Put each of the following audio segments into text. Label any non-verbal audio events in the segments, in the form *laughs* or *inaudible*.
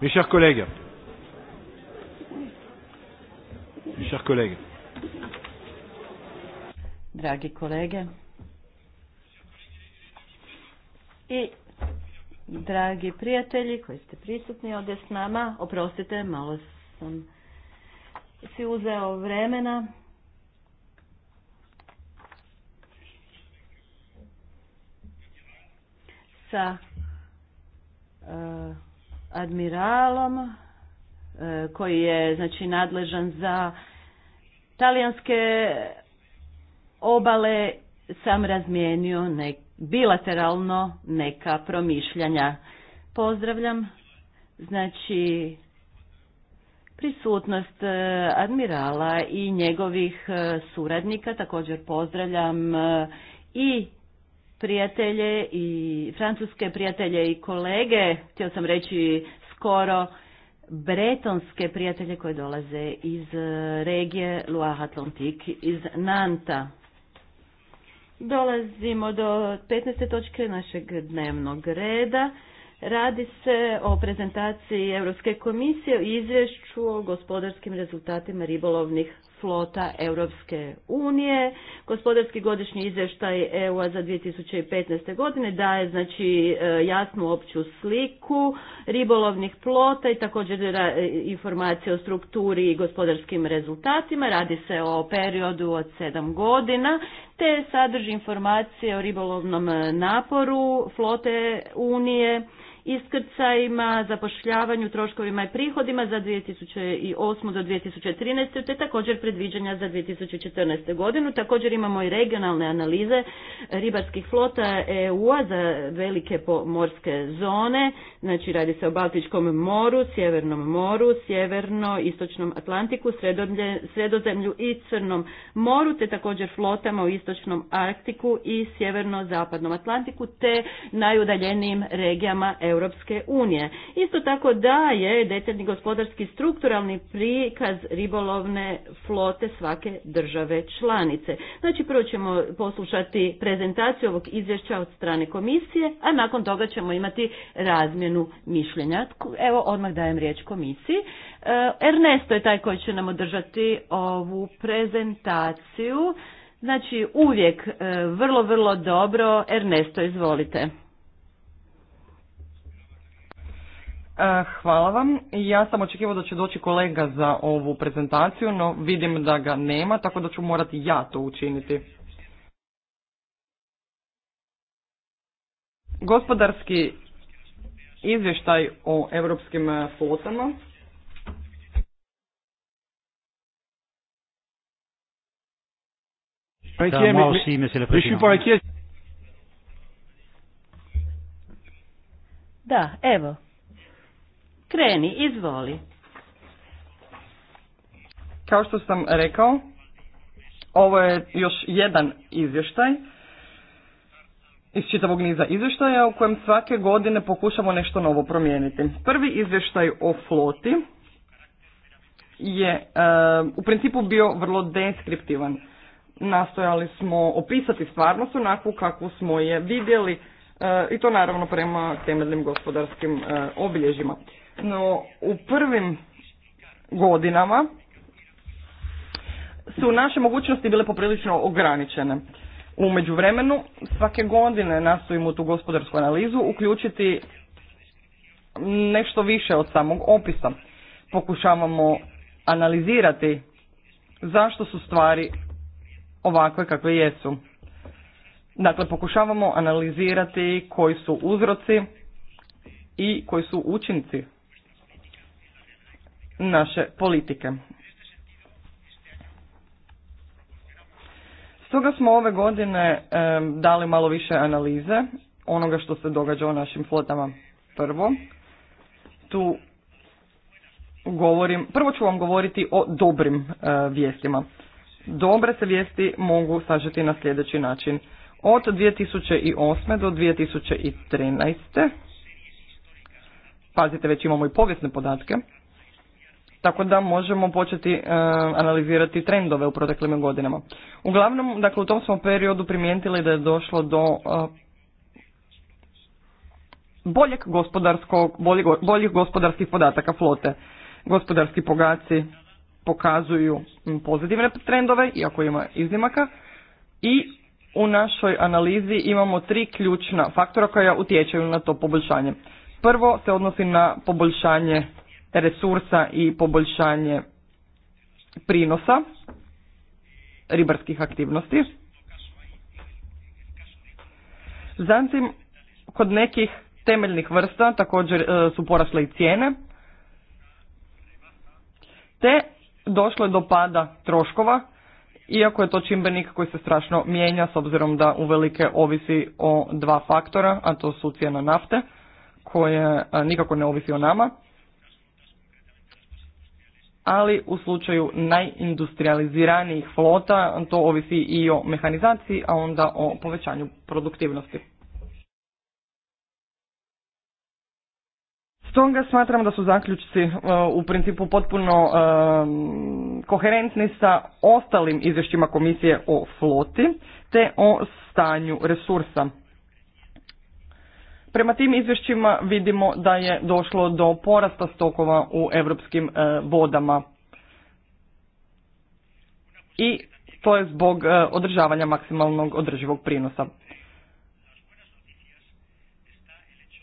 Mes chers collègues, mes dragi kolege i dragi prijatelji koji ste prisutni ovdje s nama, oprostite, malo sam si uzeo vremena. Sa uh, admiralom e, koji je znači nadležan za talijanske obale sam razmijenio nek, bilateralno neka promišljanja. Pozdravljam znači prisutnost e, admirala i njegovih e, suradnika, također pozdravljam i prijatelje i francuske prijatelje i kolege, htio sam reći skoro bretonske prijatelje koje dolaze iz e, regije Loire Atlantique, iz Nanta. Dolazimo do 15. točke našeg dnevnog reda. Radi se o prezentaciji Europske komisije o izvješću o gospodarskim rezultatima ribolovnih flota Europske unije. Gospodarski godišnji izvještaj EU-a za 2015. godine daje znači e, jasnu opću sliku ribolovnih flota i također informacije o strukturi i gospodarskim rezultatima. Radi se o periodu od 7 godina te sadrži informacije o ribolovnom naporu flote Unije iskrcajima, zapošljavanju, troškovima i prihodima za 2008. do 2013. te također predviđanja za 2014. godinu. Također imamo i regionalne analize ribarskih flota EU-a za velike pomorske zone, znači radi se o Baltičkom moru, Sjevernom moru, Sjeverno-Istočnom Atlantiku, Sredozemlju i Crnom moru, te također flotama u Istočnom Arktiku i Sjeverno-Zapadnom Atlantiku, te najudaljenijim regijama EU Europske unije. Isto tako daje detaljni gospodarski strukturalni prikaz ribolovne flote svake države članice. Znači prvo ćemo poslušati prezentaciju ovog izvješća od strane komisije, a nakon toga ćemo imati razmjenu mišljenja. Evo odmah dajem riječ komisiji. E, Ernesto je taj koji će nam održati ovu prezentaciju. Znači uvijek e, vrlo, vrlo dobro. Ernesto, izvolite. E, hvala vam. Ja sam očekivao da će doći kolega za ovu prezentaciju, no vidim da ga nema, tako da ću morati ja to učiniti. Gospodarski izvještaj o europskim fotama. Pa da, evo, Kreni, izvoli. Kao što sam rekao, ovo je još jedan izvještaj iz čitavog niza izvještaja u kojem svake godine pokušamo nešto novo promijeniti. Prvi izvještaj o floti je e, u principu bio vrlo deskriptivan. Nastojali smo opisati stvarnost onakvu kakvu smo je vidjeli e, i to naravno prema temeljnim gospodarskim e, obilježjima. No, u prvim godinama su naše mogućnosti bile poprilično ograničene. U međuvremenu svake godine nastojimo tu gospodarsku analizu uključiti nešto više od samog opisa. Pokušavamo analizirati zašto su stvari ovakve kakve jesu. Dakle, pokušavamo analizirati koji su uzroci i koji su učinci naše politike. Stoga smo ove godine dali malo više analize onoga što se događa u našim flotama. Prvo, tu govorim, prvo ću vam govoriti o dobrim e, vijestima. Dobre se vijesti mogu sažeti na sljedeći način. Od 2008. do 2013. Pazite, već imamo i povijesne podatke tako da možemo početi e, analizirati trendove u proteklim godinama. Uglavnom, dakle, u tom smo periodu primijetili da je došlo do e, boljeg gospodarskog, boljih gospodarskih podataka flote. Gospodarski pogaci pokazuju pozitivne trendove, iako ima iznimaka, i u našoj analizi imamo tri ključna faktora koja utječaju na to poboljšanje. Prvo se odnosi na poboljšanje resursa i poboljšanje prinosa ribarskih aktivnosti. Zatim, kod nekih temeljnih vrsta također e, su porasle i cijene, te došlo je do pada troškova, iako je to čimbenik koji se strašno mijenja s obzirom da uvelike ovisi o dva faktora, a to su cijena nafte, koje e, nikako ne ovisi o nama, ali u slučaju najindustrializiranijih flota to ovisi i o mehanizaciji, a onda o povećanju produktivnosti. Stoga smatram da su zaključci e, u principu potpuno e, koherentni sa ostalim izvješćima komisije o floti te o stanju resursa. Prema tim izvješćima vidimo da je došlo do porasta stokova u europskim e, vodama. I to je zbog e, održavanja maksimalnog održivog prinosa.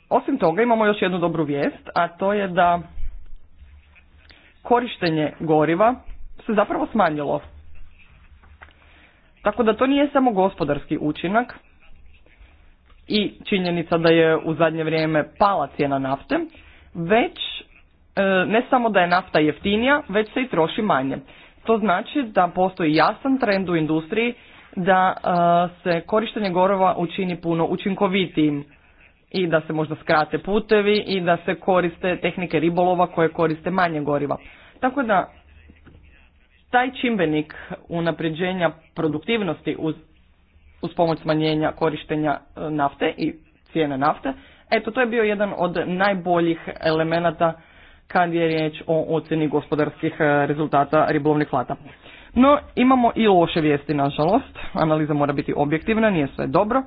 Osim toga imamo još jednu dobru vijest, a to je da korištenje goriva se zapravo smanjilo. Tako da to nije samo gospodarski učinak, i činjenica da je u zadnje vrijeme pala cijena nafte, već e, ne samo da je nafta jeftinija, već se i troši manje. To znači da postoji jasan trend u industriji da e, se korištenje gorova učini puno učinkovitijim i da se možda skrate putevi i da se koriste tehnike ribolova koje koriste manje goriva. Tako da taj čimbenik unapređenja produktivnosti uz uz pomoć smanjenja korištenja e, nafte i cijene nafte. Eto, to je bio jedan od najboljih elemenata kad je riječ o ocjeni gospodarskih e, rezultata ribolovnih flata. No, imamo i loše vijesti, nažalost. Analiza mora biti objektivna, nije sve dobro.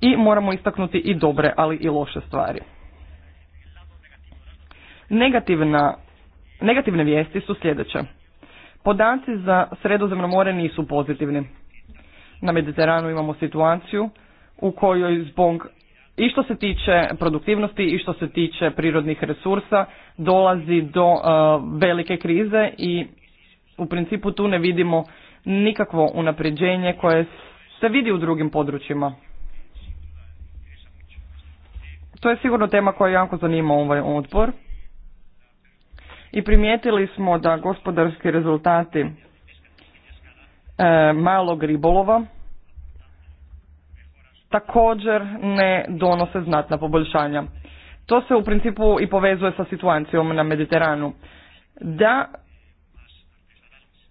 I moramo istaknuti i dobre, ali i loše stvari. Negativna, negativne vijesti su sljedeće. Podaci za sredozemno more nisu pozitivni na Mediteranu imamo situaciju u kojoj zbog i što se tiče produktivnosti i što se tiče prirodnih resursa dolazi do uh, velike krize i u principu tu ne vidimo nikakvo unapređenje koje se vidi u drugim područjima. To je sigurno tema koja jako zanima ovaj odbor. I primijetili smo da gospodarski rezultati E, malog ribolova također ne donose znatna poboljšanja. To se u principu i povezuje sa situacijom na Mediteranu. Da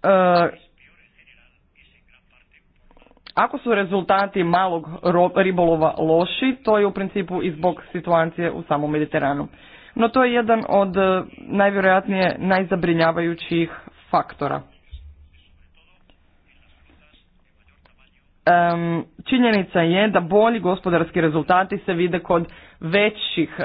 e, ako su rezultati malog ribolova loši, to je u principu i zbog situacije u samom Mediteranu. No to je jedan od e, najvjerojatnije najzabrinjavajućih faktora. činjenica je da bolji gospodarski rezultati se vide kod većih e,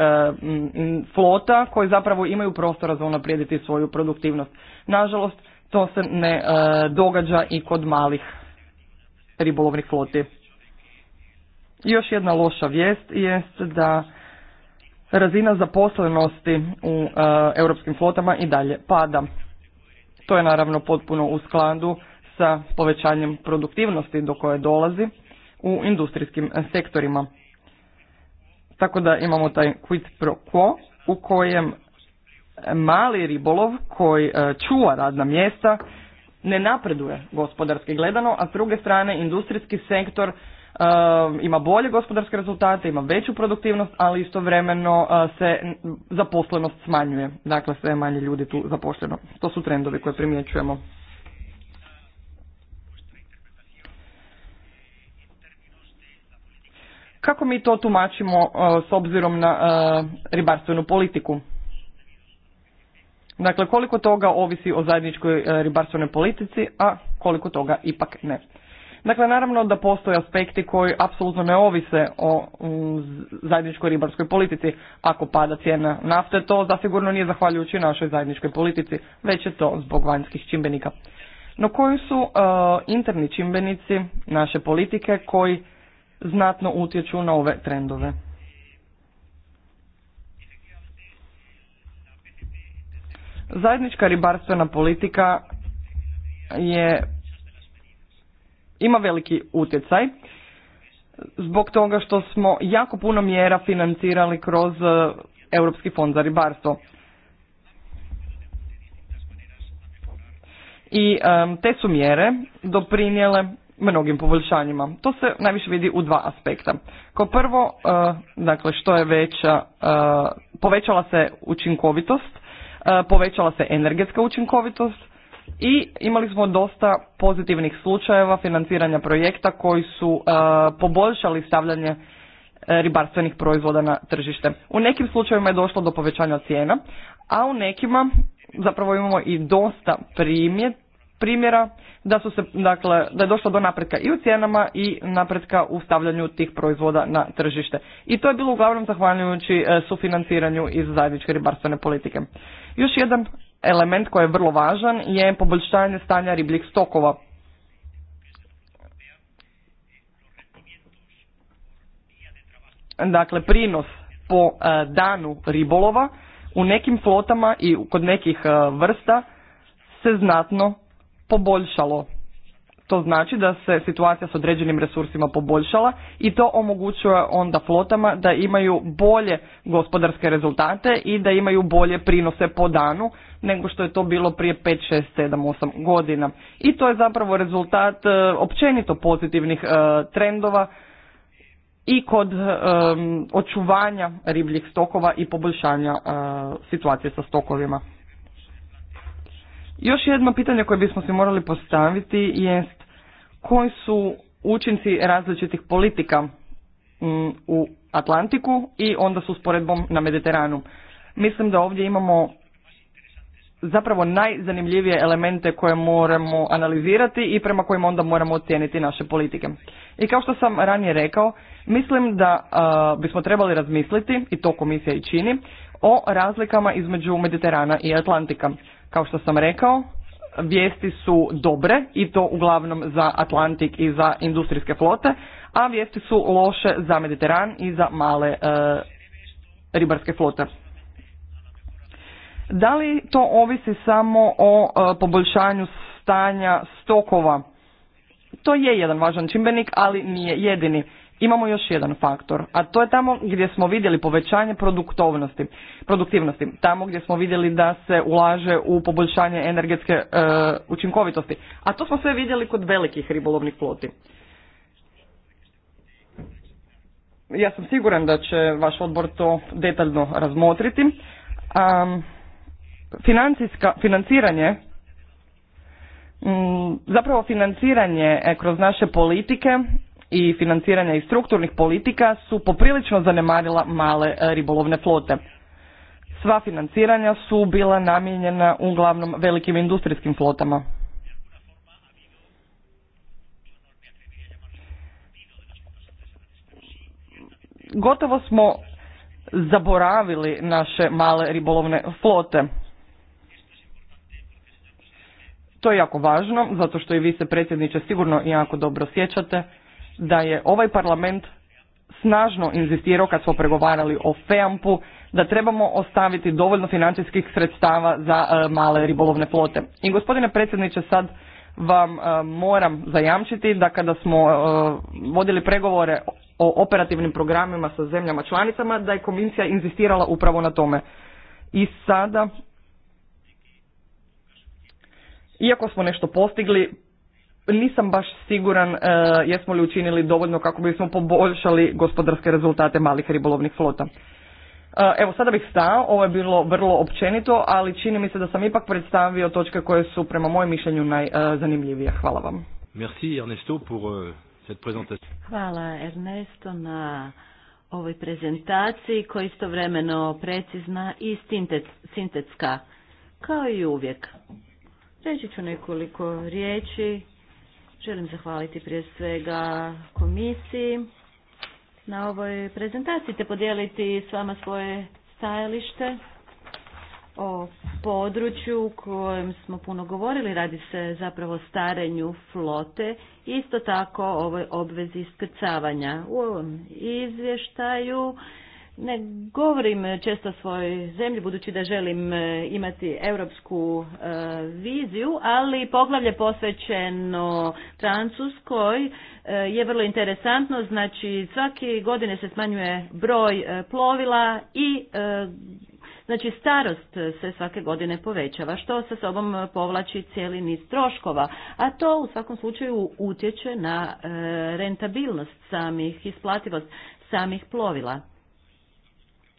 flota koji zapravo imaju prostora za unaprijediti svoju produktivnost. Nažalost, to se ne e, događa i kod malih ribolovnih floti. Još jedna loša vijest jest da razina zaposlenosti u e, europskim flotama i dalje pada. To je naravno potpuno u skladu sa povećanjem produktivnosti do koje dolazi u industrijskim sektorima. Tako da imamo taj quid pro quo u kojem mali ribolov koji e, čuva radna mjesta ne napreduje gospodarski gledano, a s druge strane industrijski sektor e, ima bolje gospodarske rezultate, ima veću produktivnost, ali istovremeno e, se zaposlenost smanjuje. Dakle, sve manje ljudi tu zaposleno. To su trendovi koje primjećujemo. Kako mi to tumačimo e, s obzirom na e, ribarstvenu politiku? Dakle, koliko toga ovisi o zajedničkoj e, ribarstvenoj politici, a koliko toga ipak ne. Dakle, naravno da postoje aspekti koji apsolutno ne ovise o mm, zajedničkoj ribarskoj politici. Ako pada cijena nafte, to zasigurno nije zahvaljujući našoj zajedničkoj politici, već je to zbog vanjskih čimbenika. No koji su interni čimbenici naše politike koji znatno utječu na ove trendove. Zajednička ribarstvena politika je ima veliki utjecaj zbog toga što smo jako puno mjera financirali kroz e, Europski fond za ribarstvo. I e, te su mjere doprinijele mnogim poboljšanjima. To se najviše vidi u dva aspekta. Kao prvo, e, dakle što je veća, e, povećala se učinkovitost, e, povećala se energetska učinkovitost i imali smo dosta pozitivnih slučajeva financiranja projekta koji su poboljšali stavljanje ribarstvenih proizvoda na tržište. U nekim slučajevima je došlo do povećanja cijena, a u nekima zapravo imamo i dosta primjet, primjera da su se, dakle, da je došlo do napretka i u cijenama i napretka u stavljanju tih proizvoda na tržište. I to je bilo uglavnom zahvaljujući e, sufinanciranju iz zajedničke ribarstvene politike. Još jedan element koji je vrlo važan je poboljšanje stanja ribljih stokova. Dakle, prinos po e, danu ribolova u nekim flotama i kod nekih e, vrsta se znatno poboljšalo. To znači da se situacija s određenim resursima poboljšala i to omogućuje onda flotama da imaju bolje gospodarske rezultate i da imaju bolje prinose po danu nego što je to bilo prije 5, 6, 7, 8 godina. I to je zapravo rezultat e, općenito pozitivnih e, trendova i kod e, očuvanja ribljih stokova i poboljšanja situacije sa stokovima. Još jedno pitanje koje bismo se morali postaviti jest koji su učinci različitih politika mm, u Atlantiku i onda s usporedbom na Mediteranu. Mislim da ovdje imamo zapravo najzanimljivije elemente koje moramo analizirati i prema kojima onda moramo ocijeniti naše politike. I kao što sam ranije rekao, mislim da bismo trebali razmisliti, i to komisija i čini, o razlikama između Mediterana i Atlantika. Kao što sam rekao, vijesti su dobre i to uglavnom za Atlantik i za industrijske flote, a vijesti su loše za Mediteran i za male e, ribarske flote. Da li to ovisi samo o e, poboljšanju stanja stokova? To je jedan važan čimbenik, ali nije jedini imamo još jedan faktor, a to je tamo gdje smo vidjeli povećanje produktovnosti, produktivnosti, tamo gdje smo vidjeli da se ulaže u poboljšanje energetske e, učinkovitosti, a to smo sve vidjeli kod velikih ribolovnih floti. Ja sam siguran da će vaš odbor to detaljno razmotriti. Um, financiranje zapravo financiranje e, kroz naše politike i financiranja i strukturnih politika su poprilično zanemarila male e, ribolovne flote. Sva financiranja su bila namijenjena uglavnom velikim industrijskim flotama. Gotovo smo zaboravili naše male ribolovne flote. To je jako važno, zato što i vi se predsjedniče sigurno jako dobro sjećate da je ovaj parlament snažno inzistirao kad smo pregovarali o FEAMP-u da trebamo ostaviti dovoljno financijskih sredstava za e, male ribolovne flote. I gospodine predsjedniče, sad vam e, moram zajamčiti da kada smo e, vodili pregovore o operativnim programima sa zemljama članicama, da je komisija inzistirala upravo na tome. I sada, iako smo nešto postigli, nisam baš siguran e, jesmo li učinili dovoljno kako bismo poboljšali gospodarske rezultate malih ribolovnih flota. E, evo, sada bih stao, ovo je bilo vrlo općenito, ali čini mi se da sam ipak predstavio točke koje su prema mojem mišljenju najzanimljivije. Hvala vam. Merci Ernesto pour e, cette Hvala Ernesto na ovoj prezentaciji koja istovremeno precizna i sintetska, kao i uvijek. Reći ću nekoliko riječi Želim zahvaliti prije svega komisiji na ovoj prezentaciji te podijeliti s vama svoje stajalište o području u kojem smo puno govorili, radi se zapravo o starenju flote, isto tako o ovoj obvezi iskrcavanja. U ovom izvještaju ne govorim e, često svojoj zemlji, budući da želim e, imati europsku e, viziju, ali poglavlje posvećeno Francuskoj je vrlo interesantno. Znači, svake godine se smanjuje broj plovila i Znači starost se svake godine povećava, što sa sobom povlači cijeli niz troškova, a to u svakom slučaju utječe na rentabilnost samih, isplativost samih plovila.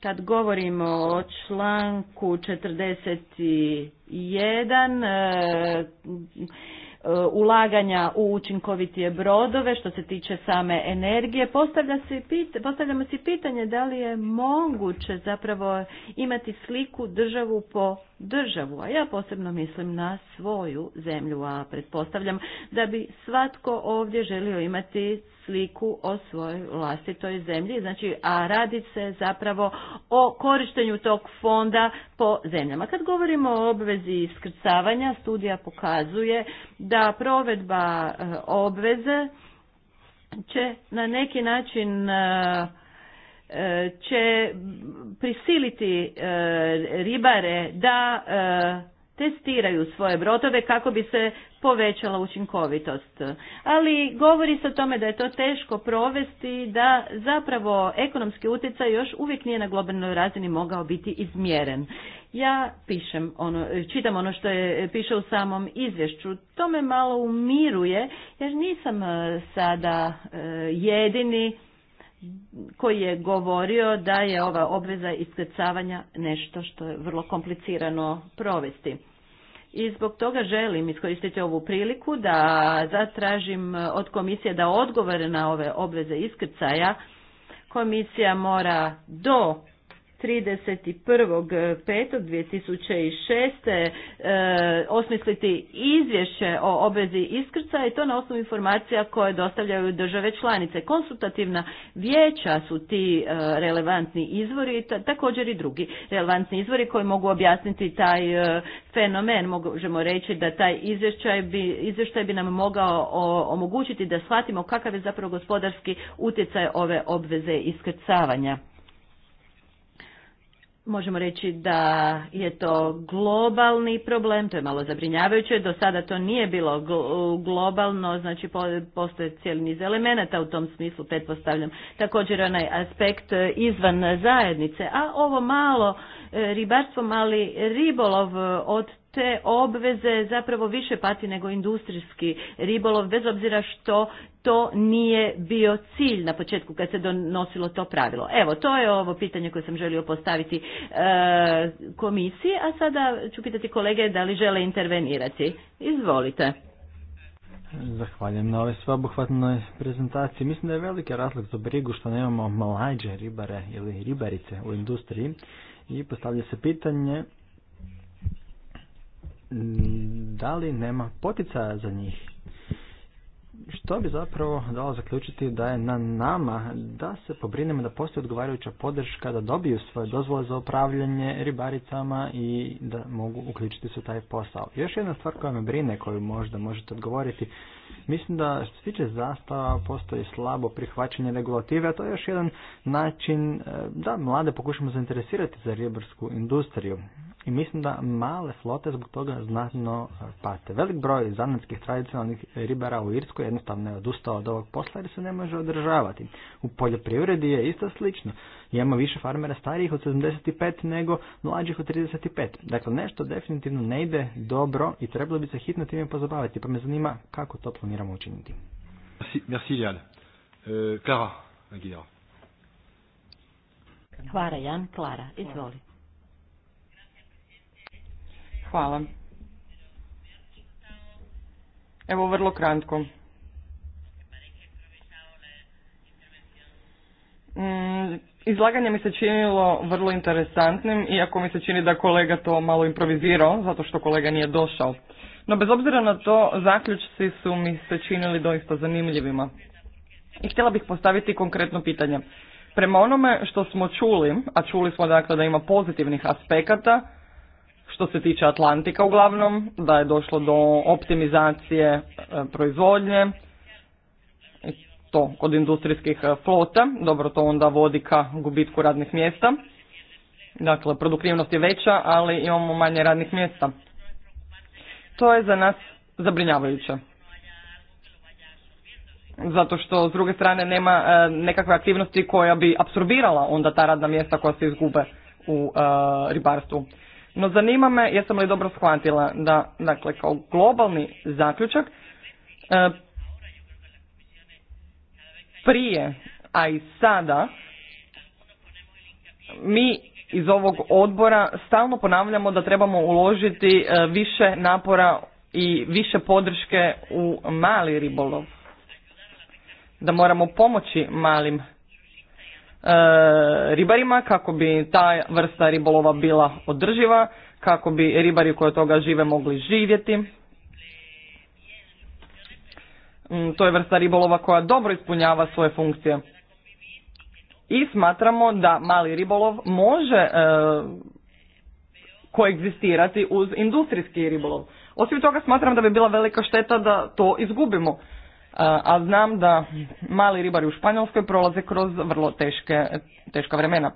Kad govorimo o članku 41, e, e, ulaganja u učinkovitije brodove, što se tiče same energije, Postavlja se, postavljamo si pitanje da li je moguće zapravo imati sliku državu po državu, a ja posebno mislim na svoju zemlju, a pretpostavljam da bi svatko ovdje želio imati sliku o svojoj vlastitoj zemlji, znači, a radi se zapravo o korištenju tog fonda po zemljama. Kad govorimo o obvezi iskrcavanja, studija pokazuje da provedba e, obveze će na neki način e, E, će prisiliti e, ribare da e, testiraju svoje brodove kako bi se povećala učinkovitost. Ali govori se o tome da je to teško provesti, da zapravo ekonomski utjecaj još uvijek nije na globalnoj razini mogao biti izmjeren. Ja pišem ono, čitam ono što je piše u samom izvješću. To me malo umiruje jer nisam sada jedini koji je govorio da je ova obveza iskrcavanja nešto što je vrlo komplicirano provesti. I zbog toga želim iskoristiti ovu priliku da zatražim od komisije da odgovore na ove obveze iskrcaja komisija mora do 31.5.2006. E, osmisliti izvješće o obvezi iskrcaja i to na osnovu informacija koje dostavljaju države članice. Konsultativna vijeća su ti e, relevantni izvori, također i drugi relevantni izvori koji mogu objasniti taj e, fenomen. Možemo reći da taj izvješćaj bi, izvještaj bi nam mogao omogućiti da shvatimo kakav je zapravo gospodarski utjecaj ove obveze iskrcavanja. Možemo reći da je to globalni problem, to je malo zabrinjavajuće, do sada to nije bilo globalno, znači postoje cijeli niz elemenata u tom smislu, pretpostavljam. Također onaj aspekt e, izvan zajednice, a ovo malo e, ribarstvo, mali ribolov e, od te obveze zapravo više pati nego industrijski ribolov, bez obzira što to nije bio cilj na početku kad se donosilo to pravilo. Evo, to je ovo pitanje koje sam želio postaviti e, komisiji, a sada ću pitati kolege da li žele intervenirati. Izvolite. Zahvaljujem na ovoj sveobuhvatnoj prezentaciji. Mislim da je veliki razlog za brigu što nemamo mlađe ribare ili ribarice u industriji i postavlja se pitanje Mm, da li nema poticaja za njih. Što bi zapravo dalo zaključiti da je na nama da se pobrinemo da postoji odgovarajuća podrška, da dobiju svoje dozvole za upravljanje ribaricama i da mogu uključiti se u taj posao. Još jedna stvar koja me brine, koju možda možete odgovoriti, mislim da što se tiče zastava postoji slabo prihvaćanje regulative, a to je još jedan način eh, da mlade pokušamo zainteresirati za ribarsku industriju. I mislim da male flote zbog toga znatno e, pate. Velik broj zanadskih tradicionalnih ribara u Irskoj jednostavno je odustao od ovog posla jer se ne može održavati. U poljoprivredi je isto slično. Imamo više farmera starijih od 75 nego mlađih od 35. Dakle, nešto definitivno ne ide dobro i trebalo bi se hitno time pozabaviti. Pa me zanima kako to planiramo učiniti. Merci, merci Jan. E, Jan, Klara, izvoli. Hvala. Evo vrlo kratko. Mm, izlaganje mi se činilo vrlo interesantnim, iako mi se čini da kolega to malo improvizirao, zato što kolega nije došao. No bez obzira na to, zaključci su mi se činili doista zanimljivima. I htjela bih postaviti konkretno pitanje. Prema onome što smo čuli, a čuli smo dakle da ima pozitivnih aspekata, što se tiče Atlantika uglavnom, da je došlo do optimizacije e, proizvodnje, to kod industrijskih e, flota, dobro to onda vodi ka gubitku radnih mjesta. Dakle, produktivnost je veća, ali imamo manje radnih mjesta. To je za nas zabrinjavajuće. Zato što s druge strane nema e, nekakve aktivnosti koja bi apsorbirala onda ta radna mjesta koja se izgube u ribarstvu. No zanima me, jesam li dobro shvatila da, dakle, kao globalni zaključak, e, prije, a i sada, mi iz ovog odbora stalno ponavljamo da trebamo uložiti e, više napora i više podrške u mali ribolov. Da moramo pomoći malim E, ribarima kako bi ta vrsta ribolova bila održiva, kako bi ribari koji od toga žive mogli živjeti. Mm, to je vrsta ribolova koja dobro ispunjava svoje funkcije. I smatramo da mali ribolov može e, koegzistirati uz industrijski ribolov. Osim toga smatram da bi bila velika šteta da to izgubimo a znam da mali ribari u Španjolskoj prolaze kroz vrlo teške, teška vremena.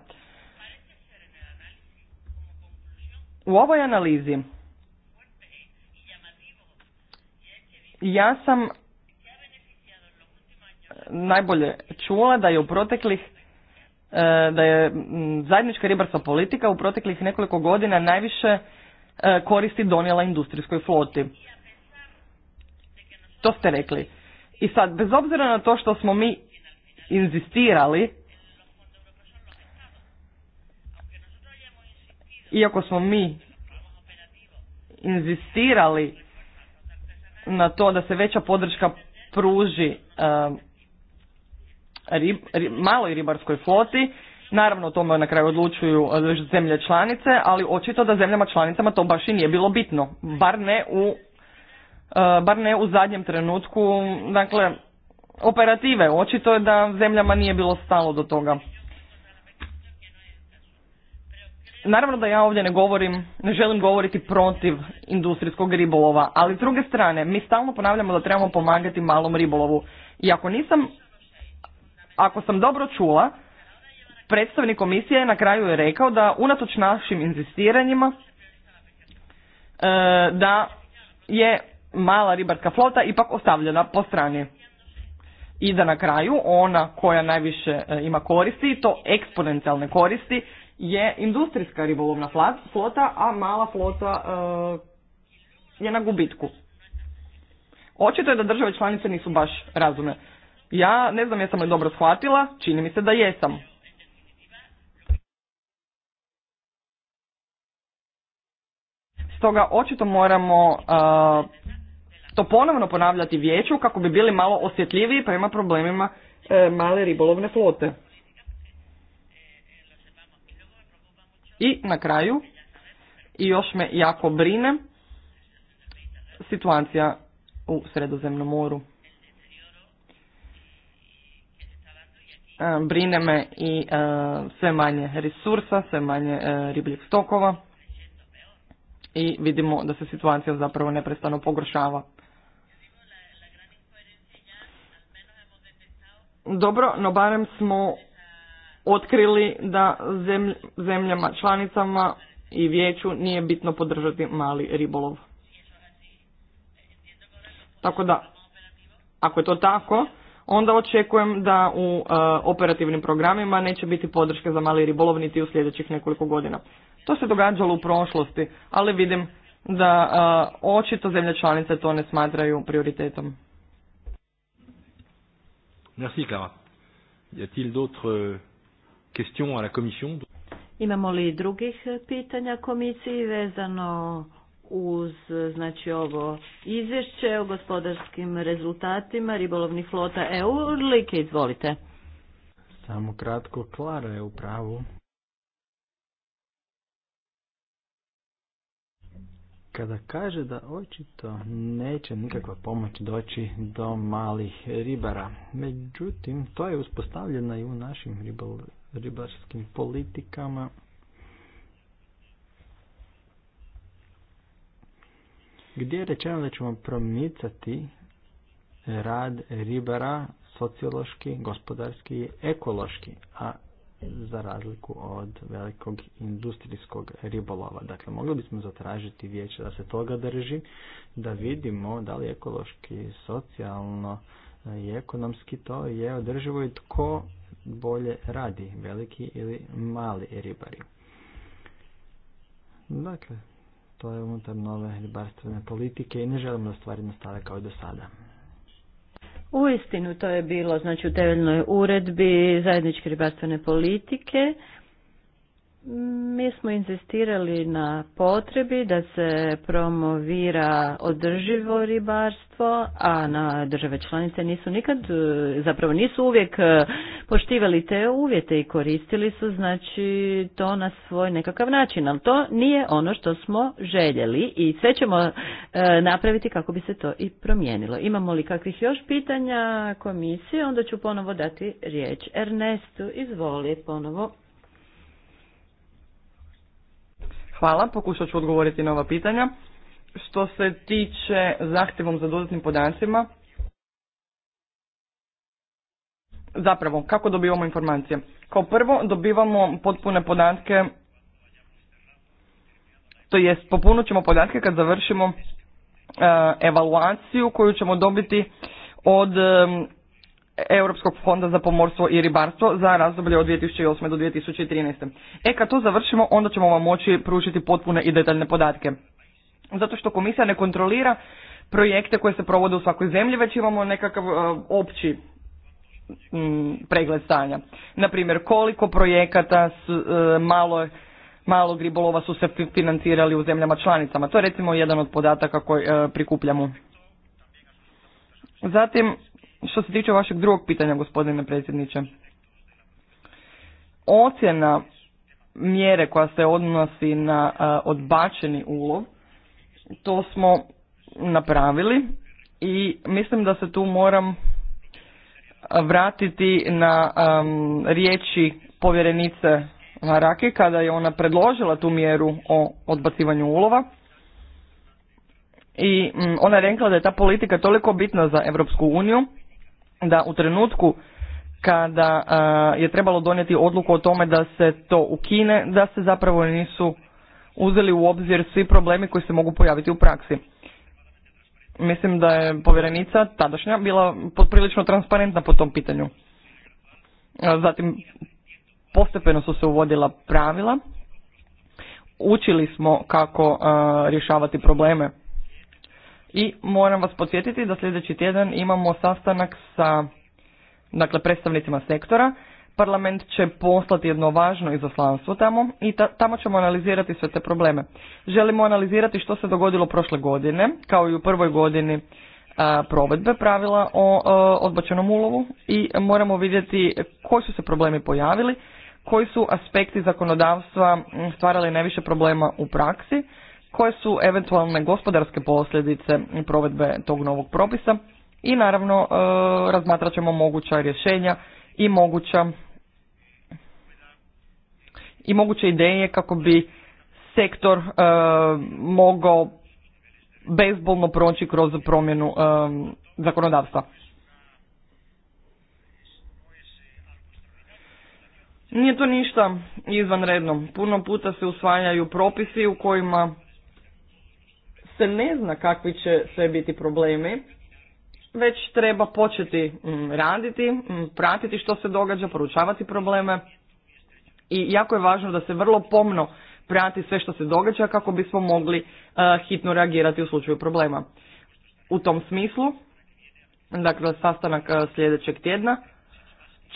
U ovoj analizi ja sam najbolje čula da je u proteklih e, da je zajednička ribarska politika u proteklih nekoliko godina najviše e, koristi donijela industrijskoj floti. To ste rekli. I sad, bez obzira na to što smo mi inzistirali, iako smo mi inzistirali na to da se veća podrška pruži um, maloj ribarskoj floti, naravno o tome na kraju odlučuju uh, zemlje članice, ali očito da zemljama članicama to baš i nije bilo bitno, bar ne u E, bar ne u zadnjem trenutku, dakle, operative. Očito je da zemljama nije bilo stalo do toga. Naravno da ja ovdje ne govorim, ne želim govoriti protiv industrijskog ribolova, ali s druge strane, mi stalno ponavljamo da trebamo pomagati malom ribolovu. I ako nisam, ako sam dobro čula, predstavnik komisije na kraju je rekao da unatoč našim inzistiranjima e, da je mala ribarska flota ipak ostavljena po strani. I da na kraju ona koja najviše e, ima koristi, i to eksponencijalne koristi, je industrijska ribolovna flota, a mala flota e, je na gubitku. Očito je da države članice nisu baš razume. Ja ne znam jesam li dobro shvatila, čini mi se da jesam. Stoga očito moramo e, to ponovno ponavljati vijeću kako bi bili malo osjetljiviji prema problemima e, male ribolovne flote. I na kraju, i još me jako brine, situacija u Sredozemnom moru. E, brine me i e, sve manje resursa, sve manje e, stokova i vidimo da se situacija zapravo neprestano pogoršava. dobro, no barem smo otkrili da zemljama članicama i vijeću nije bitno podržati mali ribolov. Tako da, ako je to tako, onda očekujem da u e, operativnim programima neće biti podrške za mali ribolov niti u sljedećih nekoliko godina. To se događalo u prošlosti, ali vidim da e, očito zemlje članice to ne smatraju prioritetom. Merci Clara. Y a-t-il d'autres euh, questions à la Commission Imamo li drugih eh, pitanja komisiji vezano uz eh, znači ovo izvješće o gospodarskim rezultatima ribolovnih flota EU? Like, izvolite. Samo kratko, Klara je u pravu. kada kaže da očito neće nikakva pomoć doći do malih ribara. Međutim, to je uspostavljeno i u našim ribarskim politikama. Gdje je rečeno da ćemo promicati rad ribara sociološki, gospodarski i ekološki, a za razliku od velikog industrijskog ribolova. Dakle, mogli bismo zatražiti vijeće da se toga drži, da vidimo da li ekološki, socijalno eh, i ekonomski to je održivo i tko bolje radi, veliki ili mali ribari. Dakle, to je unutar nove ribarstvene politike i ne želimo da stvari nastave kao do sada. Uistinu to je bilo znači u temeljnoj uredbi zajedničke ribarstvene politike mi smo insistirali na potrebi da se promovira održivo ribarstvo, a na države članice nisu nikad, e, zapravo nisu uvijek e, poštivali te uvjete i koristili su znači to na svoj nekakav način, ali to nije ono što smo željeli i sve ćemo e, napraviti kako bi se to i promijenilo. Imamo li kakvih još pitanja komisije, onda ću ponovo dati riječ Ernestu, izvoli ponovo. Hvala, pokušat ću odgovoriti na ova pitanja. Što se tiče zahtjevom za dodatnim podacima, zapravo, kako dobivamo informacije? Kao prvo, dobivamo potpune podatke, to jest popunut ćemo podatke kad završimo e, evaluaciju koju ćemo dobiti od Europskog fonda za pomorstvo i ribarstvo za razdoblje od 2008. do 2013. E kad to završimo, onda ćemo vam moći pružiti potpune i detaljne podatke. Zato što komisija ne kontrolira projekte koje se provode u svakoj zemlji, već imamo nekakav e, opći pregled stanja. Naprimjer, koliko projekata s, uh, malo malog ribolova su se financirali u zemljama članicama. To je recimo jedan od podataka koji e, prikupljamo. Zatim, što se tiče vašeg drugog pitanja, gospodine predsjedniče, ocjena mjere koja se odnosi na odbačeni ulov, to smo napravili i mislim da se tu moram vratiti na riječi povjerenice Harake kada je ona predložila tu mjeru o odbacivanju ulova. I mm, ona je rekla da je ta politika toliko bitna za Europsku uniju da u trenutku kada je trebalo donijeti odluku o tome da se to ukine, da se zapravo nisu uzeli u obzir svi problemi koji se mogu pojaviti u praksi. Mislim da je povjerenica tadašnja bila poprilično transparentna po tom pitanju. Zatim postepeno su se uvodila pravila, učili smo kako rješavati probleme i moram vas podsjetiti da sljedeći tjedan imamo sastanak sa dakle, predstavnicima sektora. Parlament će poslati jedno važno izoslanstvo tamo i tamo ćemo analizirati sve te probleme. Želimo analizirati što se dogodilo prošle godine, kao i u prvoj godini provedbe pravila o odbačenom ulovu i moramo vidjeti koji su se problemi pojavili, koji su aspekti zakonodavstva stvarali najviše problema u praksi koje su eventualne gospodarske posljedice provedbe tog novog propisa i naravno e, razmatrat ćemo moguća rješenja i moguća i moguće ideje kako bi sektor e, mogao bezbolno proći kroz promjenu e, zakonodavstva. Nije to ništa izvanredno. Puno puta se usvajaju propisi u kojima se ne zna kakvi će sve biti problemi, već treba početi mm, raditi, mm, pratiti što se događa, poručavati probleme i jako je važno da se vrlo pomno prati sve što se događa kako bismo mogli e, hitno reagirati u slučaju problema. U tom smislu, dakle sastanak e, sljedećeg tjedna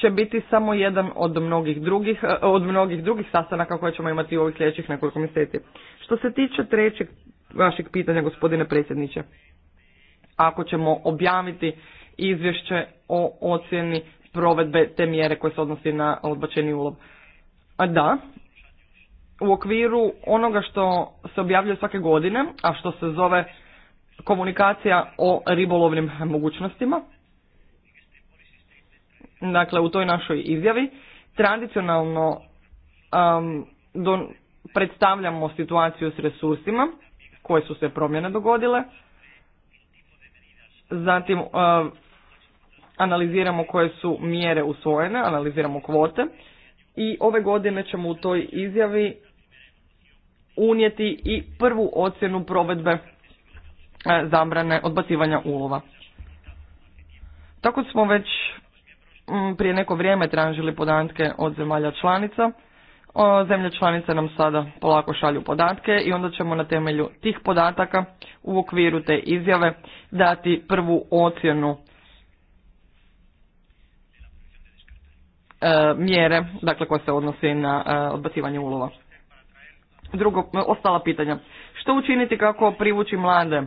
će biti samo jedan od mnogih drugih, e, od mnogih drugih sastanaka koje ćemo imati u ovih sljedećih nekoliko mjeseci. Što se tiče trećeg vašeg pitanja gospodine predsjedniče. Ako ćemo objaviti izvješće o ocjeni provedbe te mjere koje se odnosi na odbačeni ulov. A da, u okviru onoga što se objavljuje svake godine, a što se zove komunikacija o ribolovnim mogućnostima, dakle u toj našoj izjavi, tradicionalno um, predstavljamo situaciju s resursima koje su se promjene dogodile. Zatim e, analiziramo koje su mjere usvojene, analiziramo kvote i ove godine ćemo u toj izjavi unijeti i prvu ocjenu provedbe e, zabrane odbacivanja ulova. Tako smo već prije neko vrijeme tražili podatke od zemalja članica o, zemlje članice nam sada polako šalju podatke i onda ćemo na temelju tih podataka u okviru te izjave dati prvu ocjenu e, mjere dakle koja se odnosi na e, odbacivanje ulova. Drugo, e, ostala pitanja. Što učiniti kako privući mlade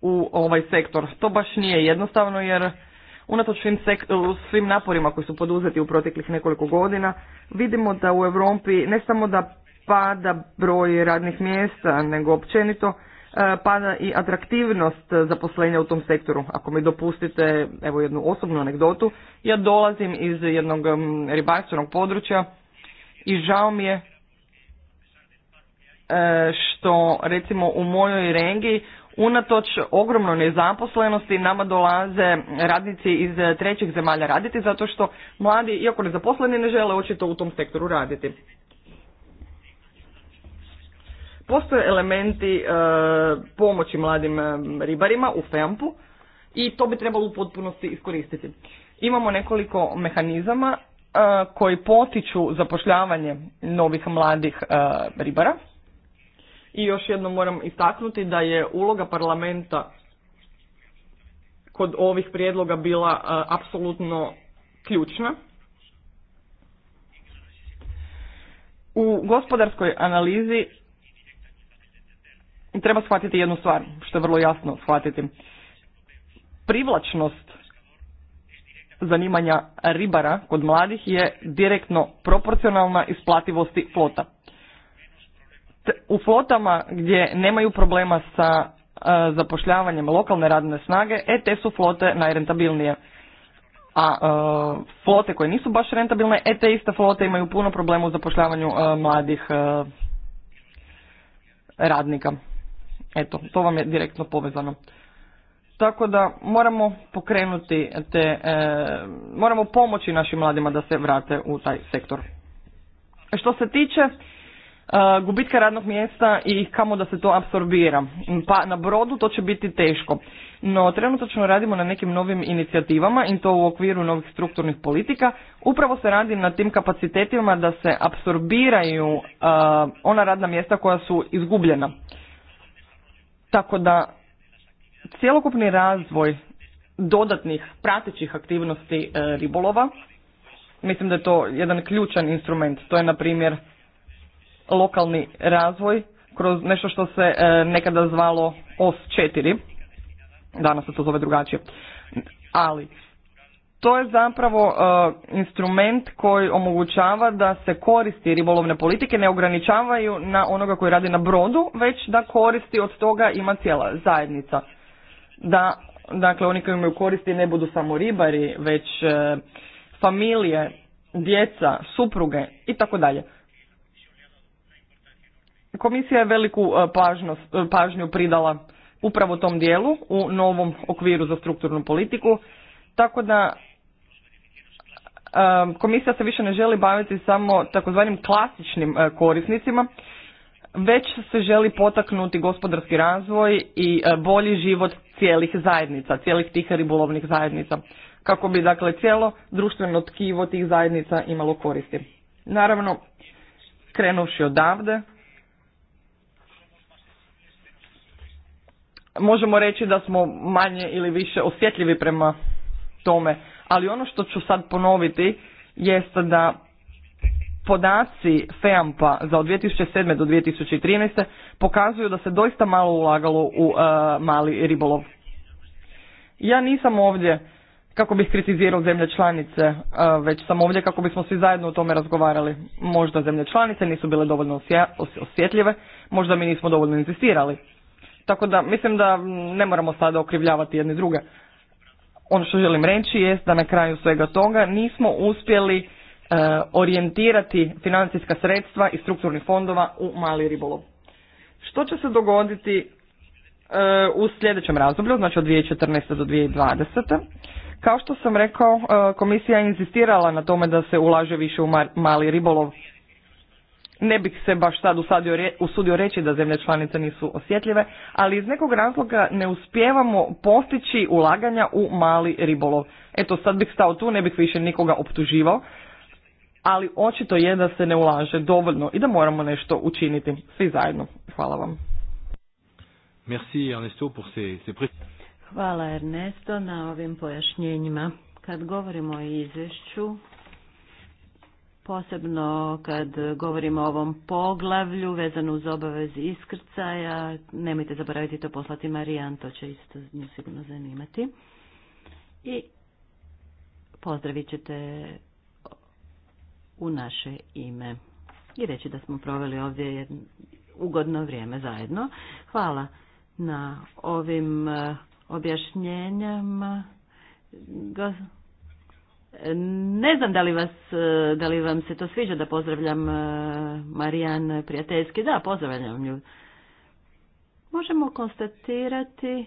u ovaj sektor? To baš nije jednostavno jer unatoč svim, svim naporima koji su poduzeti u proteklih nekoliko godina, vidimo da u Europi ne samo da pada broj radnih mjesta, nego općenito e, pada i atraktivnost zaposlenja u tom sektoru. Ako mi dopustite evo jednu osobnu anegdotu, ja dolazim iz jednog ribarstvenog područja i žao mi je e, što recimo u mojoj regiji Unatoč ogromnoj nezaposlenosti nama dolaze radnici iz e, trećih zemalja raditi zato što mladi, iako nezaposleni, ne žele očito u tom sektoru raditi. Postoje elementi e, pomoći mladim e, ribarima u FEMP-u i to bi trebalo u potpunosti iskoristiti. Imamo nekoliko mehanizama koji potiču zapošljavanje novih mladih ribara i još jednom moram istaknuti da je uloga parlamenta kod ovih prijedloga bila e, apsolutno ključna. U gospodarskoj analizi treba shvatiti jednu stvar, što je vrlo jasno shvatiti. Privlačnost zanimanja ribara kod mladih je direktno proporcionalna isplativosti flota u flotama gdje nemaju problema sa e, zapošljavanjem lokalne radne snage, e te su flote najrentabilnije. A e, flote koje nisu baš rentabilne, e te iste flote imaju puno problema u zapošljavanju e, mladih e, radnika. Eto, to vam je direktno povezano. Tako da moramo pokrenuti te, moramo pomoći našim mladima da se vrate u taj sektor. Što se tiče Eh, gubitka radnog mjesta i kamo da se to apsorbira. Mm, pa na brodu to će biti teško. No trenutačno radimo na nekim novim inicijativama i to u okviru novih strukturnih politika. Upravo se radi na tim kapacitetima da se apsorbiraju eh, ona radna mjesta koja su izgubljena. Tako da cjelokupni razvoj dodatnih pratećih aktivnosti eh, ribolova, mislim da je to jedan ključan instrument. To je na primjer lokalni razvoj kroz nešto što se e, nekada zvalo OS4, danas se to zove drugačije, ali to je zapravo e, instrument koji omogućava da se koristi ribolovne politike ne ograničavaju na onoga koji radi na brodu, već da koristi od toga ima cijela zajednica. Da, dakle, oni koji imaju koristi ne budu samo ribari, već e, familije, djeca, supruge i tako dalje. Komisija je veliku e, pažnost, e, pažnju pridala upravo tom dijelu u novom okviru za strukturnu politiku, tako da e, komisija se više ne želi baviti samo takozvanim klasičnim korisnicima, već se želi potaknuti gospodarski razvoj i bolji život cijelih zajednica, cijelih tih ribolovnih zajednica, kako bi dakle cijelo društveno tkivo tih zajednica imalo koristi. Naravno, krenuvši odavde, možemo reći da smo manje ili više osjetljivi prema tome. Ali ono što ću sad ponoviti jest da podaci FEAMPA za od 2007. do 2013. pokazuju da se doista malo ulagalo u e, mali ribolov. Ja nisam ovdje kako bih kritizirao zemlje članice, e, već sam ovdje kako bismo svi zajedno o tome razgovarali. Možda zemlje članice nisu bile dovoljno osjetljive, možda mi nismo dovoljno insistirali. Tako da mislim da ne moramo sada okrivljavati jedni druge. Ono što želim reći jest da na kraju svega toga nismo uspjeli e, orijentirati financijska sredstva i strukturnih fondova u mali ribolov. Što će se dogoditi e, u sljedećem razdoblju, znači od 2014. do 2020. Kao što sam rekao, e, komisija je inzistirala na tome da se ulaže više u mali ribolov ne bih se baš sad usadio, usudio reći da zemlje članice nisu osjetljive, ali iz nekog razloga ne uspijevamo postići ulaganja u mali ribolov. Eto, sad bih stao tu, ne bih više nikoga optuživao, ali očito je da se ne ulaže dovoljno i da moramo nešto učiniti, svi zajedno. Hvala vam. Merci Ernesto pour ces... Hvala Ernesto na ovim pojašnjenjima. Kad govorimo o izvješću, posebno kad govorimo o ovom poglavlju vezano uz obavez iskrcaja, nemojte zaboraviti to poslati Marijan, to će isto nju sigurno zanimati. I pozdravit ćete u naše ime i reći da smo proveli ovdje ugodno vrijeme zajedno. Hvala na ovim eh, objašnjenjama. Ne znam da li, vas, da li vam se to sviđa da pozdravljam e, Marijan Prijateljski. Da, pozdravljam nju. Možemo konstatirati, e,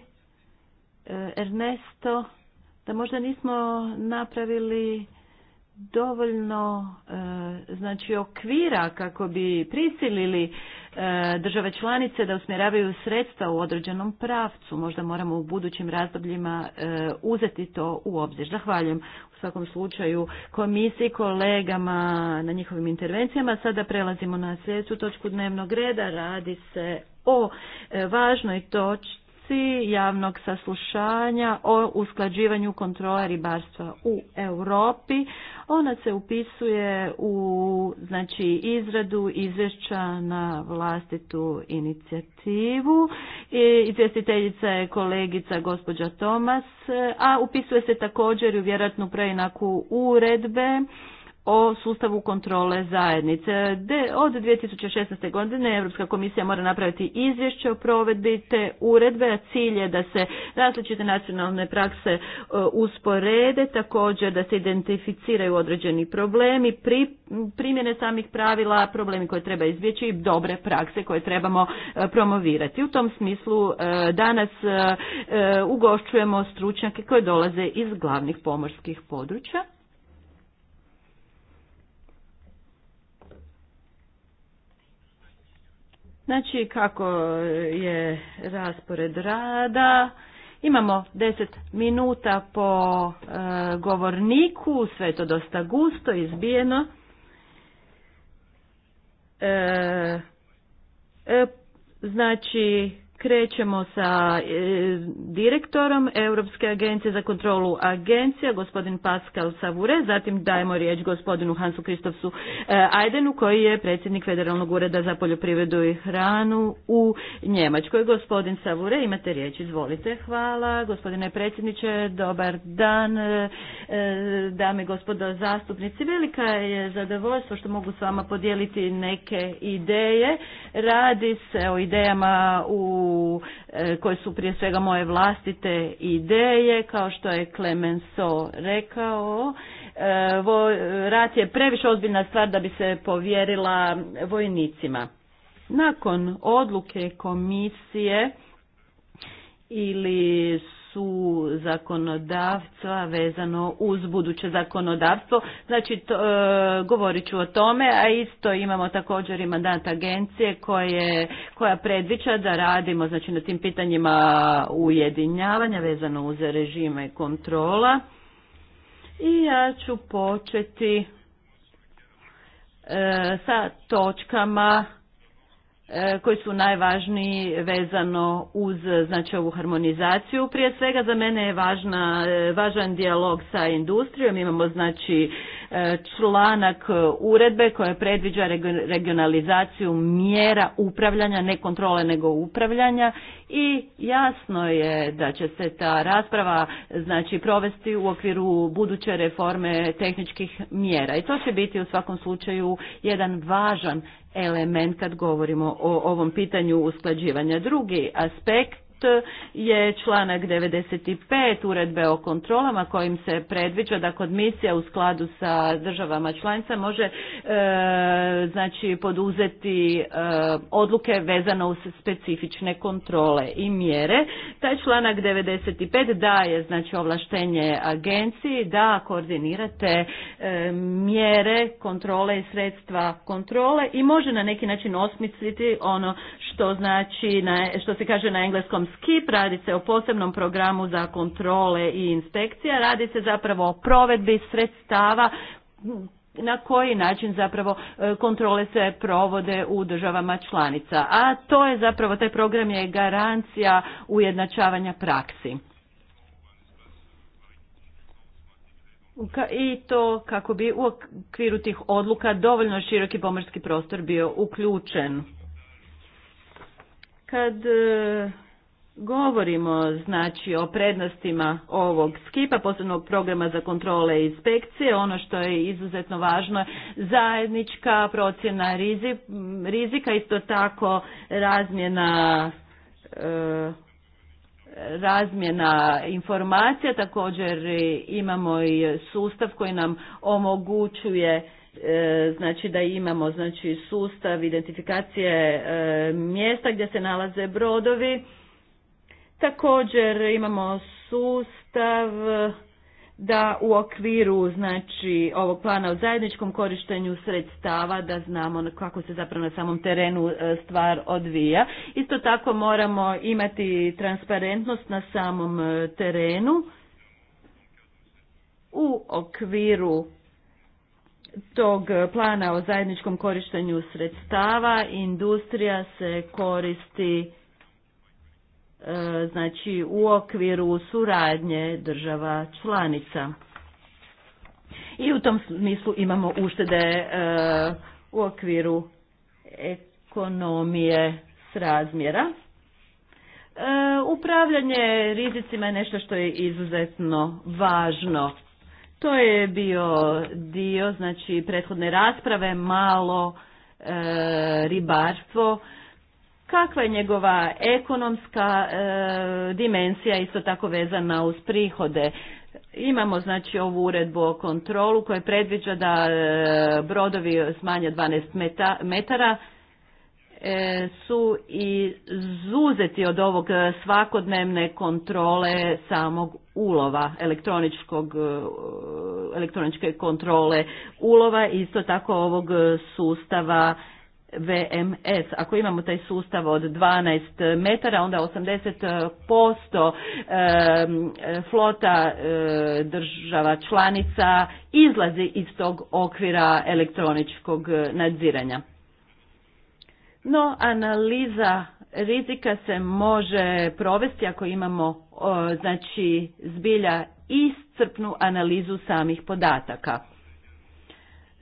Ernesto, da možda nismo napravili dovoljno e, znači okvira kako bi prisilili države članice da usmjeravaju sredstva u određenom pravcu. Možda moramo u budućim razdobljima uzeti to u obzir. Zahvaljujem svakom slučaju komisiji, kolegama na njihovim intervencijama. Sada prelazimo na sljedeću točku dnevnog reda. Radi se o e, važnoj točki javnog saslušanja o usklađivanju kontrole ribarstva u Europi. Ona se upisuje u znači, izradu izvješća na vlastitu inicijativu. Izvjestiteljica je kolegica gospođa Tomas, a upisuje se također u vjerojatnu preinaku uredbe o sustavu kontrole zajednice. Od 2016. godine Europska komisija mora napraviti izvješće o provedbi te uredbe, a cilj je da se različite nacionalne prakse e, usporede, također da se identificiraju određeni problemi, pri, primjene samih pravila, problemi koje treba izbjeći i dobre prakse koje trebamo e, promovirati. U tom smislu e, danas ugošćujemo stručnjake koje dolaze iz glavnih pomorskih područja. Znači kako je raspored rada. Imamo 10 minuta po e, govorniku, sve je to dosta gusto, izbijeno. e, e znači Krećemo sa e, direktorom Europske agencije za kontrolu agencija, gospodin Pascal Savure, zatim dajemo riječ gospodinu Hansu Kristofsu e, Ajdenu koji je predsjednik Federalnog ureda za poljoprivredu i hranu u Njemačkoj. Gospodin Savure, imate riječ, izvolite. Hvala, gospodine predsjedniče, dobar dan, e, dame i gospodo zastupnici. Velika je zadovoljstvo što mogu s vama podijeliti neke ideje. Radi se o idejama u E, koje su prije svega moje vlastite ideje, kao što je Clemenceau rekao. E, rat je previše ozbiljna stvar da bi se povjerila vojnicima. Nakon odluke komisije ili su zakonodavstva vezano uz buduće zakonodavstvo. Znači, to, e, govorit ću o tome, a isto imamo također i mandat agencije koje, koja predviđa da radimo znači, na tim pitanjima ujedinjavanja vezano uz režime kontrola. I ja ću početi e, sa točkama E, koji su najvažniji vezano uz znači, ovu harmonizaciju. Prije svega za mene je važna, e, važan dijalog sa industrijom, imamo znači E, članak e, uredbe koja predviđa regionalizaciju mjera upravljanja, ne kontrole nego upravljanja i jasno je da će se ta rasprava znači provesti u okviru buduće reforme tehničkih mjera i to će biti u svakom slučaju jedan važan element kad govorimo o ovom pitanju usklađivanja. Drugi aspekt je članak 95 uredbe o kontrolama kojim se predviđa da komisija u skladu sa državama članica može e, znači poduzeti e, odluke vezano uz specifične kontrole i mjere. Taj članak 95 daje znači ovlaštenje agenciji da koordinirate e, mjere kontrole i sredstva kontrole i može na neki način osmisliti ono što znači na, što se kaže na engleskom Skip, radi se o posebnom programu za kontrole i inspekcija, radi se zapravo o provedbi sredstava na koji način zapravo e, kontrole se provode u državama članica. A to je zapravo, taj program je garancija ujednačavanja praksi. I to kako bi u okviru tih odluka dovoljno široki pomorski prostor bio uključen. Kad e, Govorimo znači o prednostima ovog skipa, posebnog programa za kontrole i inspekcije. Ono što je izuzetno važno zajednička procjena rizika, isto tako razmjena e, razmjena informacija. Također imamo i sustav koji nam omogućuje e, znači da imamo znači sustav identifikacije e, mjesta gdje se nalaze brodovi Također imamo sustav da u okviru znači ovog plana o zajedničkom korištenju sredstava da znamo kako se zapravo na samom terenu e, stvar odvija. Isto tako moramo imati transparentnost na samom e, terenu u okviru tog plana o zajedničkom korištenju sredstava industrija se koristi E, znači u okviru suradnje država članica. I u tom smislu imamo uštede e, u okviru ekonomije s razmjera. E, upravljanje rizicima je nešto što je izuzetno važno. To je bio dio znači prethodne rasprave malo ribarstvo kakva je njegova ekonomska e, dimenzija isto tako vezana uz prihode. Imamo znači ovu uredbu o kontrolu koja predviđa da e, brodovi smanje 12 meta, metara su e, su izuzeti od ovog svakodnevne kontrole samog ulova, elektroničkog, e, elektroničke kontrole ulova isto tako ovog sustava VMS. Ako imamo taj sustav od 12 metara, onda 80% flota eh, država članica izlazi iz tog okvira elektroničkog nadziranja. No, analiza rizika se može provesti ako imamo eh, znači zbilja iscrpnu analizu samih podataka.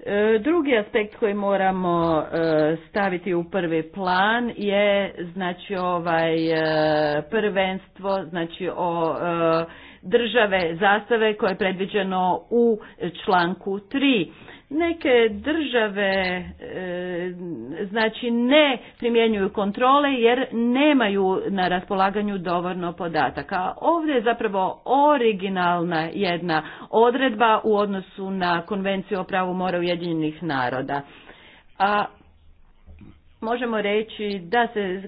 E, drugi aspekt koji moramo e, staviti u prvi plan je znači ovaj e, prvenstvo, znači o države zastave koje je predviđeno u članku 3. Neke države e, znači ne primjenjuju kontrole jer nemaju na raspolaganju dovoljno podataka. Ovdje je zapravo originalna jedna odredba u odnosu na Konvenciju o pravu mora Ujedinjenih naroda. A možemo reći da se,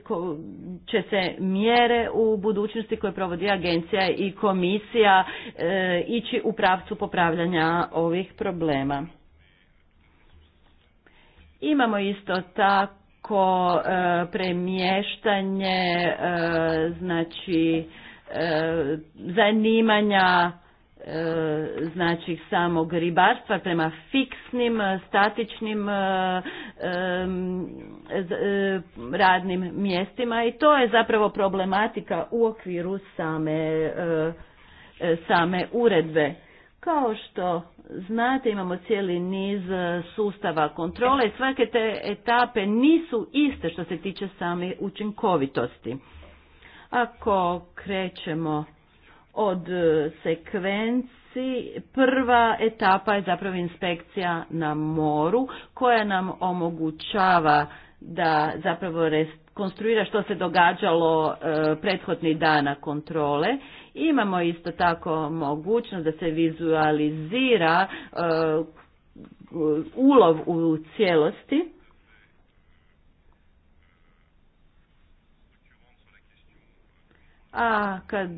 će se mjere u budućnosti koje provodi agencija i komisija e, ići u pravcu popravljanja ovih problema. Imamo isto tako e, premještanje e, znači e, zanimanja znači samog ribarstva prema fiksnim statičnim radnim mjestima i to je zapravo problematika u okviru same same uredbe kao što znate imamo cijeli niz e, sustava kontrole svake te etape nisu iste što se tiče same učinkovitosti. Ako krećemo od e, sekvenci, prva etapa je zapravo inspekcija na moru koja nam omogućava da zapravo konstruira što se događalo e, prethodni dana kontrole Imamo isto tako mogućnost da se vizualizira e, ulov u cijelosti. A kad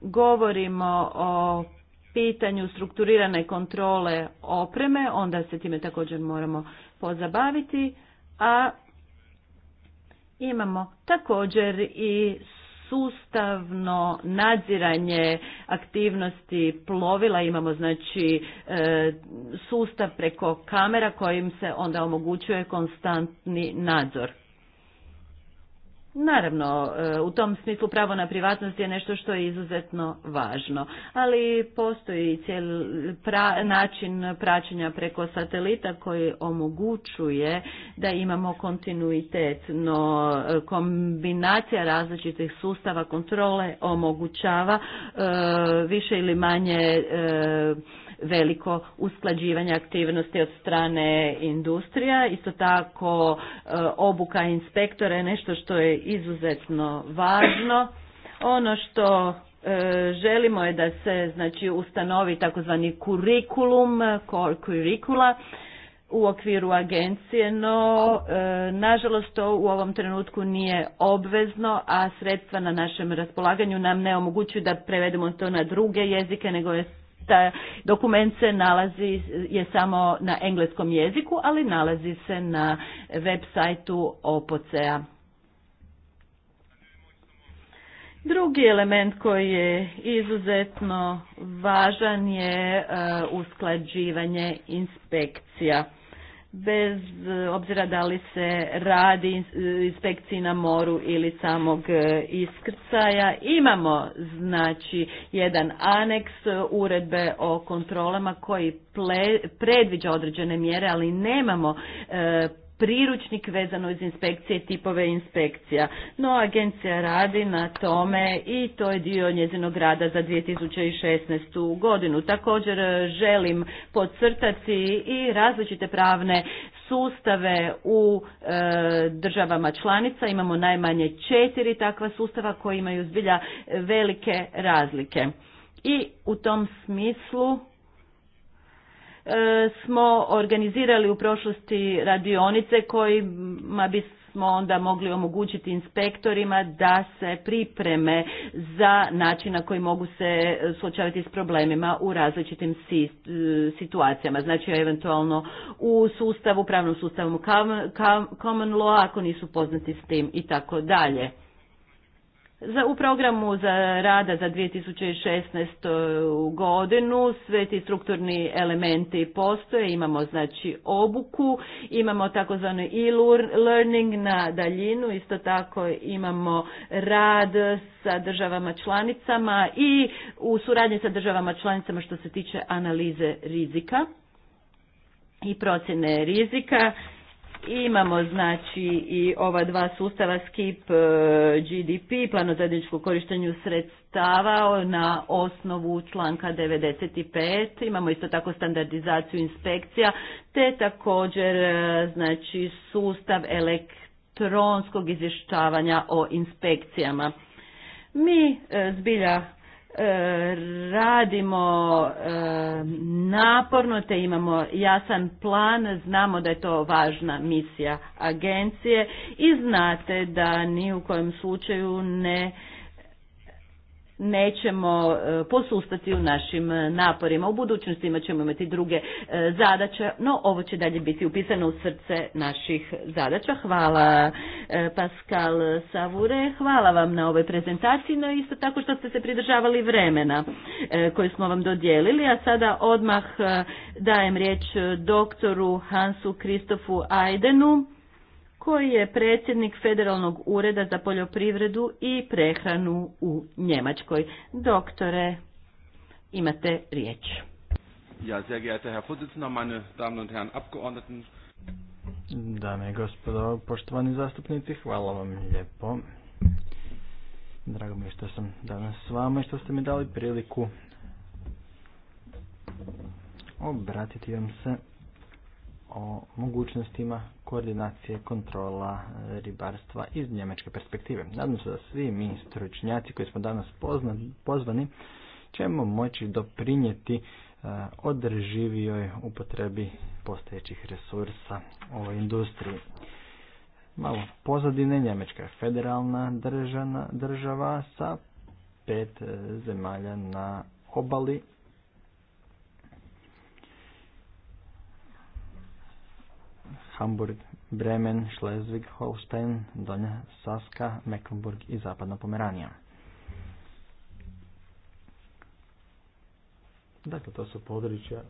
govorimo o pitanju strukturirane kontrole opreme, onda se time također moramo pozabaviti, a imamo također i sustavno nadziranje aktivnosti plovila, imamo znači e, sustav preko kamera kojim se onda omogućuje konstantni nadzor. Naravno, e, u tom smislu pravo na privatnost je nešto što je izuzetno važno, ali postoji cijeli pra, način praćenja preko satelita koji omogućuje da imamo kontinuitet, no e, kombinacija različitih sustava kontrole omogućava e, više ili manje veliko usklađivanje aktivnosti od strane industrija. Isto tako e, obuka inspektora je nešto što je izuzetno važno. Ono što e, želimo je da se znači ustanovi takozvani kurikulum, kurikula e, u okviru agencije, no nažalost to u ovom trenutku nije obvezno, a sredstva na našem raspolaganju nam ne omogućuju da prevedemo to na druge jezike, nego je taj dokument se nalazi je samo na engleskom jeziku, ali nalazi se na web sajtu OPOCEA. Drugi element koji je izuzetno važan je e, usklađivanje inspekcija bez e, obzira da li se radi e, inspekciji na moru ili samog e, iskrcaja. Imamo znači jedan aneks uredbe o kontrolama koji predviđa određene mjere, ali nemamo priručnik vezano iz inspekcije, tipove inspekcija. No, agencija radi na tome i to je dio njezinog rada za 2016. godinu. Također e, želim podcrtati i različite pravne sustave u e, državama članica. Imamo najmanje četiri takva sustava koji imaju zbilja velike razlike. I u tom smislu E, smo organizirali u prošlosti radionice kojima bi smo onda mogli omogućiti inspektorima da se pripreme za način na koji mogu se suočavati s problemima u različitim e, situacijama. Znači eventualno u sustavu, pravnom sustavu common law ako nisu poznati s tim i tako dalje. Za, u programu za rada za 2016. godinu sve ti strukturni elementi postoje, imamo znači obuku, imamo takozvani e-learning na daljinu, isto tako imamo rad sa državama članicama i u suradnji sa državama članicama što se tiče analize rizika i procjene rizika Imamo znači i ova dva sustava SKIP e, GDP, plan o zajedničkom korištenju sredstava na osnovu članka 95. Imamo isto tako standardizaciju inspekcija te također e, znači sustav elektronskog izvještavanja o inspekcijama. Mi e, zbilja E, radimo e, naporno te imamo jasan plan, znamo da je to važna misija agencije i znate da ni u kojem slučaju ne nećemo e, posustati u našim e, naporima. U budućnosti imat ćemo imati druge e, zadaće, no ovo će dalje biti upisano u srce naših zadaća. Hvala Pascal Savure, hvala vam na ovoj prezentaciji, no isto tako što ste se pridržavali vremena koje smo vam dodijelili, a sada odmah dajem riječ doktoru Hansu Kristofu Ajdenu koji je predsjednik Federalnog ureda za poljoprivredu i prehranu u Njemačkoj. Doktore, imate riječ. Ja, sehr Herr Vorsitzender, meine Damen und Herren Abgeordneten. Dame i gospodo, poštovani zastupnici, hvala vam lijepo. Drago mi je što sam danas s vama i što ste mi dali priliku obratiti vam se o mogućnostima koordinacije kontrola ribarstva iz njemačke perspektive. Nadam se da svi mi stručnjaci koji smo danas pozvani ćemo moći doprinijeti e, održivijoj upotrebi postojećih resursa u ovoj industriji. Malo pozadine, Njemačka je federalna držana država sa pet e, zemalja na obali Hamburg, Bremen, Schleswig, Holstein, Donja Saska, Mecklenburg i Zapadna Pomeranija. Dakle, to su područja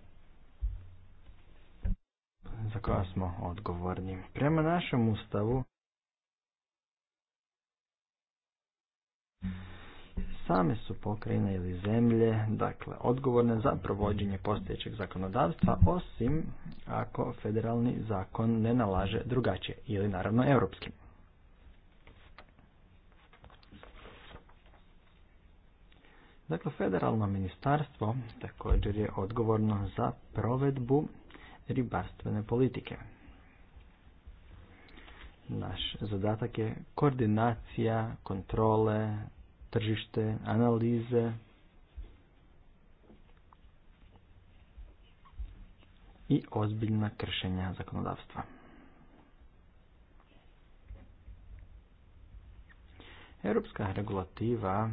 za koja smo odgovorni. Prema našem ustavu same su pokrajine ili zemlje, dakle, odgovorne za provođenje postojećeg zakonodavstva, osim ako federalni zakon ne nalaže drugačije, ili naravno europski. Dakle, federalno ministarstvo također je odgovorno za provedbu ribarstvene politike. Naš zadatak je koordinacija, kontrole, tržište, analize i ozbiljna kršenja zakonodavstva. Europska regulativa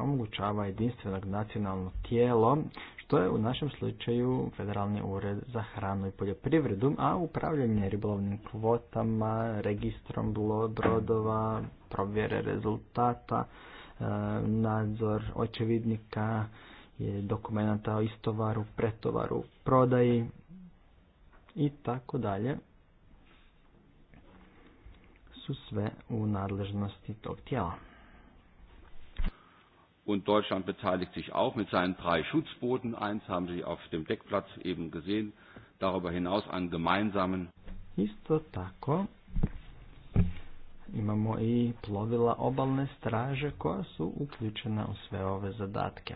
omogućava jedinstveno nacionalno tijelo, što je u našem slučaju Federalni ured za hranu i poljoprivredu, a upravljanje ribolovnim kvotama, registrom brodova, provjere rezultata, E, nadzor očevidnika, je dokumenta o istovaru, pretovaru, prodaji i tako dalje su sve u nadležnosti tog tijela. Und Deutschland beteiligt sich auch mit seinen drei Schutzbooten. Eins haben Sie auf dem Deckplatz eben gesehen. Darüber hinaus an gemeinsamen. Isto tako, imamo i plovila obalne straže koja su uključena u sve ove zadatke.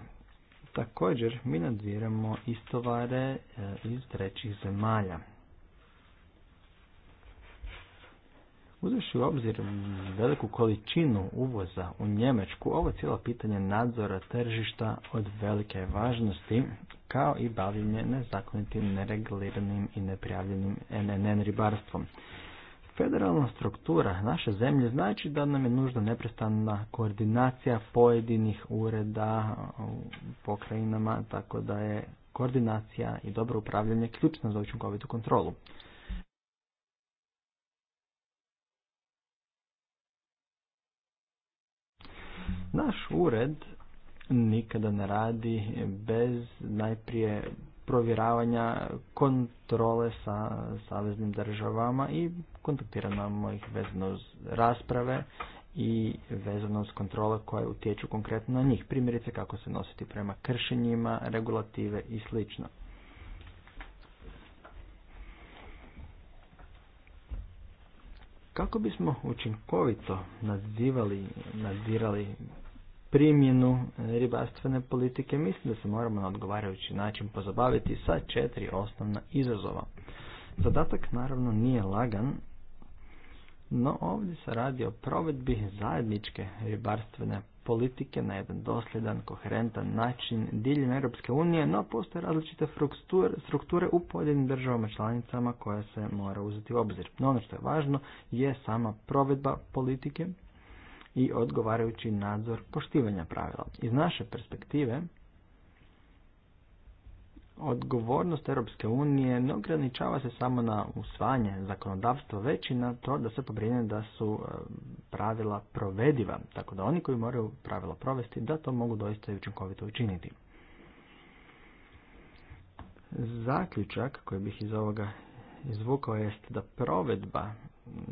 Također mi nadziramo istovare e, iz trećih zemalja. Uzevši u obzir veliku količinu uvoza u Njemačku, ovo cijelo pitanje nadzora tržišta od velike važnosti, kao i bavljenje nezakonitim, nereguliranim i neprijavljenim NNN ribarstvom. Federalna struktura naše zemlje znači da nam je nužna neprestana koordinacija pojedinih ureda u pokrajinama, tako da je koordinacija i dobro upravljanje ključno za učinkovitu kontrolu. Naš ured nikada ne radi bez najprije provjeravanja kontrole sa saveznim državama i kontaktiramo ih vezano uz rasprave i vezano uz kontrole koje utječu konkretno na njih. Primjerice kako se nositi prema kršenjima, regulative i sl. Kako bismo učinkovito nadzivali, nadzirali primjenu e, ribarstvene politike, mislim da se moramo na odgovarajući način pozabaviti sa četiri osnovna izazova. Zadatak naravno nije lagan, no ovdje se radi o provedbi zajedničke ribarstvene politike na jedan dosljedan, koherentan način diljem Europske unije, no postoje različite strukture u pojedinim državama članicama koje se mora uzeti u obzir. No ono što je važno je sama provedba politike i odgovarajući nadzor poštivanja pravila. Iz naše perspektive, odgovornost Europske unije ne ograničava se samo na usvajanje zakonodavstva, već i na to da se pobrine da su e, pravila provediva, tako da oni koji moraju pravila provesti, da to mogu doista i učinkovito učiniti. Zaključak koji bih iz ovoga izvukao jest da provedba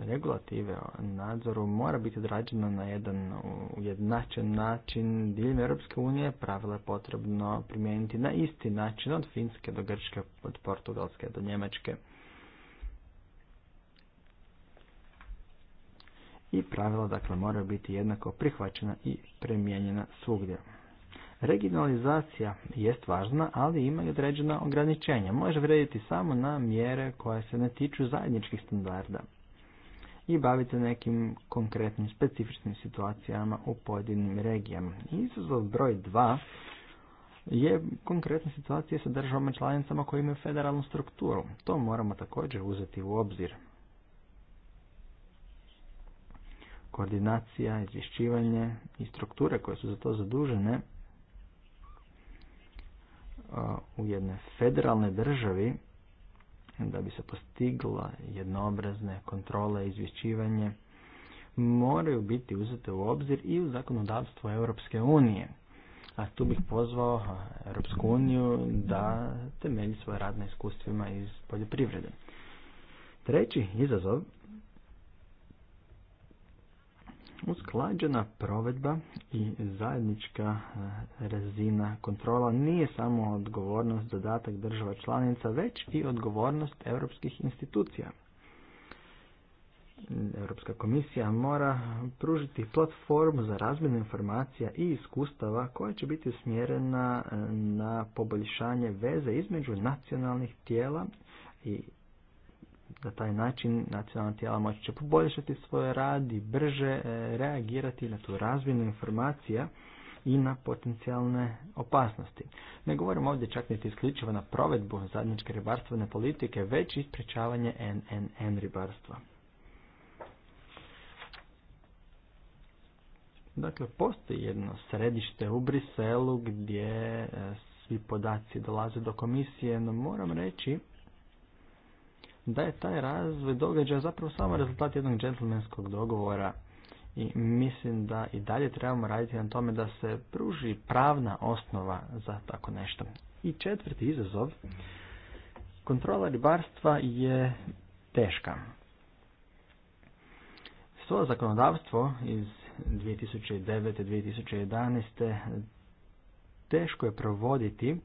regulative o nadzoru mora biti odrađena na jedan ujednačen način diljem Europske unije. Pravila je potrebno primijeniti na isti način od Finske do Grčke, od Portugalske do Njemačke. I pravila dakle moraju biti jednako prihvaćena i primijenjena svugdje. Regionalizacija jest važna, ali ima i određena ograničenja. Može vrediti samo na mjere koje se ne tiču zajedničkih standarda i bavite nekim konkretnim specifičnim situacijama u pojedinim regijama. Izazov broj 2 je konkretna situacija sa državama članicama koje imaju federalnu strukturu. To moramo također uzeti u obzir. Koordinacija, izvješćivanje i strukture koje su za to zadužene u jednoj federalnoj državi da bi se postigla jednoobrazne kontrole i izvješćivanje moraju biti uzete u obzir i u zakonodavstvo Europske unije. A tu bih pozvao Europsku uniju da temelji svoje rad na iskustvima iz poljoprivrede. Treći izazov usklađena provedba i zajednička e, razina kontrola nije samo odgovornost dodatak država članica, već i odgovornost europskih institucija. Europska komisija mora pružiti platformu za razmjenu informacija i iskustava koja će biti usmjerena e, na poboljšanje veze između nacionalnih tijela i na taj način nacionalna tijela moći će poboljšati svoj rad i brže e, reagirati na tu razvinu informacija i na potencijalne opasnosti. Ne govorimo ovdje čak niti isključivo na provedbu zajedničke ribarstvene politike, već i sprečavanje NNN ribarstva. Dakle, postoji jedno središte u Briselu gdje e, svi podaci dolaze do komisije, no moram reći da je taj razvoj događaja zapravo samo rezultat jednog džentlmenskog dogovora i mislim da i dalje trebamo raditi na tome da se pruži pravna osnova za tako nešto. I četvrti izazov, kontrola ribarstva je teška. Svo zakonodavstvo iz 2009. 2011. teško je provoditi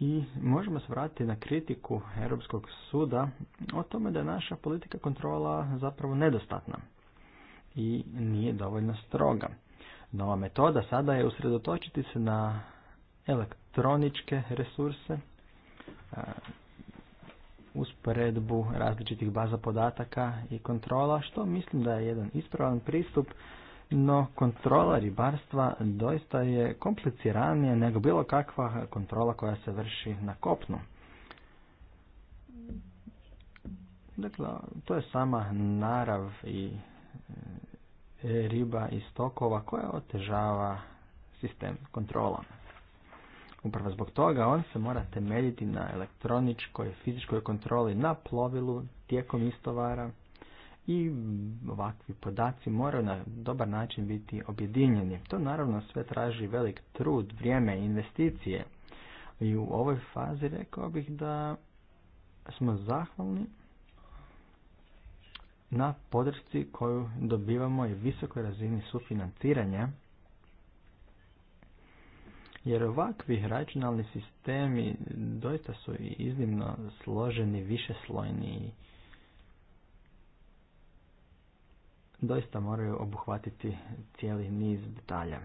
I možemo se vratiti na kritiku Europskog suda o tome da je naša politika kontrola zapravo nedostatna i nije dovoljno stroga. Nova metoda sada je usredotočiti se na elektroničke resurse, usporedbu različitih baza podataka i kontrola, što mislim da je jedan ispravan pristup no kontrola ribarstva doista je kompliciranija nego bilo kakva kontrola koja se vrši na kopnu. Dakle, to je sama narav i e, riba i stokova koja otežava sistem kontrola. Upravo zbog toga on se mora temeljiti na elektroničkoj, fizičkoj kontroli na plovilu tijekom istovara, i ovakvi podaci moraju na dobar način biti objedinjeni. To naravno sve traži velik trud, vrijeme, investicije. I u ovoj fazi rekao bih da smo zahvalni na podršci koju dobivamo i visokoj razini sufinanciranja jer ovakvi računalni sistemi doista su iznimno složeni, višeslojni doista moraju obuhvatiti cijeli niz detalja.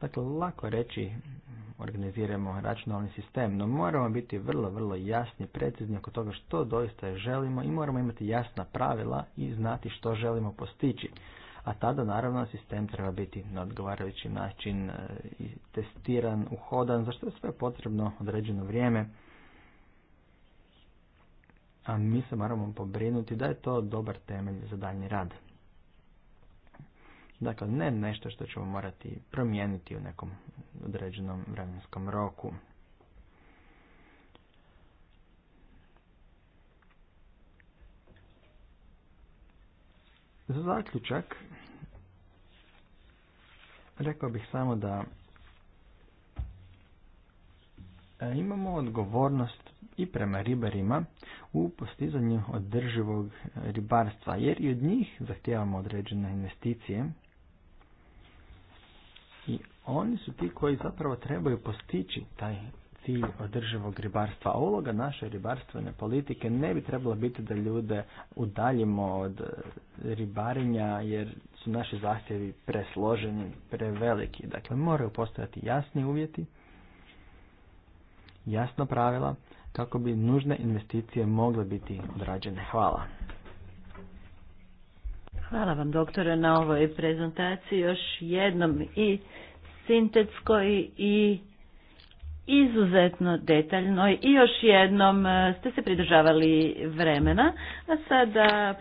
Dakle, lako reći organiziramo računalni sistem, no moramo biti vrlo, vrlo jasni, precizni oko toga što doista želimo i moramo imati jasna pravila i znati što želimo postići. A tada naravno sistem treba biti na odgovarajući način e, testiran, uhodan, za što je sve potrebno određeno vrijeme a mi se moramo pobrinuti da je to dobar temelj za daljnji rad. Dakle, ne nešto što ćemo morati promijeniti u nekom određenom vremenskom roku. Za zaključak, rekao bih samo da e, imamo odgovornost i prema ribarima u postizanju održivog ribarstva, jer i od njih zahtijevamo određene investicije i oni su ti koji zapravo trebaju postići taj cilj održivog ribarstva. A uloga naše ribarstvene politike ne bi trebala biti da ljude udaljimo od ribarenja jer su naši zahtjevi presloženi, preveliki. Dakle, moraju postojati jasni uvjeti, jasna pravila kako bi nužne investicije mogle biti odrađene. Hvala. Hvala vam doktore na ovoj prezentaciji još jednom i sintetskoj i izuzetno detaljno i još jednom e, ste se pridržavali vremena. A sada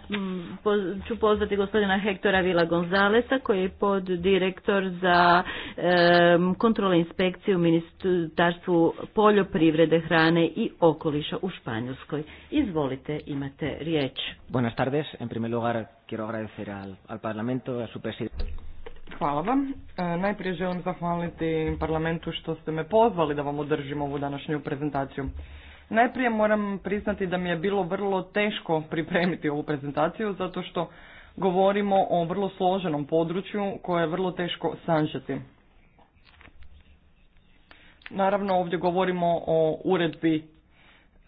ću pozvati gospodina Hektora Vila Gonzalesa koji je pod direktor za e, kontrole inspekcije u Ministarstvu poljoprivrede, hrane i okoliša u Španjolskoj. Izvolite, imate riječ. Buenas tardes. En primer lugar, quiero agradecer al, al Parlamento, a su presidente Hvala vam. E, najprije želim zahvaliti parlamentu što ste me pozvali da vam održim ovu današnju prezentaciju. Najprije moram priznati da mi je bilo vrlo teško pripremiti ovu prezentaciju zato što govorimo o vrlo složenom području koje je vrlo teško sanžeti. Naravno ovdje govorimo o uredbi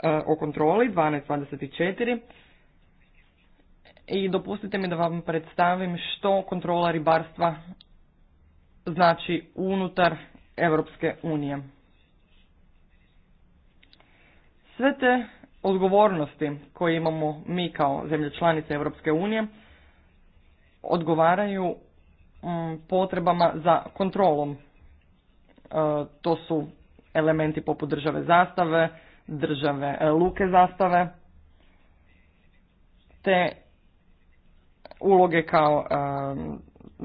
e, o kontroli 1224 i dopustite mi da vam predstavim što kontrola ribarstva znači unutar Europske unije. Sve te odgovornosti koje imamo mi kao zemlje članice Europske unije odgovaraju mm, potrebama za kontrolom. E, to su elementi poput države zastave, države e, luke zastave, te uloge kao e,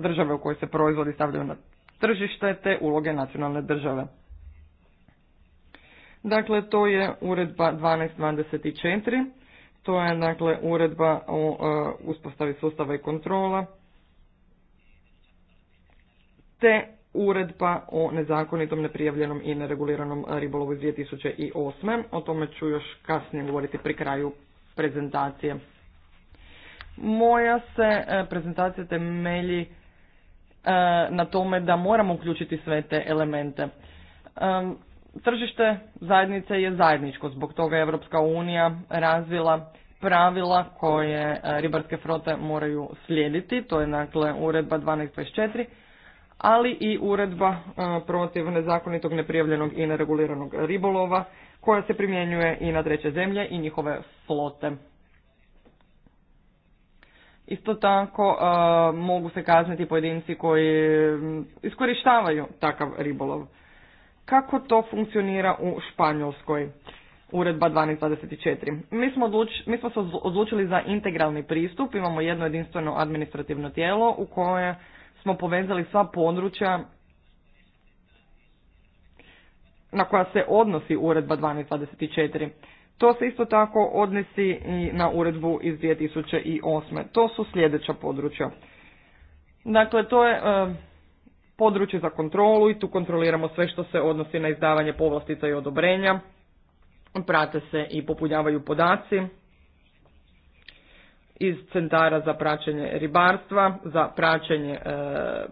države u kojoj se proizvodi stavljaju na tržište te uloge nacionalne države. Dakle, to je uredba 1224, to je dakle uredba o e, uspostavi sustava i kontrola, te uredba o nezakonitom, neprijavljenom i nereguliranom ribolovu iz 2008. O tome ću još kasnije govoriti pri kraju prezentacije. Moja se e, prezentacija temelji e, na tome da moramo uključiti sve te elemente. E, tržište zajednice je zajedničko, zbog toga je Europska unija razvila pravila koje ribarske frote moraju slijediti, to je dakle uredba 1224, ali i uredba protiv nezakonitog, neprijavljenog i nereguliranog ribolova koja se primjenjuje i na treće zemlje i njihove flote. Isto tako e, mogu se kazniti pojedinci koji iskorištavaju takav ribolov. Kako to funkcionira u Španjolskoj? Uredba 1224. Mi smo, mi smo se odlučili za integralni pristup, imamo jedno jedinstveno administrativno tijelo u koje smo povezali sva područja na koja se odnosi Uredba 1224. To se isto tako odnosi i na uredbu iz 2008. To su sljedeća područja. Dakle, to je e, područje za kontrolu i tu kontroliramo sve što se odnosi na izdavanje povlastica i odobrenja. Prate se i popunjavaju podaci iz centara za praćenje ribarstva, za praćenje e,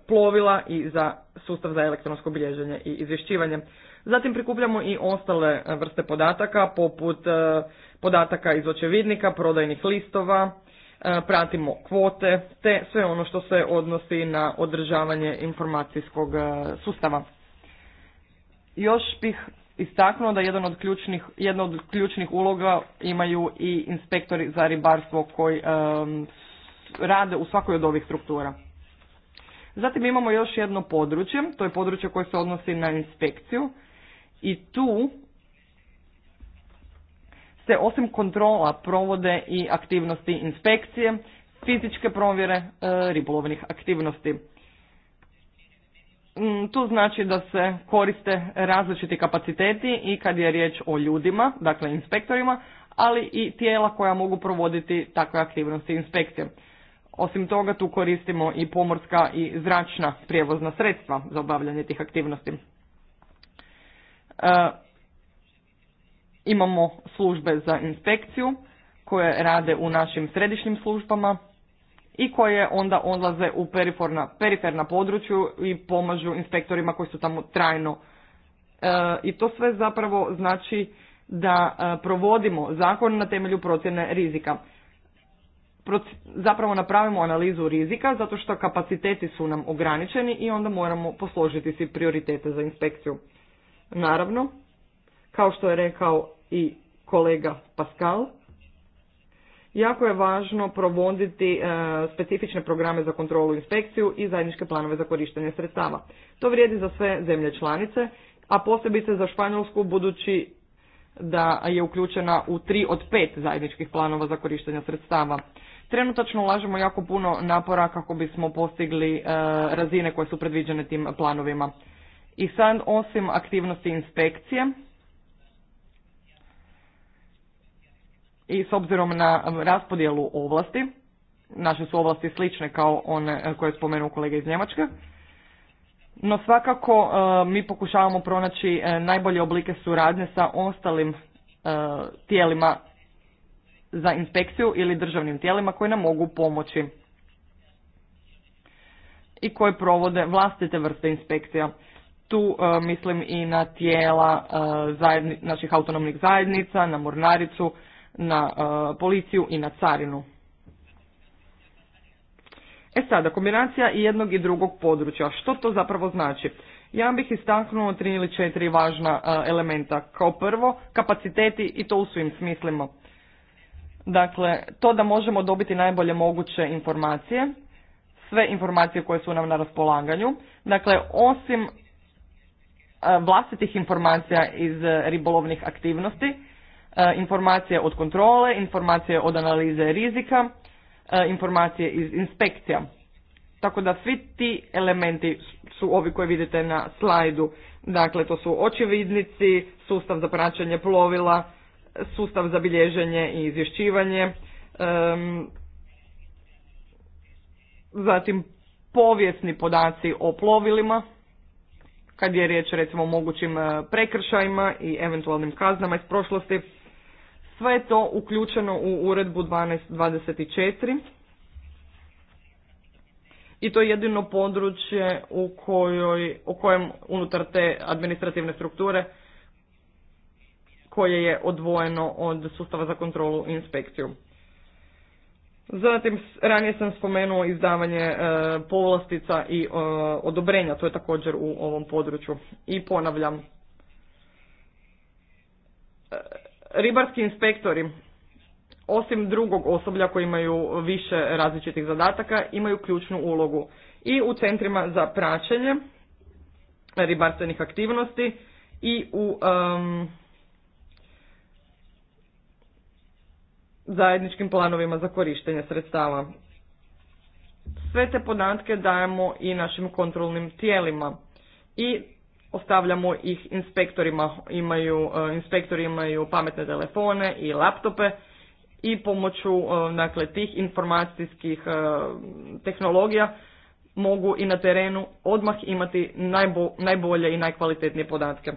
plovila i za sustav za elektronsko bilježenje i izvješćivanje. Zatim prikupljamo i ostale e, vrste podataka poput e, podataka iz očevidnika, prodajnih listova, e, pratimo kvote te sve ono što se odnosi na održavanje informacijskog sustava. Još bih istaknuo da jedan od ključnih, jedna od ključnih uloga imaju i inspektori za ribarstvo koji rade u svakoj od ovih struktura. Zatim imamo još jedno područje, to je područje koje se odnosi na inspekciju i tu se osim kontrola provode i aktivnosti inspekcije, fizičke provjere e, ribolovnih aktivnosti. Mm, to znači da se koriste različiti kapaciteti i kad je riječ o ljudima, dakle inspektorima, ali i tijela koja mogu provoditi takve aktivnosti inspekcije. Osim toga tu koristimo i pomorska i zračna prijevozna sredstva za obavljanje tih aktivnosti. E, imamo službe za inspekciju koje rade u našim središnjim službama i koje onda odlaze u periferna, periferna području i pomažu inspektorima koji su tamo trajno. E, I to sve zapravo znači da e, provodimo zakon na temelju procjene rizika. zapravo napravimo analizu rizika zato što kapaciteti su nam ograničeni i onda moramo posložiti si prioritete za inspekciju. Naravno, kao što je rekao i kolega Pascal, jako je važno provoditi e, specifične programe za kontrolu i inspekciju i zajedničke planove za korištenje sredstava. To vrijedi za sve zemlje članice, a posebice za Španjolsku budući da je uključena u tri od pet zajedničkih planova za korištenje sredstava. Trenutačno ulažemo jako puno napora kako bismo postigli e, razine koje su predviđene tim planovima. I sad osim aktivnosti inspekcije i s obzirom na raspodjelu ovlasti, naše su ovlasti slične kao one koje je spomenuo kolega iz Njemačke, no svakako e, mi pokušavamo pronaći e, najbolje oblike suradnje sa ostalim e, tijelima za inspekciju ili državnim tijelima koji nam mogu pomoći i koje provode vlastite vrste inspekcija. Tu e, mislim i na tijela e, zajedni, naših autonomnih zajednica, na mornaricu, na e, policiju i na carinu. E sada, kombinacija i jednog i drugog područja. Što to zapravo znači? Ja bih istaknuo tri ili četiri važna elementa. Kao prvo, kapaciteti i to u svim smislimo. Dakle, to da možemo dobiti najbolje moguće informacije, sve informacije koje su nam na raspolaganju. Dakle, osim vlastitih informacija iz e, ribolovnih aktivnosti, e, informacije od kontrole, informacije od analize rizika, e, informacije iz inspekcija. Tako da svi ti elementi su ovi koje vidite na slajdu. Dakle, to su očevidnici, sustav za praćanje plovila, sustav za bilježenje i izvješćivanje, zatim povijesni podaci o plovilima, kad je riječ recimo o mogućim e, prekršajima i eventualnim kaznama iz prošlosti. Sve je to uključeno u uredbu 1224 i to je jedino područje u, kojoj, u kojem unutar te administrativne strukture koje je odvojeno od sustava za kontrolu i inspekciju. Zatim, ranije sam spomenuo izdavanje e, povlastica i e, odobrenja, to je također u ovom području. I ponavljam, e, ribarski inspektori, osim drugog osoblja koji imaju više različitih zadataka, imaju ključnu ulogu i u centrima za praćenje ribarstvenih aktivnosti i u zajedničkim planovima za korištenje sredstava. Sve te podatke dajemo i našim kontrolnim tijelima i ostavljamo ih inspektorima, imaju, e, inspektori imaju pametne telefone i laptope i pomoću e, dakle, tih informacijskih e, tehnologija mogu i na terenu odmah imati najbolje i najkvalitetnije podatke.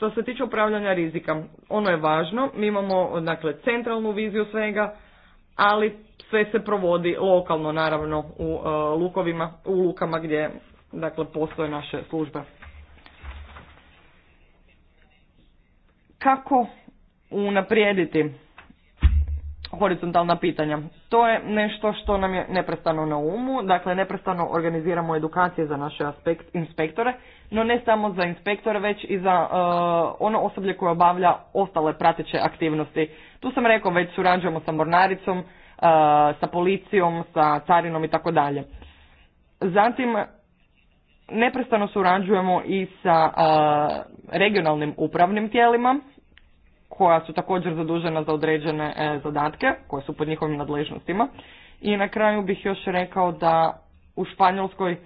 Što se tiče upravljanja rizika, ono je važno, mi imamo dakle, centralnu viziju svega, ali sve se provodi lokalno naravno u e, lukovima, u lukama gdje dakle, postoje naše službe. Kako unaprijediti horizontalna pitanja. To je nešto što nam je neprestano na umu, dakle neprestano organiziramo edukacije za naše aspekt, inspektore, no ne samo za inspektore, već i za e, ono osoblje koje obavlja ostale prateće aktivnosti. Tu sam rekao, već surađujemo sa mornaricom, e, sa policijom, sa carinom i tako dalje. Zatim, neprestano surađujemo i sa e, regionalnim upravnim tijelima, koja su također zadužena za određene e, zadatke koje su pod njihovim nadležnostima. I na kraju bih još rekao da u Španjolskoj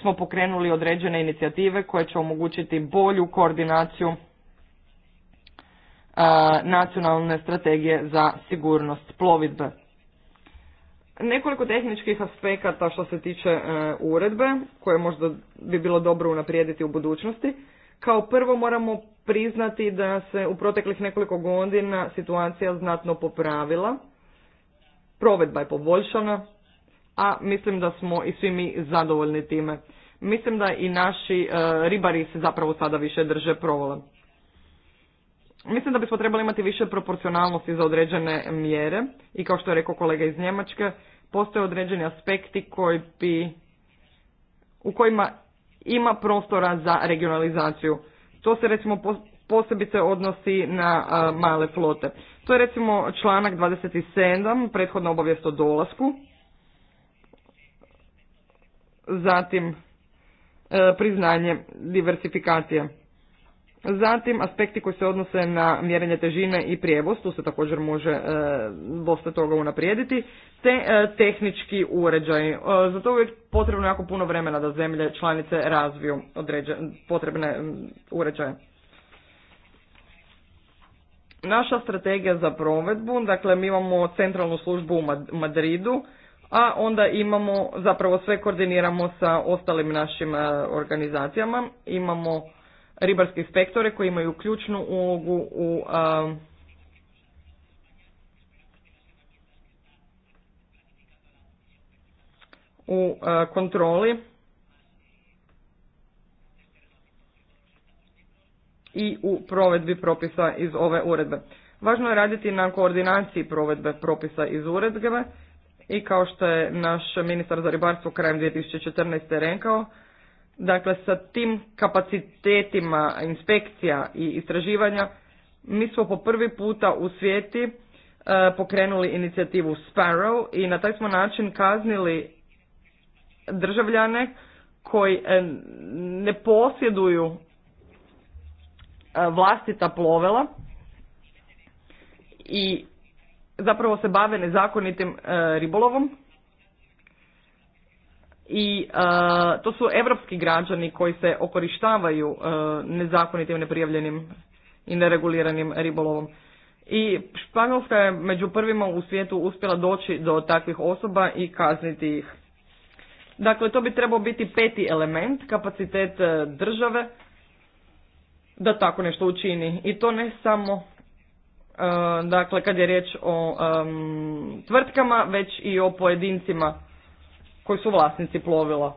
smo pokrenuli određene inicijative koje će omogućiti bolju koordinaciju e, nacionalne strategije za sigurnost plovidbe. Nekoliko tehničkih aspekata što se tiče e, uredbe koje možda bi bilo dobro unaprijediti u budućnosti kao prvo moramo priznati da se u proteklih nekoliko godina situacija znatno popravila, provedba je poboljšana, a mislim da smo i svi mi zadovoljni time. Mislim da i naši e, ribari se zapravo sada više drže provola. Mislim da bismo trebali imati više proporcionalnosti za određene mjere i kao što je rekao kolega iz Njemačke, postoje određeni aspekti koji bi, u kojima ima prostora za regionalizaciju. To se recimo posebice odnosi na male flote. To je recimo članak 27, prethodna obavijest o dolasku. Zatim e, priznanje diversifikacije. Zatim aspekti koji se odnose na mjerenje težine i prijevoz, tu se također može e, dosta toga unaprijediti, te e, tehnički uređaj. Zato e, za to uvijek potrebno jako puno vremena da zemlje članice razviju određe, potrebne uređaje. Naša strategija za provedbu, dakle mi imamo centralnu službu u Madridu, a onda imamo, zapravo sve koordiniramo sa ostalim našim e, organizacijama, imamo ribarske inspektore koji imaju ključnu ulogu u um, u uh, kontroli i u provedbi propisa iz ove uredbe. Važno je raditi na koordinaciji provedbe propisa iz uredbe i kao što je naš ministar za ribarstvo krajem 2014. rekao, Dakle, sa tim kapacitetima inspekcija i istraživanja mi smo po prvi puta u svijeti e, pokrenuli inicijativu Sparrow i na taj smo način kaznili državljane koji e, ne posjeduju e, vlastita plovela i zapravo se bave nezakonitim ribolovom i e, to su europski građani koji se okorištavaju e, nezakonitim, neprijavljenim i nereguliranim ribolovom. I Španjolska je među prvima u svijetu uspjela doći do takvih osoba i kazniti ih. Dakle, to bi trebao biti peti element, kapacitet e, države da tako nešto učini. I to ne samo dakle kad je riječ o tvrtkama već i o pojedincima koji su vlasnici plovila.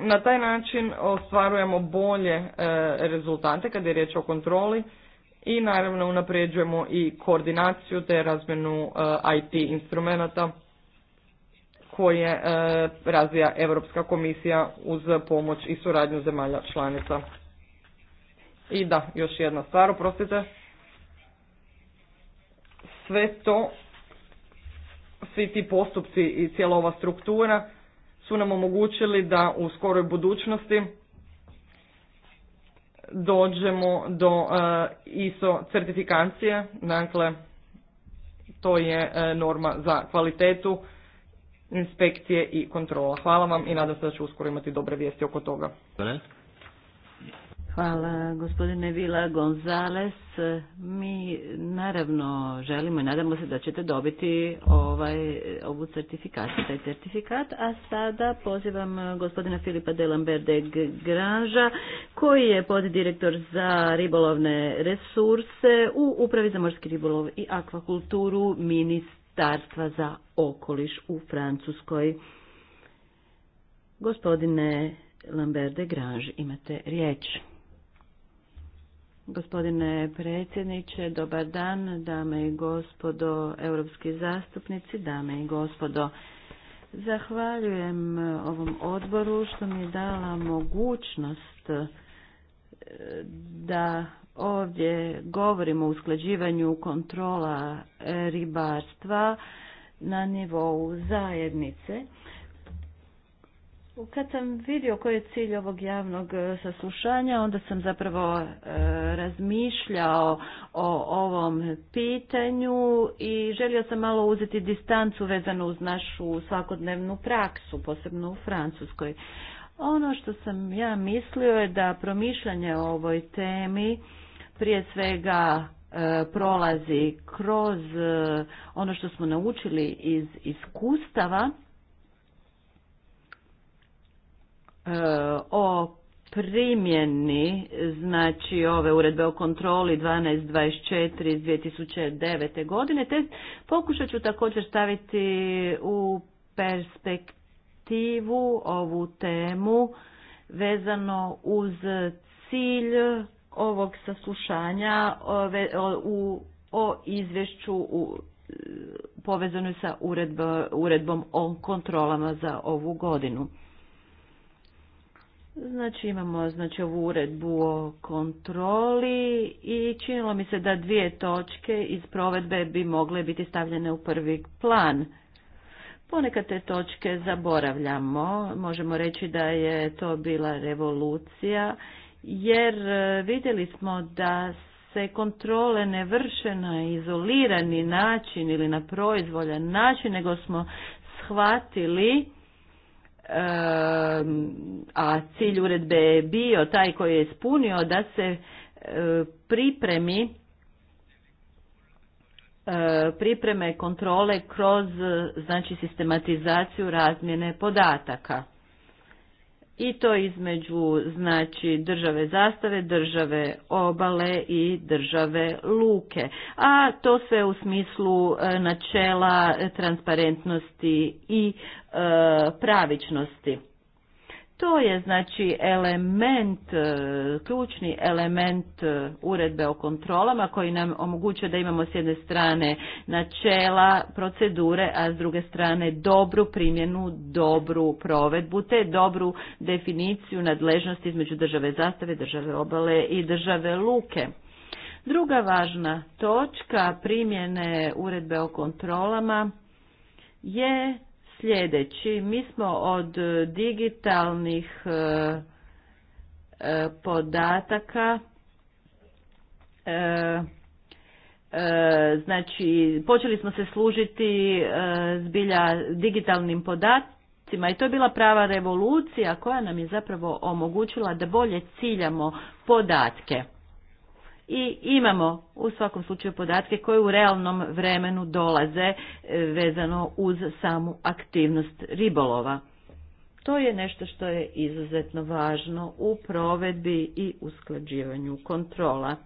Na taj način ostvarujemo bolje e, rezultate kad je riječ o kontroli i naravno unapređujemo i koordinaciju te razmjenu e, IT instrumenata koje e, razvija Europska komisija uz pomoć i suradnju zemalja članica. I da, još jedna stvar, oprostite. Sve to svi ti postupci i cijela ova struktura su nam omogućili da u skoroj budućnosti dođemo do e, ISO certifikacije, dakle to je e, norma za kvalitetu inspekcije i kontrola. Hvala vam i nadam se da ću uskoro imati dobre vijesti oko toga. Hvala gospodine Vila Gonzales. Mi naravno želimo i nadamo se da ćete dobiti ovaj, ovu certifikaciju, taj certifikat. A sada pozivam gospodina Filipa Delamberde Granža koji je poddirektor za ribolovne resurse u Upravi za morski ribolov i akvakulturu Ministarstva za okoliš u Francuskoj. Gospodine Lamberde Grange, imate riječ. Gospodine predsjedniče, dobar dan, dame i gospodo europski zastupnici, dame i gospodo. Zahvaljujem ovom odboru što mi je dala mogućnost e, da ovdje govorimo o usklađivanju kontrola ribarstva na nivou zajednice. Kad sam vidio koji je cilj ovog javnog e, saslušanja, onda sam zapravo e, razmišljao o ovom pitanju i želio sam malo uzeti distancu vezanu uz našu svakodnevnu praksu, posebno u Francuskoj. Ono što sam ja mislio je da promišljanje o ovoj temi prije svega e, prolazi kroz ono što smo naučili iz iskustava, E, o primjeni znači ove uredbe o kontroli 1224 iz 2009. godine te pokušat ću također staviti u perspektivu ovu temu vezano uz cilj ovog saslušanja u o izvješću u povezanoj sa uredbom o kontrolama za ovu godinu. Znači imamo znači, ovu uredbu o kontroli i činilo mi se da dvije točke iz provedbe bi mogle biti stavljene u prvi plan. Ponekad te točke zaboravljamo, možemo reći da je to bila revolucija, jer e, vidjeli smo da se kontrole ne vrše na izolirani način ili na proizvoljan način, nego smo shvatili a cilj uredbe je bio taj koji je ispunio da se e, pripremi e, pripreme kontrole kroz znači sistematizaciju razmjene podataka. I to između znači države zastave, države obale i države luke. A to sve u smislu e, načela transparentnosti i pravičnosti. To je znači element, e, ključni element e, uredbe o kontrolama koji nam omogućuje da imamo s jedne strane načela, procedure, a s druge strane dobru primjenu, dobru provedbu, te dobru definiciju nadležnosti između države zastave, države obale i države luke. Druga važna točka primjene uredbe o kontrolama je sljedeći. Mi smo od digitalnih e, e, podataka e, znači počeli smo se služiti zbilja digitalnim podacima i to je bila prava revolucija koja nam je zapravo omogućila da bolje ciljamo podatke i imamo u svakom slučaju podatke koje u realnom vremenu dolaze e, vezano uz samu aktivnost ribolova. To je nešto što je izuzetno važno u provedbi i usklađivanju kontrola.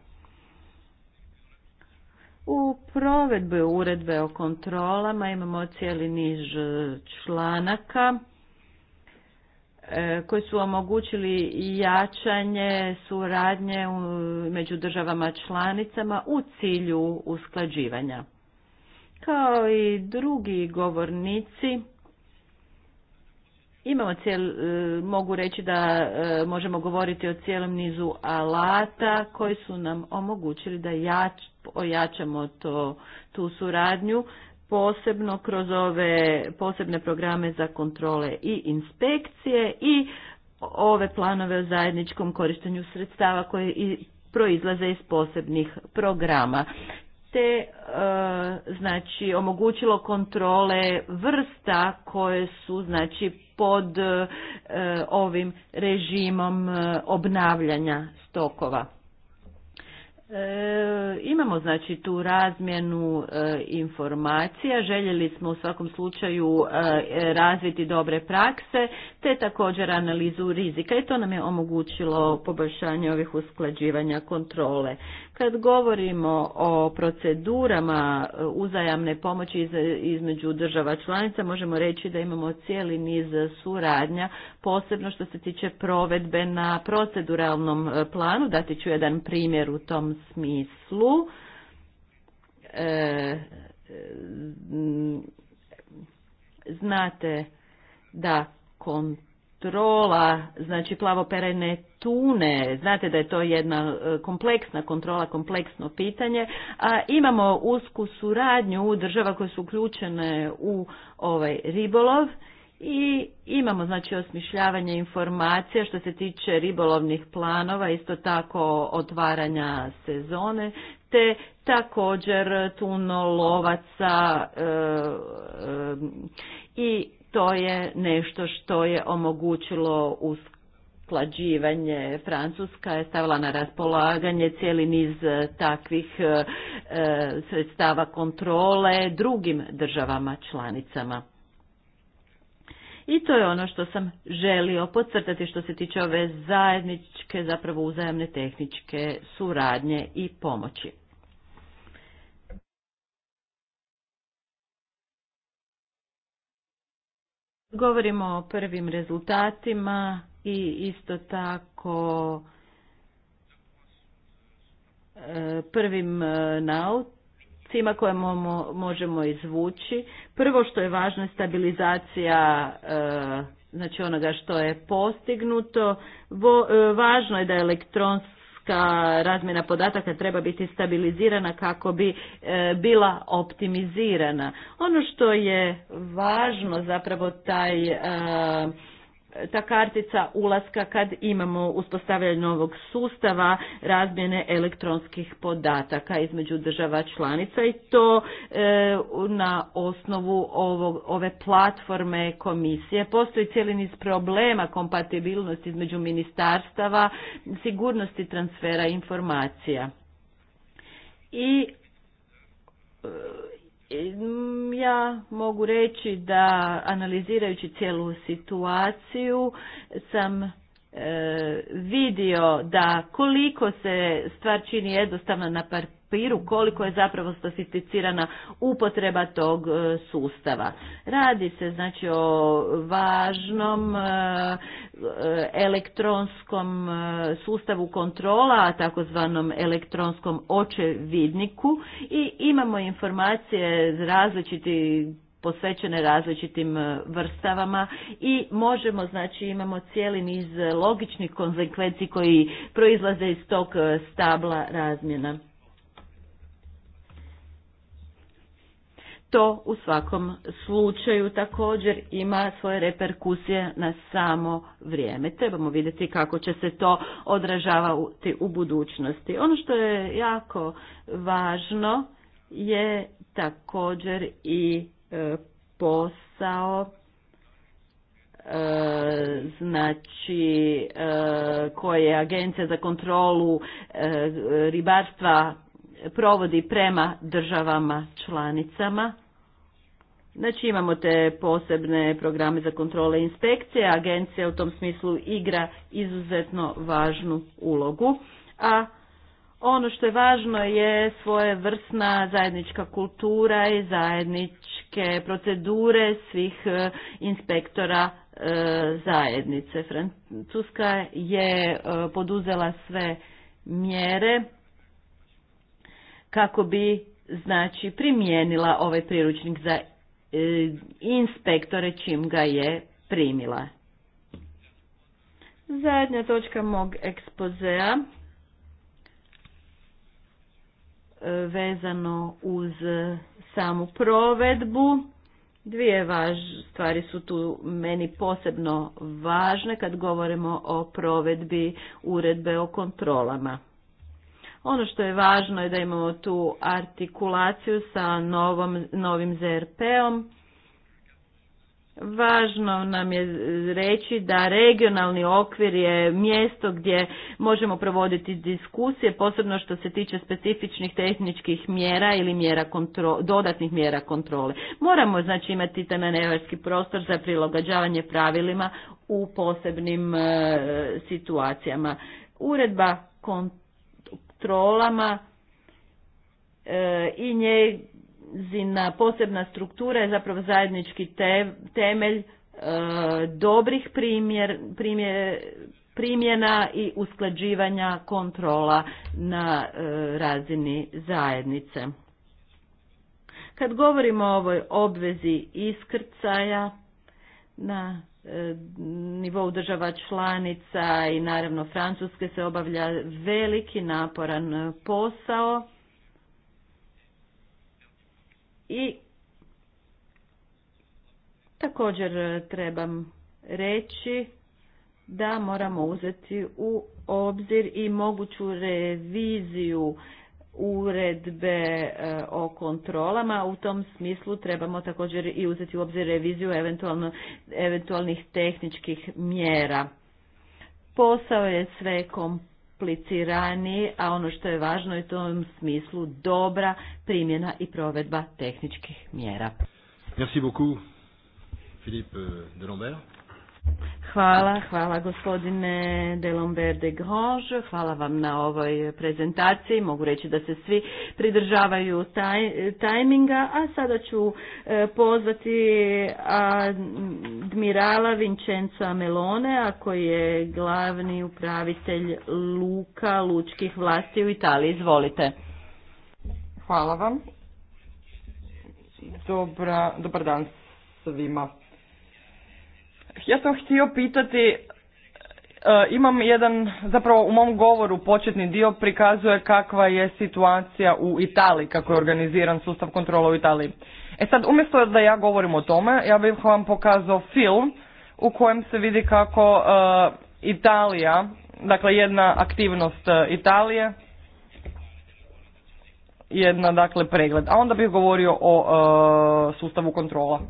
U provedbi uredbe o kontrolama imamo cijeli niž e, članaka E, koji su omogućili jačanje suradnje među državama članicama u cilju usklađivanja. Kao i drugi govornici, imamo cijel, e, mogu reći da e, možemo govoriti o cijelom nizu alata koji su nam omogućili da jač, ojačamo to, tu suradnju posebno kroz ove posebne programe za kontrole i inspekcije i ove planove o zajedničkom korištenju sredstava koje i proizlaze iz posebnih programa te e, znači omogućilo kontrole vrsta koje su znači pod e, ovim režimom e, obnavljanja stokova E, imamo znači tu razmjenu e, informacija, željeli smo u svakom slučaju e, razviti dobre prakse, te također analizu rizika i to nam je omogućilo poboljšanje ovih usklađivanja kontrole. Kad govorimo o procedurama e, uzajamne pomoći između država članica, možemo reći da imamo cijeli niz suradnja, posebno što se tiče provedbe na proceduralnom e, planu. Dati ću jedan primjer u tom smislu. E, znate da kon kontrola, znači plavoperajne tune, znate da je to jedna e, kompleksna kontrola, kompleksno pitanje, a imamo usku suradnju država koje su uključene u ovaj ribolov i imamo znači osmišljavanje informacija što se tiče ribolovnih planova, isto tako otvaranja sezone, te također tunolovaca e, e i to je nešto što je omogućilo usklađivanje. Francuska je stavila na raspolaganje cijeli niz e, takvih e, e, sredstava kontrole drugim državama članicama. I to je ono što sam želio podcrtati što se tiče ove zajedničke, zapravo uzajamne tehničke suradnje i pomoći. Govorimo o prvim rezultatima i isto tako e, prvim e, naucima koje možemo izvući. Prvo što je važno je stabilizacija e, znači onoga što je postignuto. Važno je da elektronski da razmjena podataka treba biti stabilizirana kako bi e, bila optimizirana. Ono što je važno zapravo taj e, ta kartica ulaska kad imamo uspostavljanje novog sustava razmjene elektronskih podataka između država članica i to e, na osnovu ovog, ove platforme komisije. Postoji cijeli niz problema kompatibilnosti između ministarstava, sigurnosti transfera informacija. I e, ja mogu reći da analizirajući cijelu situaciju sam e, vidio da koliko se stvar čini jednostavno na par, papiru koliko je zapravo sofisticirana upotreba tog e, sustava. Radi se znači o važnom e, e, elektronskom sustavu kontrola, takozvanom elektronskom očevidniku i imamo informacije različiti posvećene različitim vrstavama i možemo, znači imamo cijeli niz logičnih konsekvenci koji proizlaze iz tog stabla razmjena to u svakom slučaju također ima svoje reperkusije na samo vrijeme. Trebamo vidjeti kako će se to odražavati u budućnosti. Ono što je jako važno je također i e, posao e, znači e, koje agencija za kontrolu ribarstva provodi prema državama članicama Znači imamo te posebne programe za kontrole inspekcije, agencija u tom smislu igra izuzetno važnu ulogu, a ono što je važno je svoje vrsna zajednička kultura i zajedničke procedure svih e, inspektora e, zajednice. Francuska je e, poduzela sve mjere kako bi znači primijenila ovaj priručnik za E, inspektore čim ga je primila. Zadnja točka mog ekspozea e, vezano uz samu provedbu. Dvije stvari su tu meni posebno važne kad govorimo o provedbi uredbe o kontrolama. Ono što je važno je da imamo tu artikulaciju sa novom, novim ZRP-om. Važno nam je reći da regionalni okvir je mjesto gdje možemo provoditi diskusije, posebno što se tiče specifičnih tehničkih mjera ili mjera dodatnih mjera kontrole. Moramo znači imati taj manevarski prostor za prilagođavanje pravilima u posebnim e, situacijama. Uredba kontrola trolama e, i njezina posebna struktura je zapravo zajednički temelj e, dobrih primjer, primjena i usklađivanja kontrola na e, razini zajednice. Kad govorimo o ovoj obvezi iskrcaja na nivou država članica i naravno Francuske se obavlja veliki naporan posao i također trebam reći da moramo uzeti u obzir i moguću reviziju uredbe e, o kontrolama. U tom smislu trebamo također i uzeti u obzir reviziju eventualnih tehničkih mjera. Posao je sve kompliciraniji, a ono što je važno je u tom smislu dobra primjena i provedba tehničkih mjera. Philippe euh, Hvala, hvala gospodine Delombert de Grange, hvala vam na ovoj prezentaciji, mogu reći da se svi pridržavaju taj, tajminga, a sada ću e, pozvati admirala Vincenza Melone, koji je glavni upravitelj Luka Lučkih vlasti u Italiji. Izvolite. Hvala vam. Dobra, dobar dan svima. Ja sam htio pitati, e, imam jedan, zapravo u mom govoru početni dio prikazuje kakva je situacija u Italiji, kako je organiziran sustav kontrola u Italiji. E sad, umjesto da ja govorim o tome, ja bih vam pokazao film u kojem se vidi kako e, Italija, dakle jedna aktivnost e, Italije, jedna dakle pregled, a onda bih govorio o sustavu kontrola.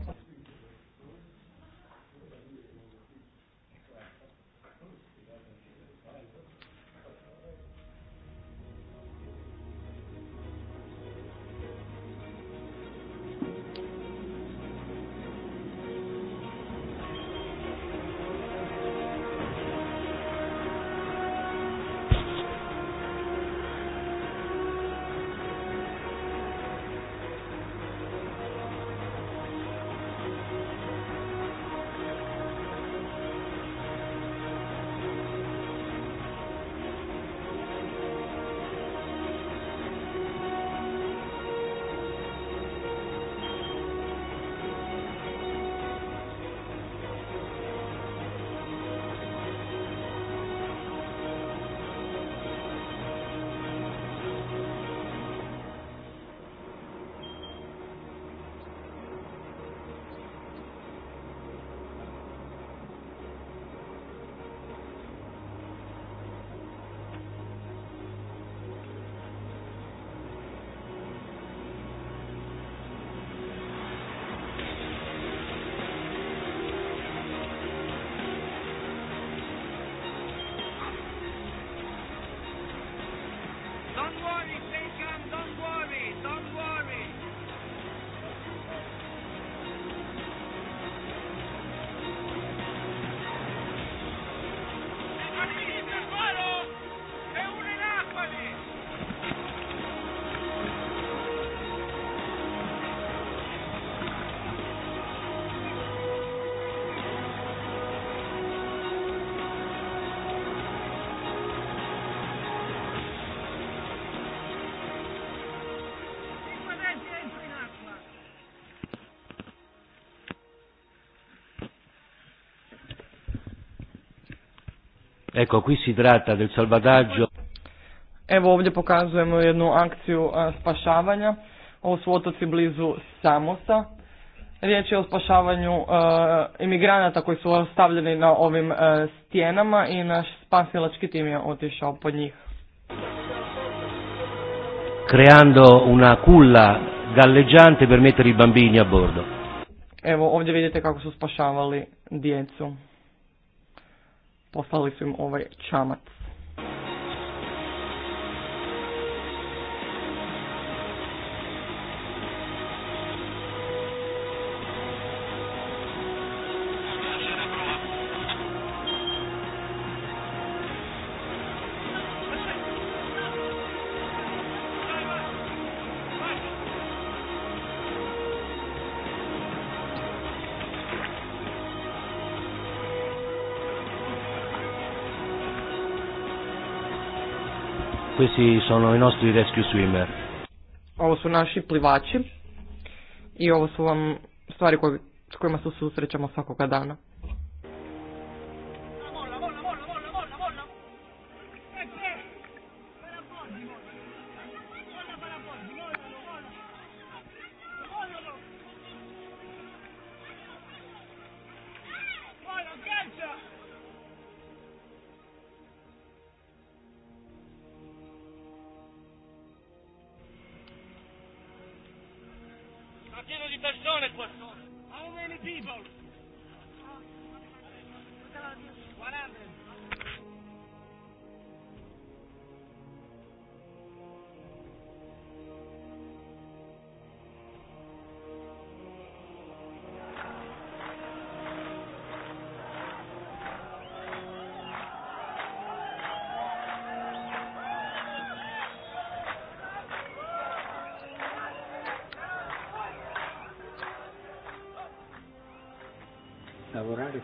Ecco, qui si tratta del salvataggio. Evo ovdje pokazujemo jednu akciju spašavanja. Ovo su otoci blizu Samosa. Riječ je o spašavanju imigranata koji su ostavljeni na ovim stjenama i naš spasilački tim je otišao po njih. Creando una culla galleggiante per mettere i bambini a bordo. Evo ovdje vidite kako su spašavali djecu poslali su im ovaj čamac. sono i nostri rescue swimmer. Ovo su naši plivači i ovo su vam stvari s kojima se susrećamo svakoga dana.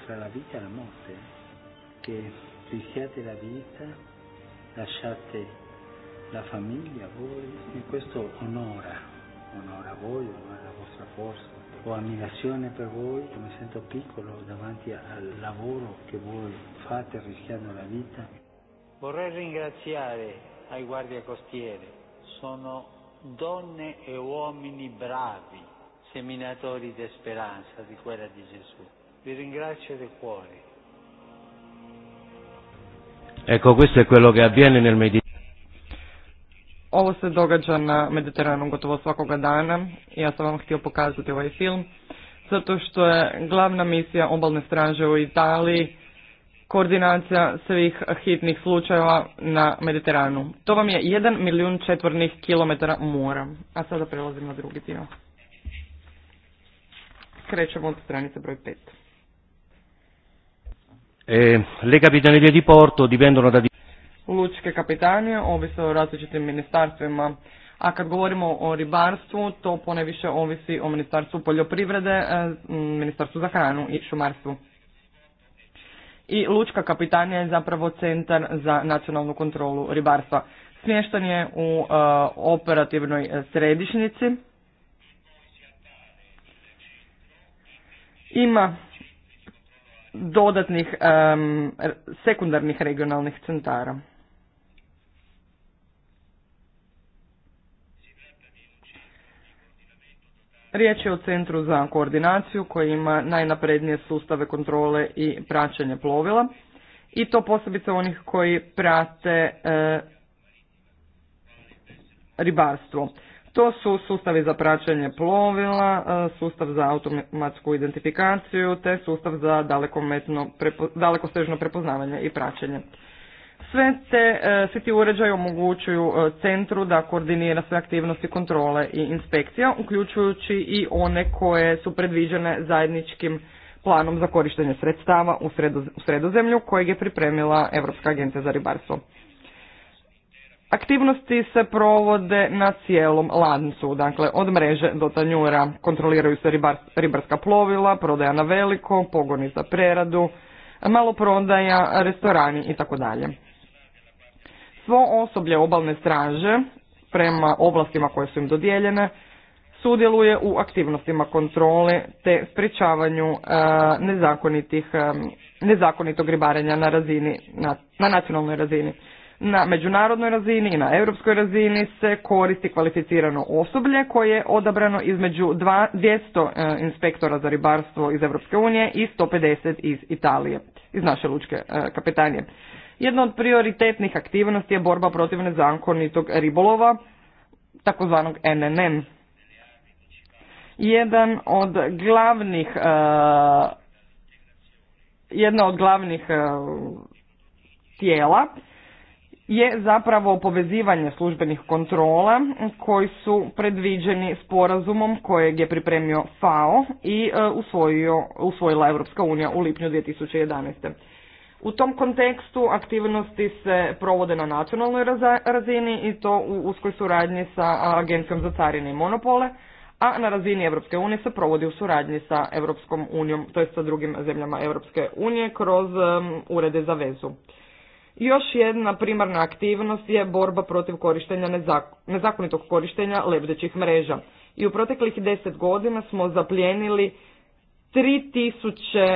tra la vita e la morte, che rischiate la vita, lasciate la famiglia voi e questo onora, onora voi, onora la vostra forza. Ho ammirazione per voi, mi sento piccolo davanti al lavoro che voi fate rischiando la vita. Vorrei ringraziare ai guardie costiere, sono donne e uomini bravi, seminatori di speranza di quella di Gesù. Vi ringrazio di cuore. Ecco, questo è quello che avviene nel Mediterraneo. Ovo se događa na Mediteranu gotovo svakoga dana. Ja sam vam htio pokazati ovaj film. Zato što je glavna misija obalne straže u Italiji koordinacija svih hitnih slučajeva na Mediteranu. To vam je jedan milijun četvornih kilometara mora. A sada prelazim na drugi dio. Krećemo od stranice broj 5. E, le kapitanerije di porto dipendono da... Lučke kapitanije ovise o različitim ministarstvima, a kad govorimo o ribarstvu, to poneviše ovisi o ministarstvu poljoprivrede, e, ministarstvu za hranu i šumarstvu. I Lučka kapitanija je zapravo centar za nacionalnu kontrolu ribarstva. Smještan je u e, operativnoj središnici. Ima dodatnih sekundarnih regionalnih centara. Riječ je o Centru za koordinaciju koji ima najnaprednije sustave kontrole i praćenja plovila i to posebice onih koji prate e, ribarstvo. To su sustavi za praćenje plovila, e, sustav za automatsku identifikaciju te sustav za dalekometno, dalekosežno prepoznavanje i praćenje. Sve te, e, svi ti uređaji omogućuju e, centru da koordinira sve aktivnosti kontrole i inspekcija, uključujući i one koje su predviđene zajedničkim planom za korištenje sredstava u sredozemlju kojeg je pripremila Europska agencija za ribarstvo. Aktivnosti se provode na cijelom lancu, dakle od mreže do tanjura. Kontroliraju se ribarska plovila, prodaja na veliko, pogoni za preradu, maloprodaja, restorani i tako dalje. Svo osoblje obalne straže, prema oblastima koje su im dodijeljene, sudjeluje u aktivnostima kontrole te sprječavanju e, e, nezakonitog ribarenja na, razini, na nacionalnoj razini na međunarodnoj razini i na europskoj razini se koristi kvalificirano osoblje koje je odabrano između 200 e, inspektora za ribarstvo iz Europske unije i 150 iz Italije, iz naše lučke e, kapetanije. Jedna od prioritetnih aktivnosti je borba protiv nezakonitog ribolova, takozvanog NNN. Jedan od glavnih e, jedna od glavnih tijela je zapravo povezivanje službenih kontrola koji su predviđeni sporazumom kojeg je pripremio FAO i e, usvojio, usvojila Europska unija u lipnju 2011. U tom kontekstu aktivnosti se provode na nacionalnoj razini i to u uskoj suradnji sa Agencijom za carine i monopole, a na razini Europske unije se provodi u suradnji sa Europskom unijom, to sa drugim zemljama Europske unije kroz e, urede za vezu. Još jedna primarna aktivnost je borba protiv korištenja nezakonitog korištenja lebdećih mreža. I u proteklih deset godina smo zapljenili 3400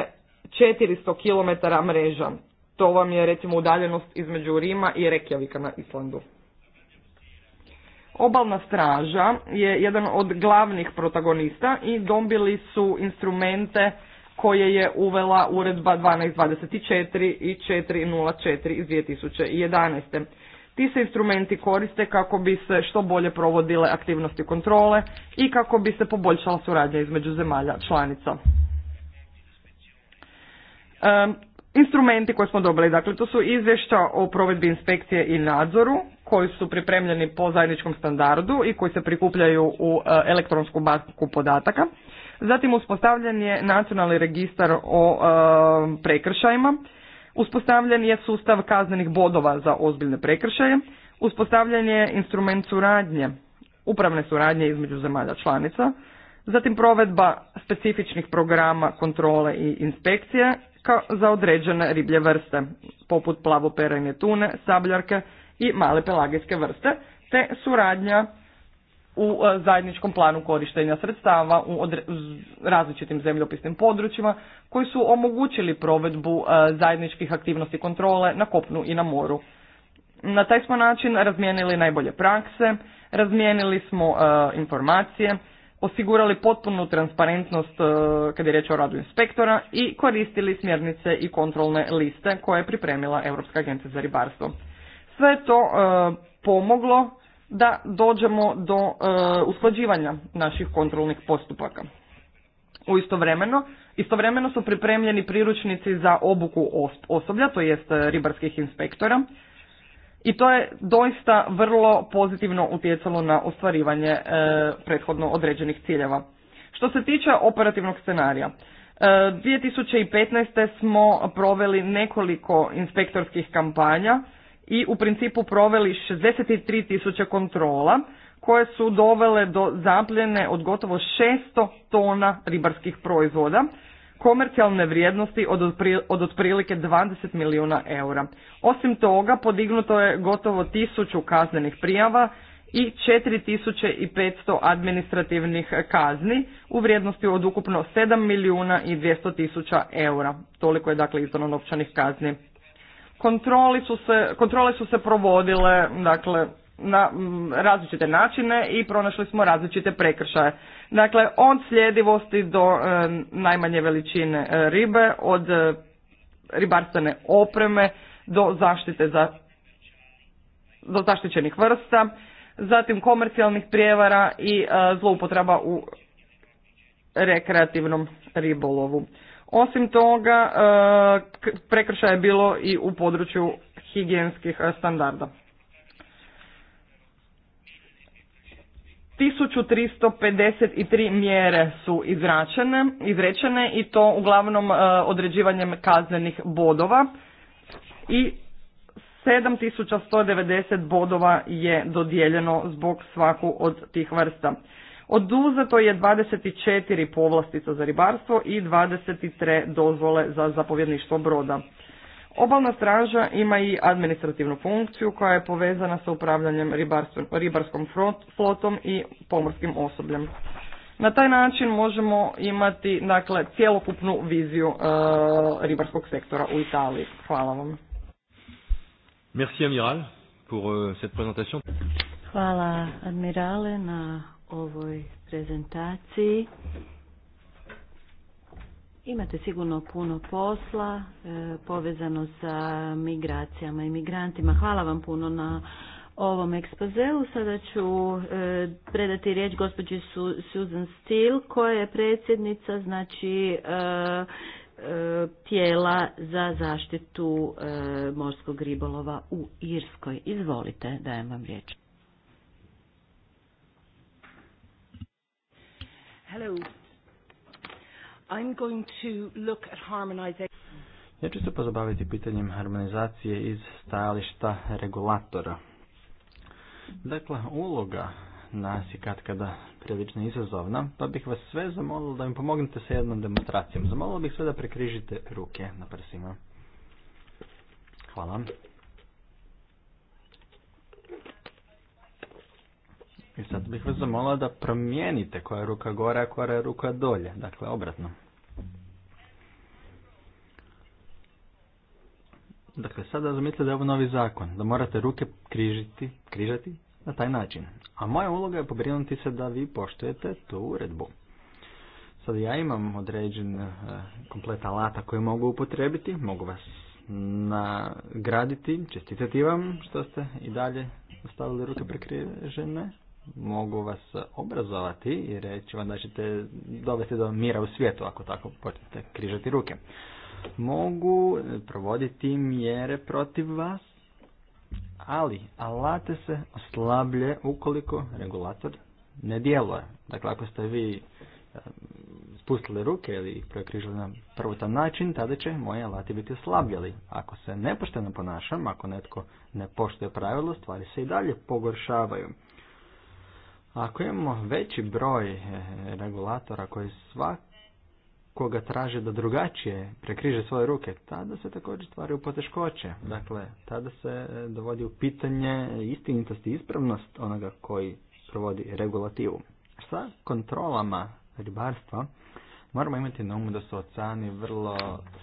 km mreža. To vam je recimo udaljenost između Rima i Rekjavika na Islandu. Obalna straža je jedan od glavnih protagonista i dobili su instrumente koje je uvela uredba 1224 i 404 iz 2011. Ti se instrumenti koriste kako bi se što bolje provodile aktivnosti kontrole i kako bi se poboljšala suradnja između zemalja članica. instrumenti koje smo dobili, dakle to su izvješća o provedbi inspekcije i nadzoru koji su pripremljeni po zajedničkom standardu i koji se prikupljaju u e, elektronsku banku podataka. Zatim uspostavljen je nacionalni registar o e, prekršajima, uspostavljen je sustav kaznenih bodova za ozbiljne prekršaje, uspostavljen je instrument suradnje, upravne suradnje između zemalja članica, zatim provedba specifičnih programa kontrole i inspekcije za određene riblje vrste, poput plavoperajne tune, sabljarke i male pelagijske vrste, te suradnja u e, zajedničkom planu korištenja sredstava u različitim zemljopisnim područjima koji su omogućili provedbu e, zajedničkih aktivnosti kontrole na kopnu i na moru. Na taj smo način razmijenili najbolje prakse, razmijenili smo e, informacije, osigurali potpunu transparentnost kad je riječ o radu inspektora i koristili smjernice i kontrolne liste koje je pripremila Europska agencija za ribarstvo. Sve to pomoglo da dođemo do e, usklađivanja naših kontrolnih postupaka. U istovremeno, istovremeno su pripremljeni priručnici za obuku osoblja, to jest e, ribarskih inspektora, i to je doista vrlo pozitivno utjecalo na ostvarivanje e, prethodno određenih ciljeva. Što se tiče operativnog scenarija, 2015. E, smo proveli nekoliko inspektorskih kampanja, i u principu proveli 63 tisuće kontrola koje su dovele do zapljene od gotovo 600 tona ribarskih proizvoda komercijalne vrijednosti od otprilike 20 milijuna eura. Osim toga podignuto je gotovo tisuću kaznenih prijava i 4500 administrativnih kazni u vrijednosti od ukupno 7 milijuna i 200 tisuća eura. Toliko je dakle izdano novčanih kazni. Kontroli su se, kontrole su se provodile dakle, na različite načine i pronašli smo različite prekršaje. Dakle, od sljedivosti do e, najmanje veličine e, ribe, od e, ribarstvene opreme do zaštite za do zaštićenih vrsta, zatim komercijalnih prijevara i e, zloupotreba u rekreativnom ribolovu. Osim toga, e, prekršaj je bilo i u području higijenskih e, standarda. 1353 mjere su izračene, izrečene i to uglavnom e, određivanjem kaznenih bodova i 7190 bodova je dodijeljeno zbog svaku od tih vrsta. Oduzeto je 24 povlastica za ribarstvo i 23 dozvole za zapovjedništvo broda. Obalna straža ima i administrativnu funkciju koja je povezana sa upravljanjem ribarskom flotom i pomorskim osobljem. Na taj način možemo imati dakle, cjelokupnu viziju e, ribarskog sektora u Italiji. Hvala vam. Merci, amiral, pour euh, cette Hvala, admirale, na ovoj prezentaciji. Imate sigurno puno posla e, povezano sa migracijama i migrantima. Hvala vam puno na ovom ekspozeu. Sada ću e, predati riječ gospođi Su, Susan Steele koja je predsjednica znači e, tijela za zaštitu morskog ribolova u Irskoj. Izvolite, dajem vam riječ. Hello. I'm going to look at harmonization. Ja ću se pozabaviti pitanjem harmonizacije iz stajališta regulatora. Dakle, uloga nas je kad kada prilično izazovna, pa bih vas sve zamolila da mi pomognete sa jednom demonstracijom. Zamolila bih sve da prekrižite ruke na prsima. Hvala. I sad bih vas zamolila da promijenite koja je ruka gore, a koja je ruka dolje. Dakle, obratno. Dakle, sada zamislite da je ovo novi zakon, da morate ruke križiti, križati na taj način. A moja uloga je pobrinuti se da vi poštujete tu uredbu. Sad ja imam određen eh, komplet alata koje mogu upotrebiti, mogu vas nagraditi, čestitati vam što ste i dalje ostavili ruke prekrižene, mogu vas obrazovati i reći vam da ćete dovesti do mira u svijetu ako tako počnete križati ruke. Mogu provoditi mjere protiv vas, ali alate se oslablje ukoliko regulator ne djeluje. Dakle, ako ste vi eh, spustili ruke ili ih prekrižili na prvotan način, tada će moje alati biti oslabljali. Ako se nepošteno ponašam, ako netko ne poštuje pravilo, stvari se i dalje pogoršavaju. Ako imamo veći broj eh, regulatora koji svakoga traže da drugačije prekriže svoje ruke, tada se također stvaraju poteškoće. Dakle, tada se eh, dovodi u pitanje istinitost i ispravnost onoga koji provodi regulativu. Sa kontrolama ribarstva moramo imati na umu da su oceani vrlo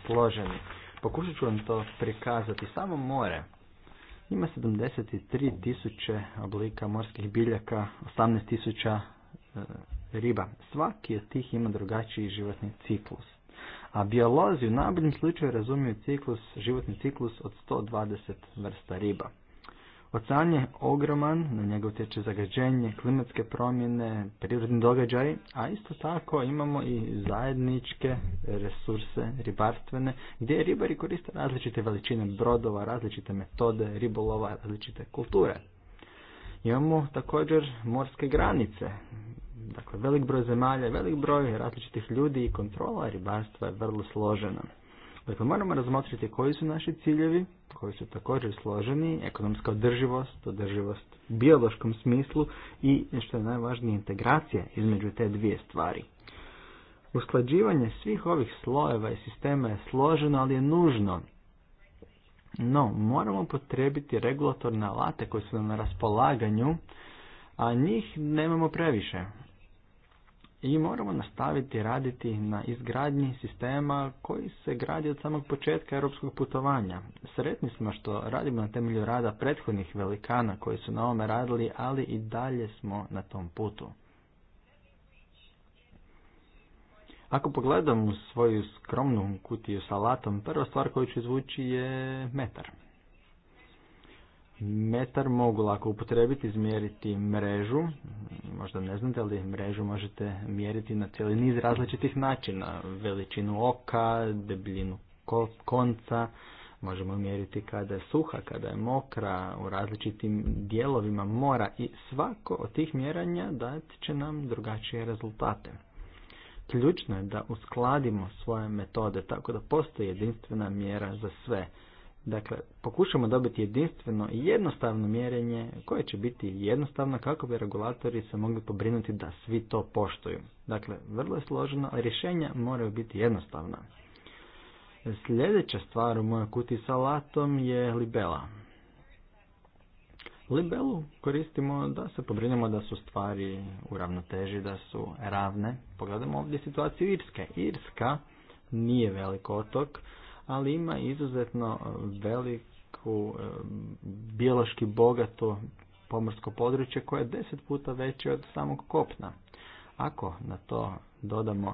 složeni. Pokušat ću vam to prikazati. Samo more ima 73 tisuće oblika morskih biljaka, 18 tisuća e, riba. Svaki od tih ima drugačiji životni ciklus. A biolozi u najboljem slučaju razumiju ciklus, životni ciklus od 120 vrsta riba. Ocean je ogroman, na njega utječe zagađenje, klimatske promjene, prirodni događaj, a isto tako imamo i zajedničke resurse ribarstvene, gdje ribari koriste različite veličine brodova, različite metode ribolova, različite kulture. Imamo također morske granice, dakle velik broj zemalja, velik broj različitih ljudi i kontrola ribarstva je vrlo složena. Dakle, moramo razmotriti koji su naši ciljevi, koji su također složeni, ekonomska održivost, održivost u biološkom smislu i što je najvažnije integracija između te dvije stvari. Usklađivanje svih ovih slojeva i sistema je složeno, ali je nužno. No, moramo potrebiti regulatorne alate koji su nam na raspolaganju, a njih nemamo previše i moramo nastaviti raditi na izgradnji sistema koji se gradi od samog početka europskog putovanja. Sretni smo što radimo na temelju rada prethodnih velikana koji su na ovome radili, ali i dalje smo na tom putu. Ako pogledam u svoju skromnu kutiju sa alatom, prva stvar koju ću izvući je metar metar mogu lako upotrebiti, izmjeriti mrežu. Možda ne znate, li, mrežu možete mjeriti na cijeli niz različitih načina. Veličinu oka, debljinu konca, možemo mjeriti kada je suha, kada je mokra, u različitim dijelovima mora i svako od tih mjeranja dat će nam drugačije rezultate. Ključno je da uskladimo svoje metode tako da postoji jedinstvena mjera za sve Dakle, pokušamo dobiti jedinstveno i jednostavno mjerenje koje će biti jednostavno kako bi regulatori se mogli pobrinuti da svi to poštuju. Dakle, vrlo je složeno, ali rješenja moraju biti jednostavna. Sljedeća stvar u mojoj kuti sa latom je libela. Libelu koristimo da se pobrinemo da su stvari u ravnoteži, da su ravne. Pogledamo ovdje situaciju Irske. Irska nije velik otok, ali ima izuzetno e, veliku e, biološki bogato pomorsko područje koje je deset puta veće od samog kopna. Ako na to dodamo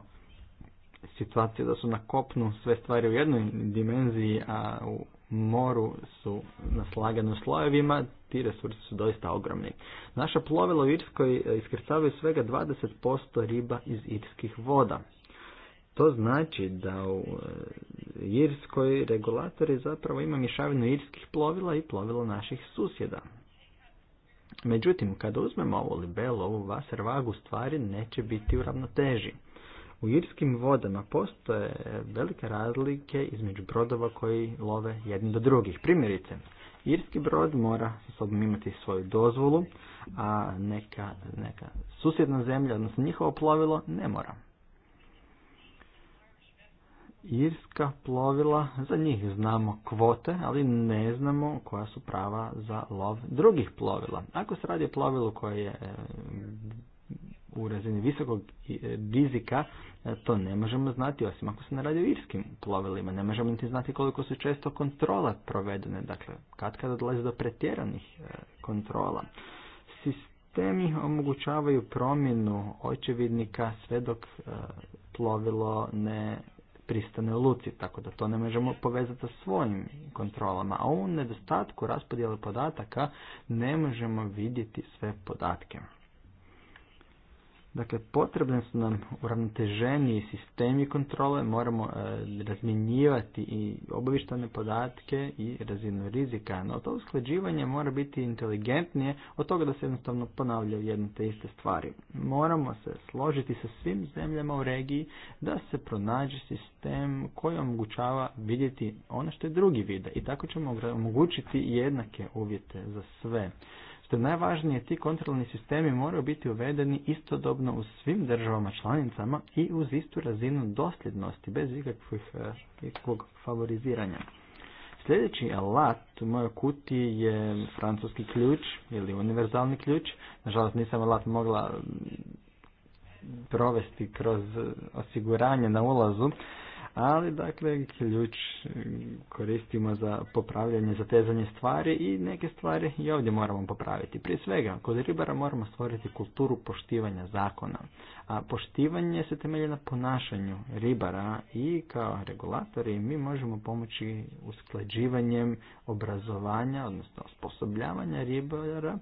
situaciju da su na kopnu sve stvari u jednoj dimenziji, a u moru su naslagane slojevima, ti resursi su doista ogromni. Naša plovila u Irskoj e, iskrcavaju svega 20% riba iz irskih voda. To znači da u e, Irskoj regulatori zapravo ima mišavinu irskih plovila i plovila naših susjeda. Međutim, kada uzmemo ovu libelu, ovu vaservagu, stvari neće biti u ravnoteži. U irskim vodama postoje velike razlike između brodova koji love jedni do drugih. Primjerice, irski brod mora sa sobom imati svoju dozvolu, a neka, neka susjedna zemlja, odnosno njihovo plovilo, ne mora irska plovila, za njih znamo kvote, ali ne znamo koja su prava za lov drugih plovila. Ako se radi o plovilu koje je e, u razini visokog e, rizika, e, to ne možemo znati, osim ako se ne radi o irskim plovilima. Ne možemo niti znati koliko su često kontrole provedene, dakle, kad kada dolazi do pretjeranih kontrola. Sistemi omogućavaju promjenu očevidnika sve dok plovilo ne pristane u luci, tako da to ne možemo povezati sa svojim kontrolama. A u nedostatku raspodjele podataka ne možemo vidjeti sve podatke. Dakle, potrebne su nam uravnoteženiji sistemi kontrole, moramo e, razmjenjivati i obavištane podatke i razinu rizika, no to usklađivanje mora biti inteligentnije od toga da se jednostavno ponavljaju jedne te iste stvari. Moramo se složiti sa svim zemljama u regiji da se pronađe sistem koji omogućava vidjeti ono što je drugi vide i tako ćemo omogućiti jednake uvjete za sve što je najvažnije, ti kontrolni sistemi moraju biti uvedeni istodobno u svim državama članicama i uz istu razinu dosljednosti, bez ikakvih, e, ikakvog favoriziranja. Sljedeći alat u mojoj kuti je francuski ključ ili univerzalni ključ. Nažalost nisam alat mogla provesti kroz osiguranje na ulazu, ali dakle ključ koristimo za popravljanje, zatezanje stvari i neke stvari i ovdje moramo popraviti. Prije svega, kod ribara moramo stvoriti kulturu poštivanja zakona, a poštivanje se temelji na ponašanju ribara i kao regulatori mi možemo pomoći usklađivanjem obrazovanja, odnosno osposobljavanja ribara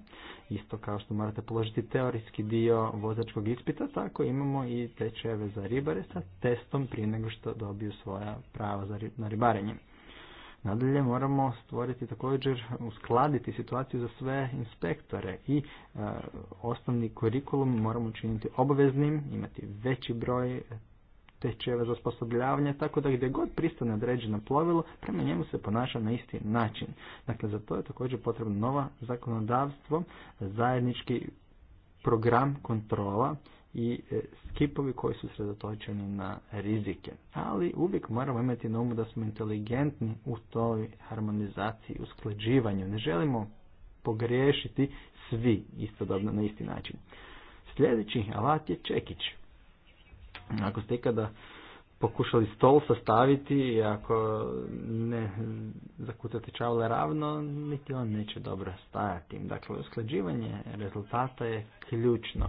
Isto kao što morate položiti teorijski dio vozačkog ispita, tako imamo i tečajeve za ribare sa testom prije nego što dobiju svoja prava na ribarenje. Nadalje moramo stvoriti također, uskladiti situaciju za sve inspektore i e, osnovni kurikulum moramo učiniti obaveznim, imati veći broj tečajeva za osposobljavanje, tako da gdje god pristane određeno plovilo, prema njemu se ponaša na isti način. Dakle, za to je također potrebno nova zakonodavstvo, zajednički program kontrola i e, skipovi koji su sredotočeni na rizike. Ali uvijek moramo imati na umu da smo inteligentni u toj harmonizaciji, usklađivanju. Ne želimo pogriješiti svi istodobno na isti način. Sljedeći alat je čekić. Ako ste ikada pokušali stol sastaviti i ako ne zakucate čavle ravno, niti on neće dobro stajati. Dakle, usklađivanje rezultata je ključno.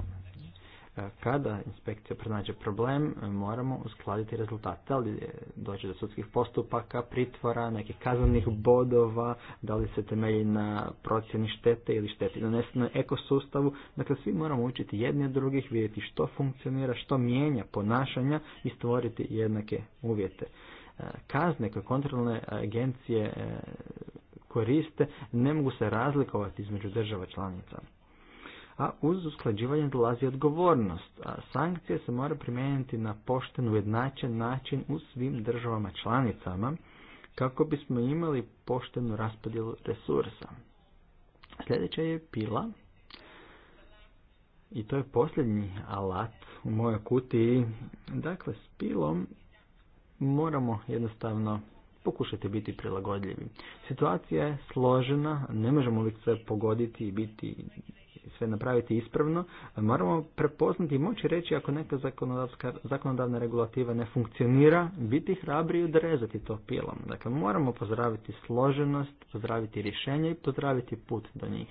E, kada inspekcija pronađe problem, e, moramo uskladiti rezultate. Da li e, dođe do sudskih postupaka, pritvora, nekih kaznenih bodova, da li se temelji na procjeni štete ili šteti nanesenoj ekosustavu. Dakle, svi moramo učiti jedni od drugih, vidjeti što funkcionira, što mijenja ponašanja i stvoriti jednake uvjete. Kazne koje kontrolne agencije koriste ne mogu se razlikovati između država članica a uz usklađivanje dolazi odgovornost, a sankcije se mora primijeniti na pošten ujednačen način u svim državama članicama kako bismo imali poštenu raspodjelu resursa. Sljedeća je pila i to je posljednji alat u mojoj kutiji. Dakle, s pilom moramo jednostavno pokušati biti prilagodljivi. Situacija je složena, ne možemo uvijek sve pogoditi i biti sve napraviti ispravno, moramo prepoznati i moći reći ako neka zakonodavna regulativa ne funkcionira, biti hrabri i odrezati to pilom. Dakle, moramo pozdraviti složenost, pozdraviti rješenje i pozdraviti put do njih.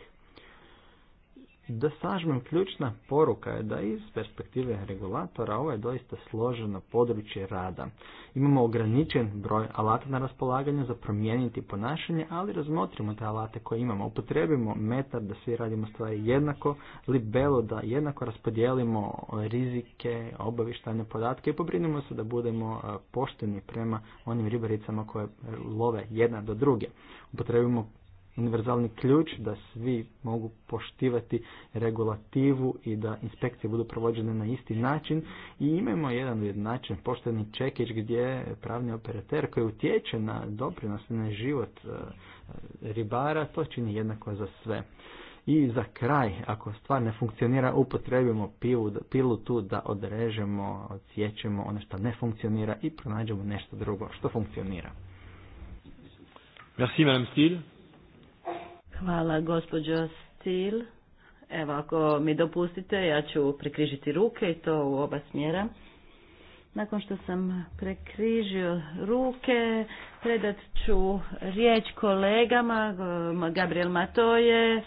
Da sažmem, ključna poruka je da iz perspektive regulatora ovo je doista složeno područje rada. Imamo ograničen broj alata na raspolaganju za promijeniti ponašanje, ali razmotrimo te alate koje imamo. Upotrebimo metar da svi radimo stvari jednako, libelo da jednako raspodijelimo rizike, obavištajne podatke i pobrinimo se da budemo e, pošteni prema onim ribaricama koje love jedna do druge. Upotrebimo univerzalni ključ da svi mogu poštivati regulativu i da inspekcije budu provođene na isti način i imamo jedan ujednačen pošteni čekić gdje pravni operater koji utječe na doprinos na život e, ribara to čini jednako za sve. I za kraj, ako stvar ne funkcionira, upotrebimo pilu, pilu tu da odrežemo, odsjećemo ono što ne funkcionira i pronađemo nešto drugo što funkcionira. Merci, Madame Hvala gospođo Stil. Evo, ako mi dopustite, ja ću prekrižiti ruke i to u oba smjera. Nakon što sam prekrižio ruke, predat ću riječ kolegama. Gabriel matoje je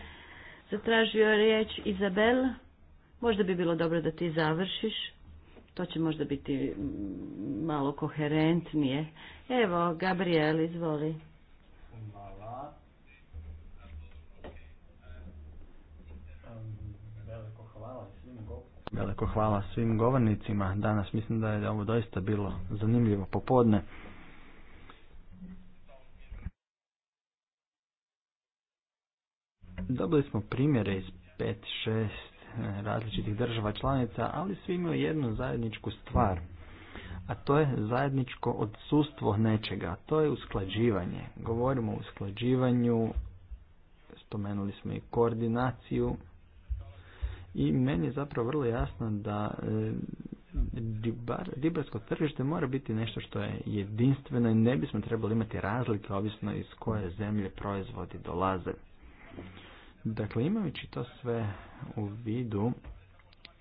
zatražio riječ. Izabel, možda bi bilo dobro da ti završiš. To će možda biti mm, malo koherentnije. Evo, Gabriel, izvoli. Veliko hvala svim govornicima. Danas mislim da je ovo doista bilo zanimljivo popodne. Dobili smo primjere iz 5-6 e, različitih država članica, ali svi imaju jednu zajedničku stvar. A to je zajedničko odsustvo nečega. To je usklađivanje. Govorimo o usklađivanju, spomenuli smo i koordinaciju, i meni je zapravo vrlo jasno da dibarsko e, ribarsko tržište mora biti nešto što je jedinstveno i ne bismo trebali imati razlike ovisno iz koje zemlje proizvodi dolaze. Dakle, imajući to sve u vidu,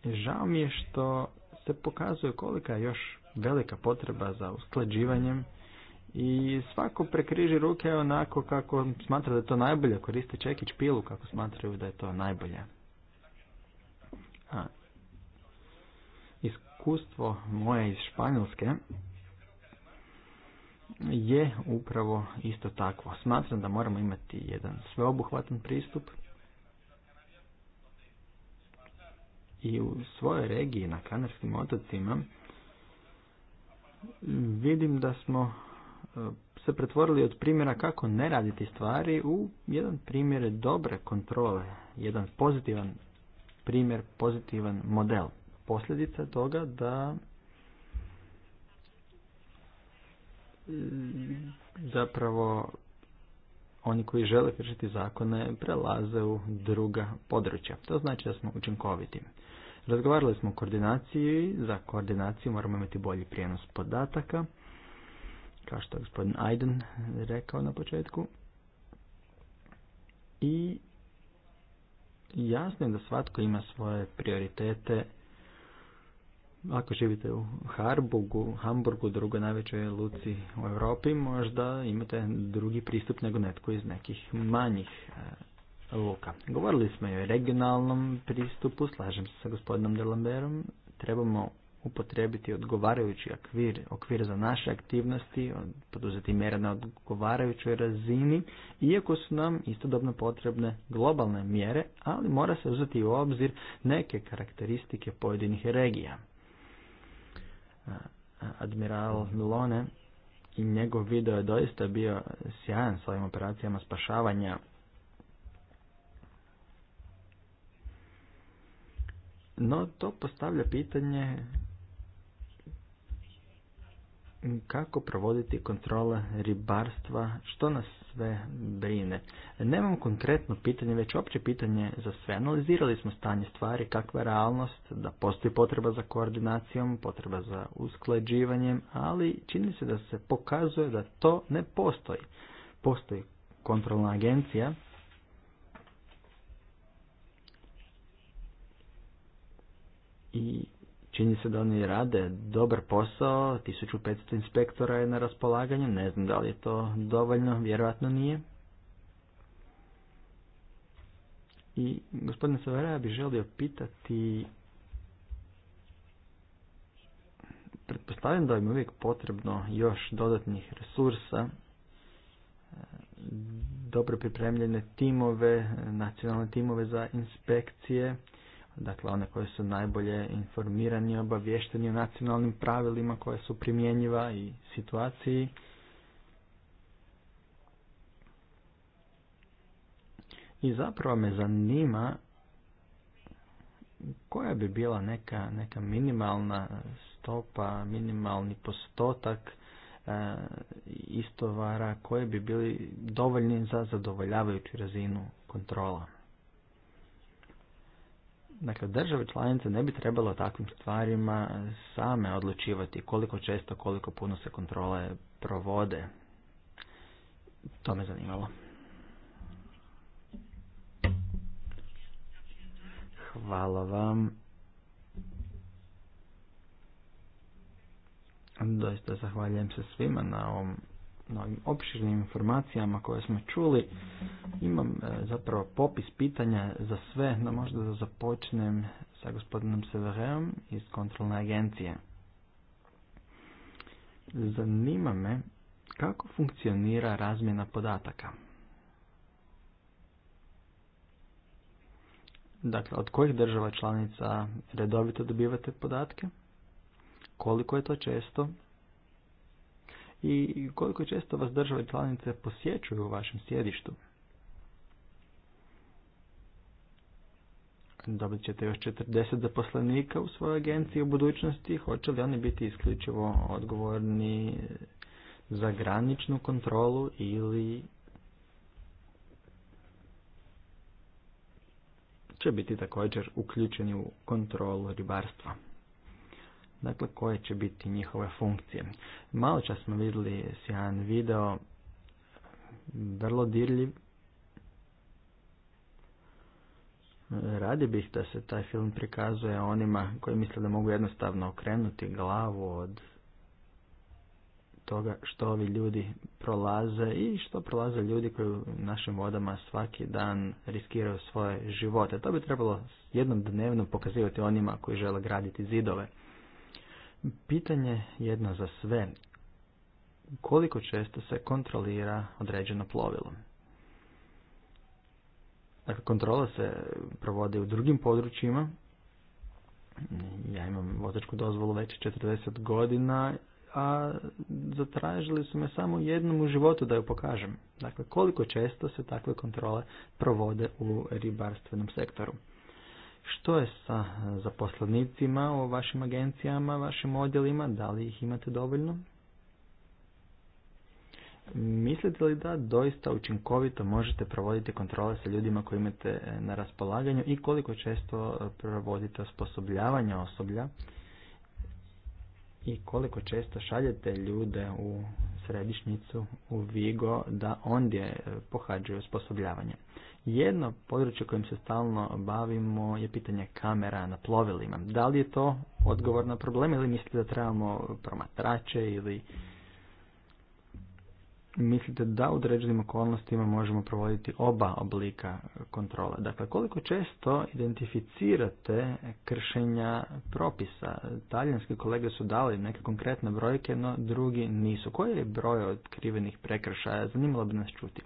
žao mi je što se pokazuje kolika je još velika potreba za usklađivanjem i svako prekriži ruke onako kako smatra da je to najbolje, koriste čekić pilu kako smatraju da je to najbolje. A Iskustvo moje iz Španjolske je upravo isto takvo. Smatram da moramo imati jedan sveobuhvatan pristup i u svojoj regiji na Kanarskim otocima vidim da smo e, se pretvorili od primjera kako ne raditi stvari u jedan primjer dobre kontrole, jedan pozitivan primjer, pozitivan model. Posljedica toga da mm, zapravo oni koji žele kršiti zakone prelaze u druga područja. To znači da smo učinkoviti. Razgovarali smo o koordinaciji, za koordinaciju moramo imati bolji prijenos podataka, kao što je gospodin Aydin rekao na početku. I jasno je da svatko ima svoje prioritete. Ako živite u Harburgu, Hamburgu, drugoj najvećoj luci u Europi, možda imate drugi pristup nego netko iz nekih manjih e, luka. Govorili smo i o regionalnom pristupu, slažem se sa gospodinom Delamberom, trebamo upotrebiti odgovarajući okvir, okvir za naše aktivnosti, poduzeti mjere na odgovarajućoj razini, iako su nam istodobno potrebne globalne mjere, ali mora se uzeti u obzir neke karakteristike pojedinih regija. Admiral Milone i njegov video je doista bio sjajan s ovim operacijama spašavanja No, to postavlja pitanje kako provoditi kontrole ribarstva, što nas sve brine. Nemam konkretno pitanje, već opće pitanje za sve. Analizirali smo stanje stvari, kakva je realnost, da postoji potreba za koordinacijom, potreba za usklađivanjem, ali čini se da se pokazuje da to ne postoji. Postoji kontrolna agencija, i Čini se da oni rade dobar posao, 1500 inspektora je na raspolaganju, ne znam da li je to dovoljno, vjerojatno nije. I gospodine Savaraja bih želio pitati, pretpostavljam da im uvijek potrebno još dodatnih resursa, e, dobro pripremljene timove, nacionalne timove za inspekcije, dakle one koje su najbolje informirani i obavješteni o nacionalnim pravilima koje su primjenjiva i situaciji. I zapravo me zanima koja bi bila neka, neka minimalna stopa, minimalni postotak e, istovara koji bi bili dovoljni za zadovoljavajuću razinu kontrola. Dakle, države članice ne bi trebalo o takvim stvarima same odlučivati koliko često, koliko puno se kontrole provode. To me zanimalo. Hvala vam. Doista zahvaljujem se svima na ovom na ovim opširnim informacijama koje smo čuli. Imam e, zapravo popis pitanja za sve, da možda da započnem sa gospodinom Severeom iz kontrolne agencije. Zanima me kako funkcionira razmjena podataka. Dakle, od kojih država članica redovito dobivate podatke? Koliko je to često? i koliko često vas države članice posjećuju u vašem sjedištu. Dobit ćete još 40 zaposlenika u svojoj agenciji u budućnosti. Hoće li oni biti isključivo odgovorni za graničnu kontrolu ili će biti također uključeni u kontrolu ribarstva? dakle koje će biti njihove funkcije. Malo čas smo vidjeli sjajan video, vrlo dirljiv. Radi bih da se taj film prikazuje onima koji misle da mogu jednostavno okrenuti glavu od toga što ovi ljudi prolaze i što prolaze ljudi koji u našim vodama svaki dan riskiraju svoje živote. To bi trebalo jednom dnevno pokazivati onima koji žele graditi zidove. Pitanje jedno za sve. Koliko često se kontrolira određeno plovilo? Dakle, kontrole se provode u drugim područjima. Ja imam vozačku dozvolu već 40 godina, a zatražili su me samo jednom u životu da ju pokažem. Dakle, koliko često se takve kontrole provode u ribarstvenom sektoru. Što je sa zaposlenicima u vašim agencijama, vašim odjelima, da li ih imate dovoljno? Mislite li da doista učinkovito možete provoditi kontrole sa ljudima koji imate e, na raspolaganju i koliko često e, provodite osposobljavanje osoblja i koliko često šaljete ljude u središnjicu, u Vigo, da ondje e, pohađaju osposobljavanje? Jedno područje kojim se stalno bavimo je pitanje kamera na plovilima. Da li je to odgovor na problem ili mislite da trebamo promatrače ili mislite da u određenim okolnostima možemo provoditi oba oblika kontrole. Dakle, koliko često identificirate kršenja propisa? Talijanske kolege su dali neke konkretne brojke, no drugi nisu. Koji je broj otkrivenih prekršaja? Zanimalo bi nas čuti.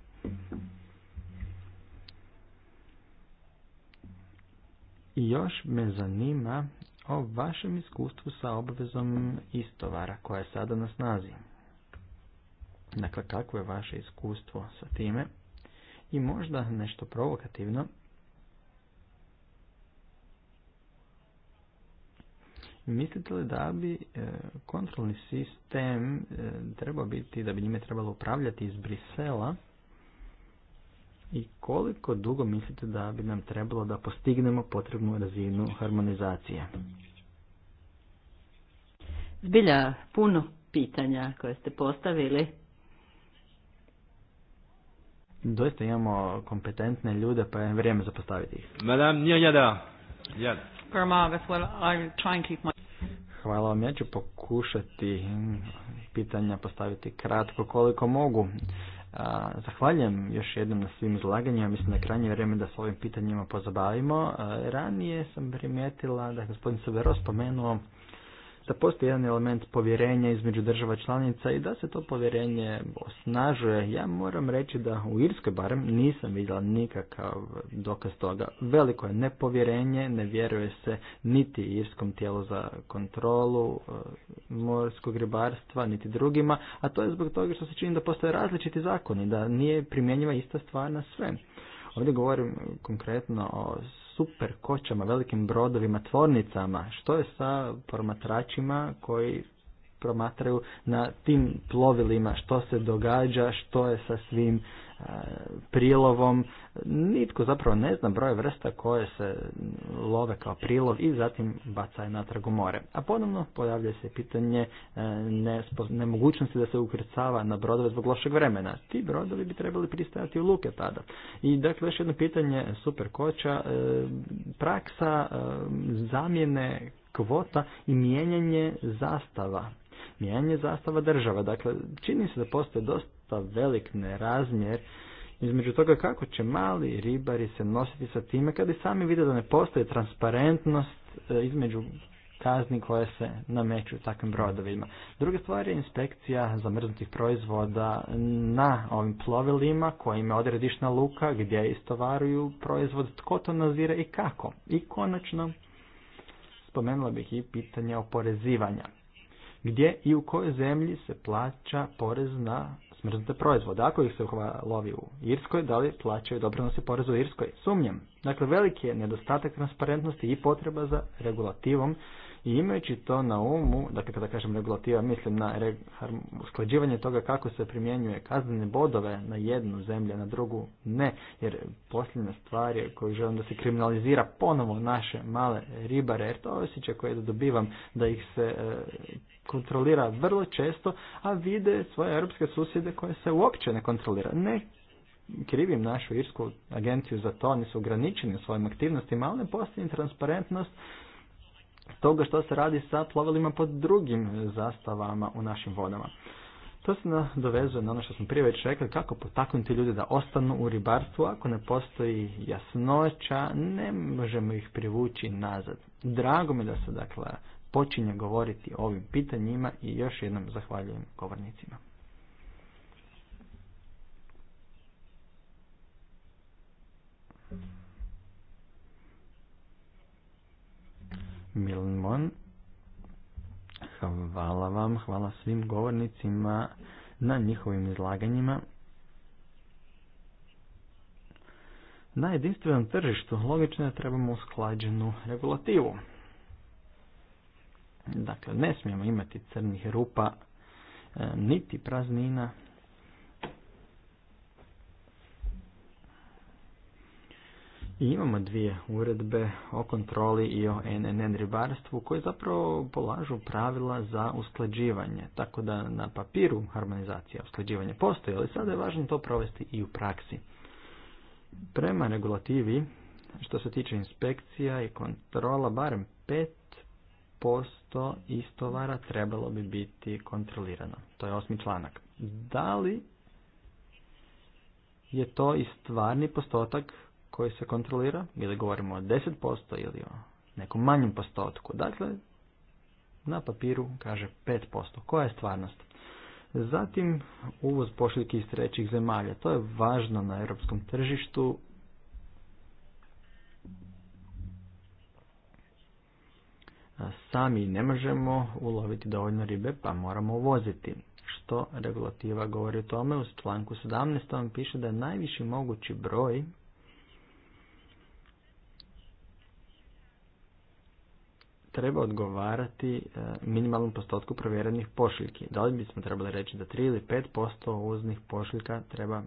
I još me zanima o vašem iskustvu sa obvezom istovara koja je sada na snazi. Dakle, kako je vaše iskustvo sa time? I možda nešto provokativno. Mislite li da bi e, kontrolni sistem e, trebao biti, da bi njime trebalo upravljati iz Brisela, i koliko dugo mislite da bi nam trebalo da postignemo potrebnu razinu harmonizacije? Zbilja puno pitanja koje ste postavili. Doista imamo kompetentne ljude, pa je vrijeme za postaviti ih. Madame Nirjada. Hvala vam, ja ću pokušati pitanja postaviti kratko koliko mogu. Zahvaljujem još jednom na svim izlaganjima. Mislim da je krajnje vrijeme da se ovim pitanjima pozabavimo. Ranije sam primijetila da je gospodin Severo spomenuo da postoji jedan element povjerenja između država članica i da se to povjerenje osnažuje. Ja moram reći da u Irskoj barem nisam vidjela nikakav dokaz toga. Veliko je nepovjerenje, ne vjeruje se niti Irskom tijelu za kontrolu eh, morskog ribarstva, niti drugima, a to je zbog toga što se čini da postoje različiti zakoni, da nije primjenjiva ista stvar na sve. Ovdje govorim konkretno o super kočama, velikim brodovima, tvornicama? Što je sa promatračima koji promatraju na tim plovilima što se događa, što je sa svim prilovom. Nitko zapravo ne zna broj vrsta koje se love kao prilov i zatim bacaju natrag u more. A ponovno pojavlja se pitanje e, nemogućnosti da se ukrcava na brodove zbog lošeg vremena. Ti brodovi bi trebali pristajati u luke tada. I dakle, još jedno pitanje super koća, e, praksa e, zamjene kvota i mijenjanje zastava nije zastava država. Dakle, čini se da postoje dosta velik nerazmjer između toga kako će mali ribari se nositi sa time kada i sami vide da ne postoji transparentnost e, između kazni koje se nameću takvim brodovima. Druga stvar je inspekcija zamrznutih proizvoda na ovim plovilima kojima je odredišna luka gdje istovaruju proizvod, tko to nazire i kako. I konačno, spomenula bih i pitanje oporezivanja gdje i u kojoj zemlji se plaća porez na smrznute proizvode. Ako ih se lovi u Irskoj, da li plaćaju doprinose porezu u Irskoj? Sumnjam. Dakle, veliki je nedostatak transparentnosti i potreba za regulativom i imajući to na umu, dakle kada kažem regulativa, mislim na usklađivanje toga kako se primjenjuje kaznene bodove na jednu zemlju, na drugu ne, jer posljednja stvar je koju želim da se kriminalizira ponovo naše male ribare, jer to osjećaj koje da dobivam da ih se e, kontrolira vrlo često, a vide svoje europske susjede koje se uopće ne kontrolira. Ne krivim našu irsku agenciju za to, oni su ograničeni u svojim aktivnostima, ali ne postoji transparentnost toga što se radi sa plovilima pod drugim zastavama u našim vodama. To se dovezuje na ono što smo prije već rekli, kako potaknuti ljude da ostanu u ribarstvu ako ne postoji jasnoća, ne možemo ih privući nazad. Drago mi da se dakle počinje govoriti o ovim pitanjima i još jednom zahvaljujem govornicima. Milmon, hvala vam, hvala svim govornicima na njihovim izlaganjima. Na jedinstvenom tržištu logično je trebamo usklađenu regulativu. Dakle, ne smijemo imati crnih rupa, e, niti praznina. I imamo dvije uredbe o kontroli i o NNN ribarstvu koje zapravo polažu pravila za usklađivanje. Tako da na papiru harmonizacija usklađivanja postoji, ali sada je važno to provesti i u praksi. Prema regulativi, što se tiče inspekcija i kontrola, barem pet posto istovara trebalo bi biti kontrolirano. To je osmi članak. Da li je to i stvarni postotak koji se kontrolira? Ili govorimo o 10% ili o nekom manjem postotku? Dakle, na papiru kaže 5%. Koja je stvarnost? Zatim uvoz pošiljki iz trećih zemalja. To je važno na europskom tržištu sami ne možemo uloviti dovoljno ribe pa moramo uvoziti. Što regulativa govori o tome? U članku 17. vam piše da je najviši mogući broj treba odgovarati e, minimalnom postotku provjerenih pošiljki. Da li bismo trebali reći da 3 ili 5% uznih pošiljka treba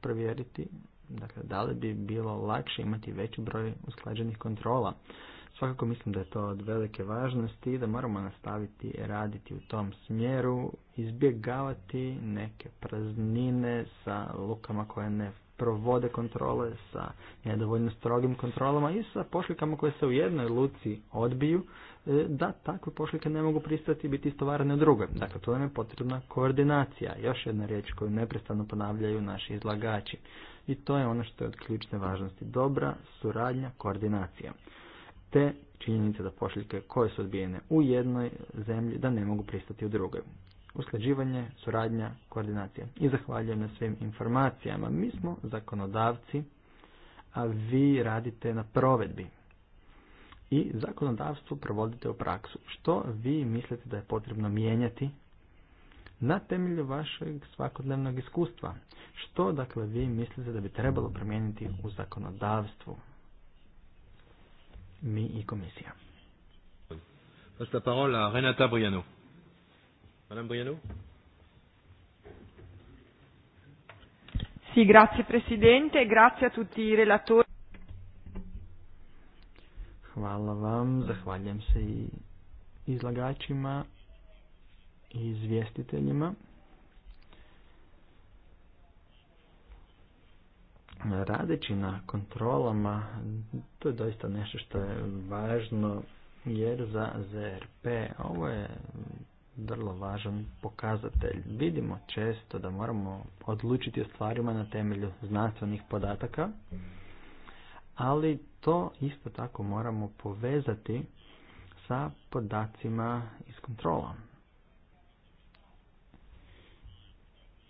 provjeriti? Dakle, da li bi bilo lakše imati veći broj usklađenih kontrola? Svakako mislim da je to od velike važnosti i da moramo nastaviti raditi u tom smjeru, izbjegavati neke praznine sa lukama koje ne provode kontrole, sa nedovoljno strogim kontrolama i sa pošlikama koje se u jednoj luci odbiju, e, da takve pošlike ne mogu pristati biti istovarane u drugoj. Dakle, to nam je potrebna koordinacija, još jedna riječ koju neprestano ponavljaju naši izlagači. I to je ono što je od ključne važnosti, dobra suradnja, koordinacija te činjenice da pošljike koje su odbijene u jednoj zemlji da ne mogu pristati u drugoj. Usklađivanje, suradnja, koordinacija. I zahvaljujem na svim informacijama. Mi smo zakonodavci, a vi radite na provedbi. I zakonodavstvo provodite u praksu. Što vi mislite da je potrebno mijenjati na temelju vašeg svakodnevnog iskustva? Što dakle vi mislite da bi trebalo promijeniti u zakonodavstvu? mi i komisija. Passe la parole Renata Briano. Madame Briano. Sì, grazie Presidente, grazie a tutti i relatori. Hvala vam, zahvaljujem se i izlagačima i izvjestiteljima. radeći na kontrolama, to je doista nešto što je važno, jer za ZRP ovo je vrlo važan pokazatelj. Vidimo često da moramo odlučiti o stvarima na temelju znanstvenih podataka, ali to isto tako moramo povezati sa podacima iz kontrola.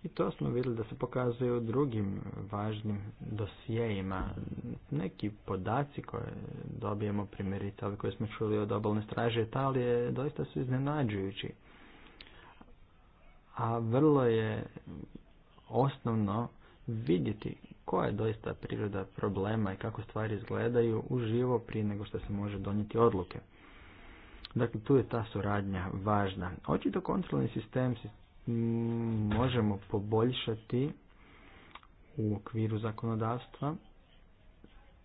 I to smo vidjeli da se pokazuje u drugim važnim dosijejima. Neki podaci koje dobijemo, primjerice ove koje smo čuli od obalne straže Italije, doista su iznenađujući. A vrlo je osnovno vidjeti koja je doista priroda problema i kako stvari izgledaju uživo prije nego što se može donijeti odluke. Dakle, tu je ta suradnja važna. Očito kontrolni sistem možemo poboljšati u okviru zakonodavstva.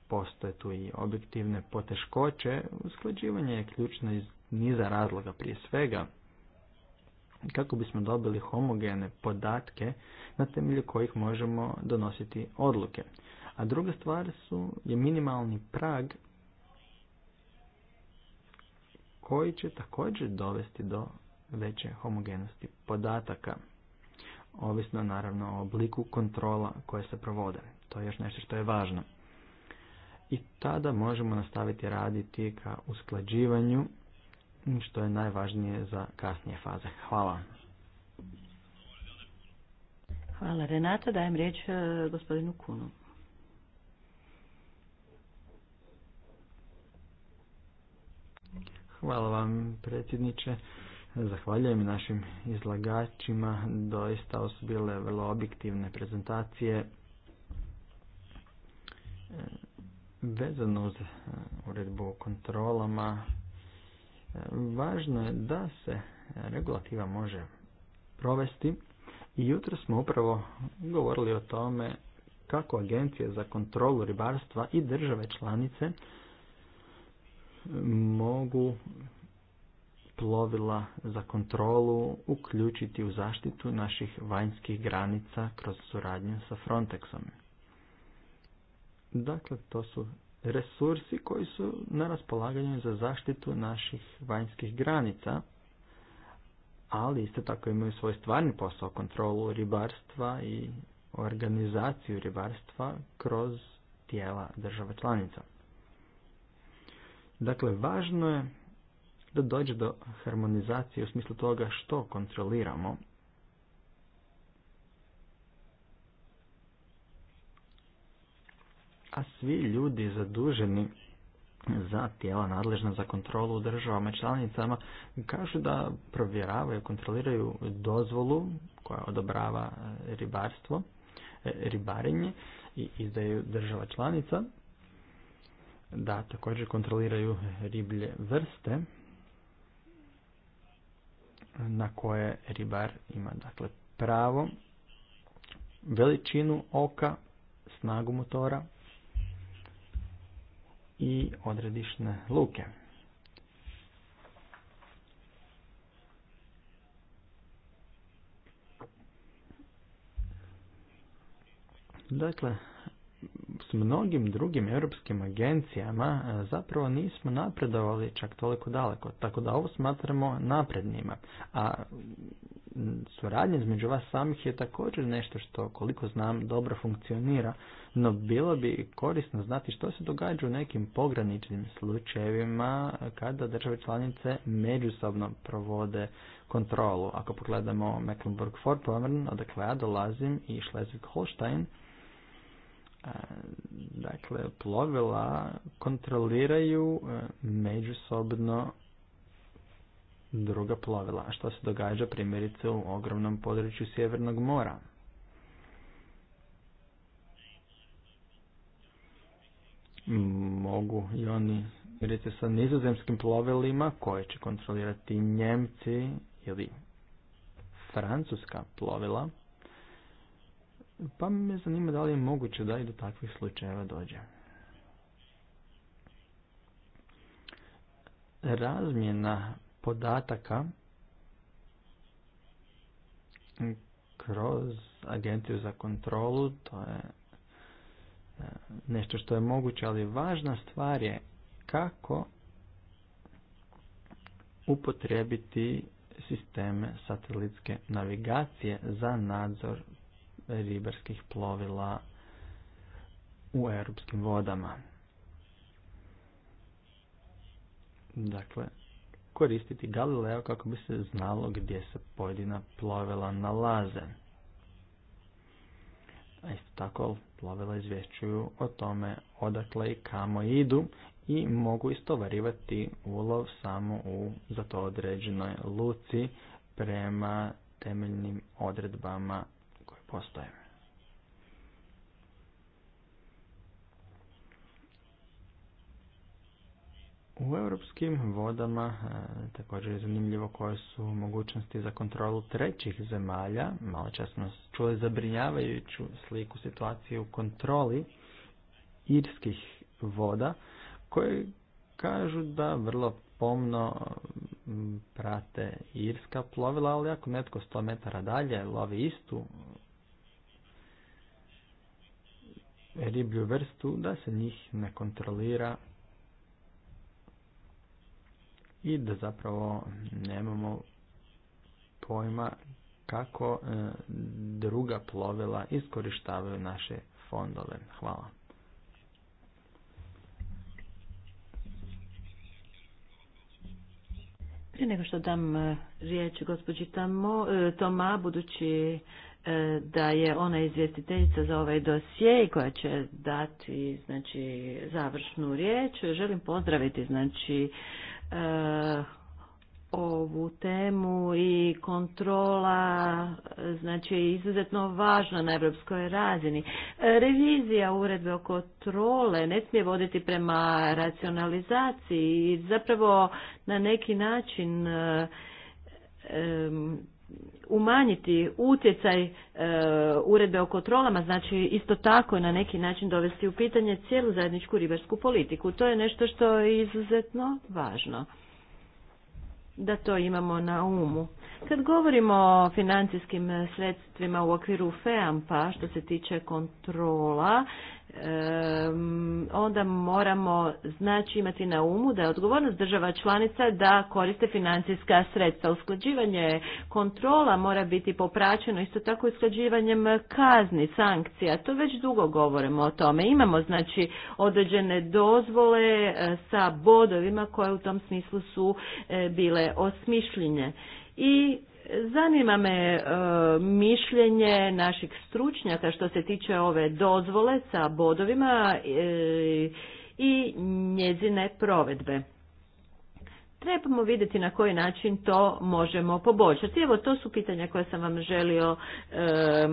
Postoje tu i objektivne poteškoće. Usklađivanje je ključno iz niza razloga prije svega kako bismo dobili homogene podatke na temelju kojih možemo donositi odluke. A druga stvar su, je minimalni prag koji će također dovesti do veće homogenosti podataka, ovisno naravno o obliku kontrola koje se provode. To je još nešto što je važno. I tada možemo nastaviti raditi ka usklađivanju, što je najvažnije za kasnije faze. Hvala. Hvala Renata, dajem riječ e, gospodinu Kunu. Hvala vam predsjedniče. Zahvaljujem i našim izlagačima, doista su bile vrlo objektivne prezentacije e, vezano uz e, uredbu o kontrolama. E, važno je da se regulativa može provesti i jutro smo upravo govorili o tome kako agencije za kontrolu ribarstva i države članice mogu lovila za kontrolu uključiti u zaštitu naših vanjskih granica kroz suradnju sa Frontexom. Dakle, to su resursi koji su na raspolaganju za zaštitu naših vanjskih granica, ali isto tako imaju svoj stvarni posao, kontrolu ribarstva i organizaciju ribarstva kroz tijela država članica. Dakle, važno je da dođe do harmonizacije u smislu toga što kontroliramo a svi ljudi zaduženi za tijela nadležna za kontrolu u državama članicama kažu da provjeravaju, kontroliraju dozvolu koja odobrava e, ribarstvo, e, ribarenje i izdaju država članica, da također kontroliraju riblje vrste na koje ribar ima dakle pravo, veličinu oka, snagu motora i odredišne luke. Dakle, s mnogim drugim europskim agencijama e, zapravo nismo napredovali čak toliko daleko, tako da ovo smatramo naprednima. A suradnja između vas samih je također nešto što, koliko znam, dobro funkcionira, no bilo bi korisno znati što se događa u nekim pograničnim slučajevima e, kada države članice međusobno provode kontrolu. Ako pogledamo Mecklenburg-Vorpommern, odakle ja dolazim, i Schleswig-Holstein, E, dakle, plovila kontroliraju e, međusobno druga plovila, što se događa primjerice u ogromnom području Sjevernog mora. Mogu i oni, primjerice sa nizozemskim plovilima, koje će kontrolirati Njemci ili francuska plovila, pa me zanima da li je moguće da i do takvih slučajeva dođe. Razmjena podataka kroz agenciju za kontrolu, to je e, nešto što je moguće, ali važna stvar je kako upotrijebiti sisteme satelitske navigacije za nadzor ribarskih plovila u europskim vodama. Dakle, koristiti Galileo kako bi se znalo gdje se pojedina plovila nalaze. A isto tako plovila izvješćuju o tome odakle i kamo idu i mogu istovarivati ulov samo u za to određenoj luci prema temeljnim odredbama postoje. U europskim vodama e, također je zanimljivo koje su mogućnosti za kontrolu trećih zemalja. Malo čas smo čuli zabrinjavajuću sliku situacije u kontroli irskih voda koje kažu da vrlo pomno prate irska plovila, ali ako netko 100 metara dalje lovi istu riblju vrstu da se njih ne kontrolira i da zapravo nemamo pojma kako e, druga plovila iskorištavaju naše fondove. Hvala. Prije nego što dam e, riječ gospođi Tamo, e, Toma, budući E, da je ona izvjestiteljica za ovaj dosje i koja će dati znači završnu riječ. Želim pozdraviti znači e, ovu temu i kontrola znači izuzetno važna na europskoj razini. E, revizija uredbe o kontrole ne smije voditi prema racionalizaciji i zapravo na neki način umanjiti utjecaj e, uredbe o kontrolama, znači isto tako na neki način dovesti u pitanje cijelu zajedničku ribarsku politiku. To je nešto što je izuzetno važno da to imamo na umu. Kad govorimo o financijskim sredstvima u okviru FEAMPA što se tiče kontrola, onda moramo znači imati na umu da je odgovornost država članica da koriste financijska sredstva. Usklađivanje kontrola mora biti popraćeno isto tako usklađivanjem kazni, sankcija. To već dugo govorimo o tome. Imamo znači određene dozvole e, sa bodovima koje u tom smislu su e, bile osmišljene. I Zanima me e, mišljenje naših stručnjaka što se tiče ove dozvole sa bodovima e, i njezine provedbe. Trebamo vidjeti na koji način to možemo poboljšati. Evo, to su pitanja koja sam vam želio e,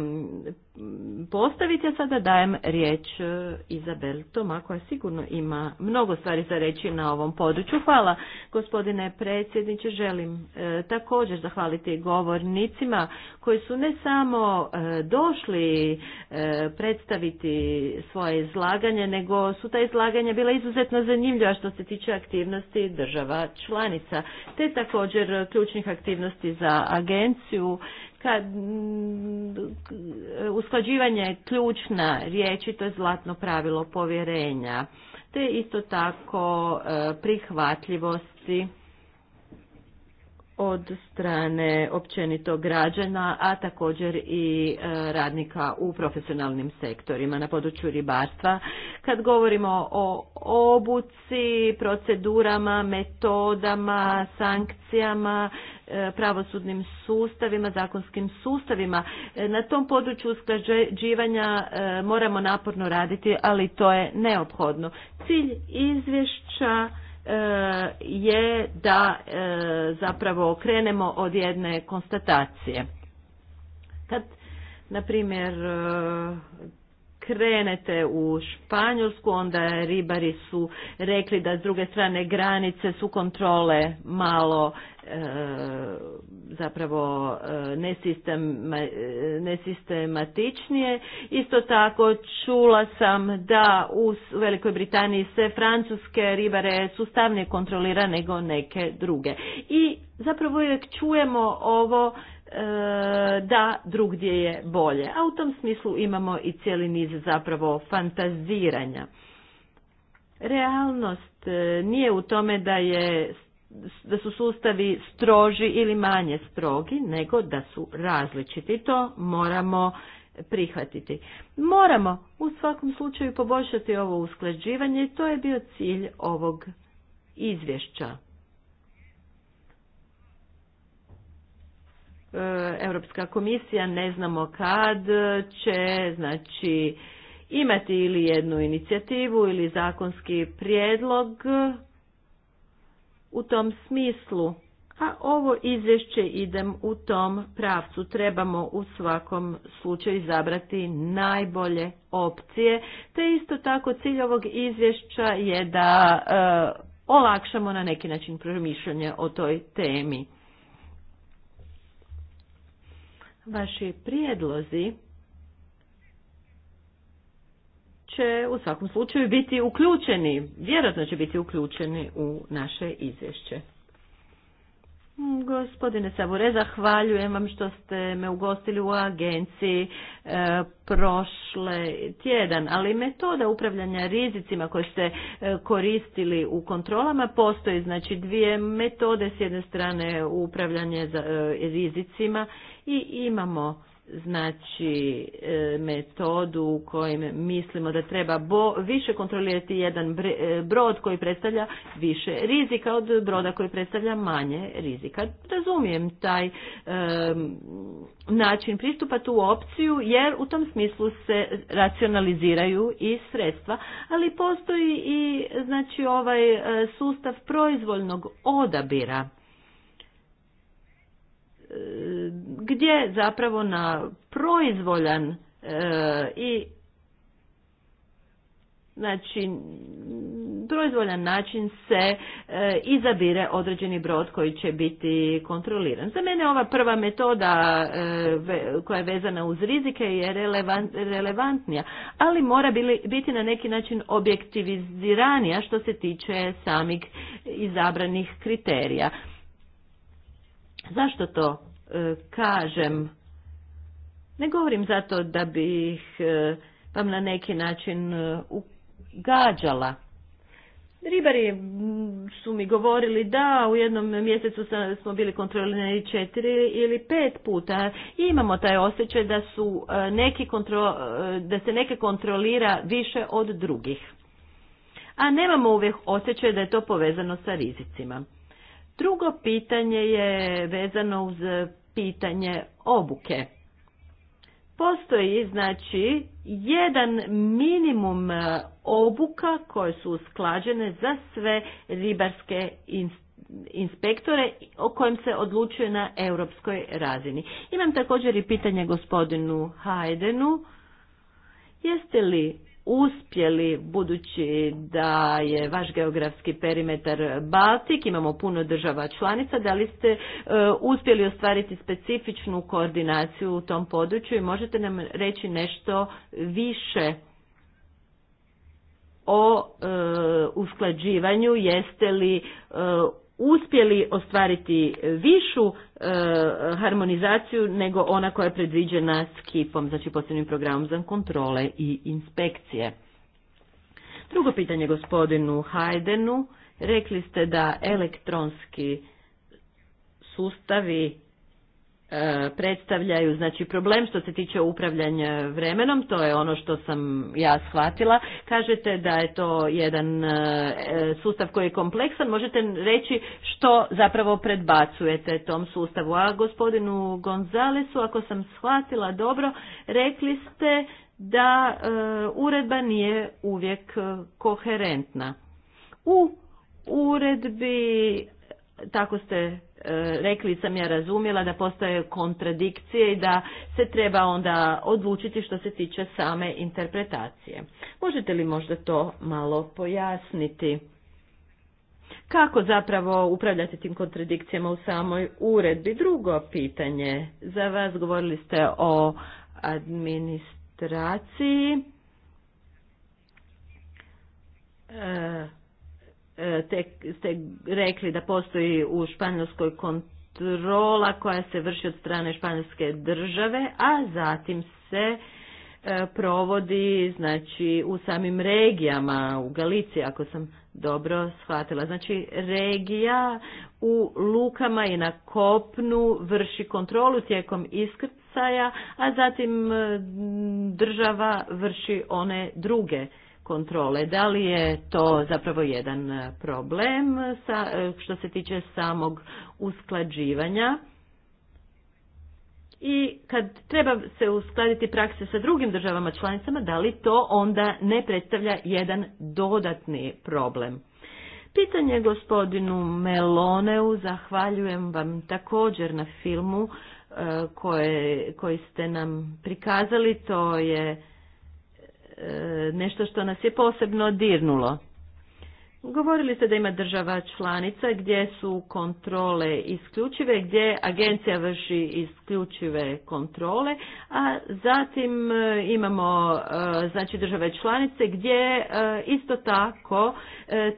postaviti, a sada dajem riječ e, Izabel Toma koja sigurno ima mnogo stvari za reći na ovom području. Hvala gospodine predsjedniče, želim e, također zahvaliti govornicima koji su ne samo e, došli predstaviti svoje izlaganje, nego su ta izlaganja bila izuzetno zanimljiva što se tiče aktivnosti država članica, te također ključnih aktivnosti za agenciju kad mm, usklađivanje je ključna riječ to je zlatno pravilo povjerenja, te isto tako e, prihvatljivosti od strane općenito građana, a također i e, radnika u profesionalnim sektorima na području ribarstva. Kad govorimo o obuci, procedurama, metodama, sankcijama, e, pravosudnim sustavima, zakonskim sustavima. E, na tom području usklađivanja moramo naporno raditi, ali to je neophodno. Cilj izvješća E, je da e, zapravo krenemo od jedne konstatacije. Kad, na primjer, e, krenete u Španjolsku, onda ribari su rekli da s druge strane granice su kontrole malo E, zapravo e, e, nesistematičnije. Isto tako čula sam da u Velikoj Britaniji se francuske ribare sustavnije kontrolira nego neke druge. I zapravo uvijek čujemo ovo da drugdje je bolje. A u tom smislu imamo i cijeli niz zapravo fantaziranja. Realnost nije u tome da je da su sustavi stroži ili manje strogi, nego da su različiti. To moramo prihvatiti. Moramo u svakom slučaju poboljšati ovo usklađivanje i to je bio cilj ovog izvješća. E, Europska komisija ne znamo kad će znači imati ili jednu inicijativu ili zakonski prijedlog u tom smislu. A ovo izvješće idem u tom pravcu. Trebamo u svakom slučaju izabrati najbolje opcije. Te isto tako cilj ovog izvješća je da e, olakšamo na neki način promišljanje o toj temi. Vaši prijedlozi u svakom slučaju biti uključeni, vjerojatno će biti uključeni u naše izvješće. Gospodine Sabore, zahvaljujem vam što ste me ugostili u agenciji e, prošle tjedan, ali metoda upravljanja rizicima koje ste e, koristili u kontrolama postoji, znači dvije metode, s jedne strane upravljanje e, rizicima i imamo znači e, metodu u kojim mislimo da treba bo, više kontrolirati jedan e, brod koji predstavlja više rizika od broda koji predstavlja manje rizika. Razumijem taj e, način pristupa tu opciju jer u tom smislu se racionaliziraju i sredstva, ali postoji i znači ovaj sustav proizvoljnog odabira gdje zapravo na proizvoljan e, i znači proizvoljan način se e, izabire određeni brod koji će biti kontroliran. Za mene ova prva metoda e, koja je vezana uz rizike je relevantnija, ali mora biti na neki način objektiviziranija što se tiče samih izabranih kriterija. Zašto to e, kažem? Ne govorim zato da bih e, vam na neki način e, ugađala. Ribari su mi govorili da u jednom mjesecu smo bili kontrolirani četiri ili pet puta i imamo taj osjećaj da, su e, neki kontro, e, da se neke kontrolira više od drugih. A nemamo uvijek osjećaj da je to povezano sa rizicima. Drugo pitanje je vezano uz pitanje obuke. Postoji znači jedan minimum e, obuka koje su usklađene za sve ribarske inspektore o kojem se odlučuje na europskoj razini. Imam također i pitanje gospodinu Hajdenu. Jeste li uspjeli budući da je vaš geografski perimetar Baltik, imamo puno država članica, da li ste e, uspjeli ostvariti specifičnu koordinaciju u tom području i možete nam reći nešto više o e, usklađivanju, jeste li e, uspjeli ostvariti višu e, harmonizaciju nego ona koja je predviđena skipom, znači posebnim programom za kontrole i inspekcije. Drugo pitanje gospodinu Hajdenu. Rekli ste da elektronski sustavi E, predstavljaju znači problem što se tiče upravljanja vremenom, to je ono što sam ja shvatila. Kažete da je to jedan e, sustav koji je kompleksan, možete reći što zapravo predbacujete tom sustavu. A gospodinu Gonzalesu, ako sam shvatila dobro, rekli ste da e, uredba nije uvijek koherentna. U uredbi tako ste e, rekli, sam ja razumjela da postoje kontradikcije i da se treba onda odlučiti što se tiče same interpretacije. Možete li možda to malo pojasniti? Kako zapravo upravljati tim kontradikcijama u samoj uredbi? Drugo pitanje za vas, govorili ste o administraciji. E E, te ste rekli da postoji u Španjolskoj kontrola koja se vrši od strane Španjolske države, a zatim se e, provodi znači u samim regijama u Galiciji ako sam dobro shvatila. Znači regija u lukama i na kopnu vrši kontrolu tijekom iskrcaja, a zatim e, država vrši one druge kontrole. Da li je to zapravo jedan e, problem sa, e, što se tiče samog usklađivanja? I kad treba se uskladiti prakse sa drugim državama članicama, da li to onda ne predstavlja jedan dodatni problem? Pitanje gospodinu Meloneu, zahvaljujem vam također na filmu e, koji ste nam prikazali, to je nešto što nas je posebno dirnulo. Govorili ste da ima država članica gdje su kontrole isključive, gdje agencija vrši isključive kontrole, a zatim e, imamo e, znači države članice gdje e, isto tako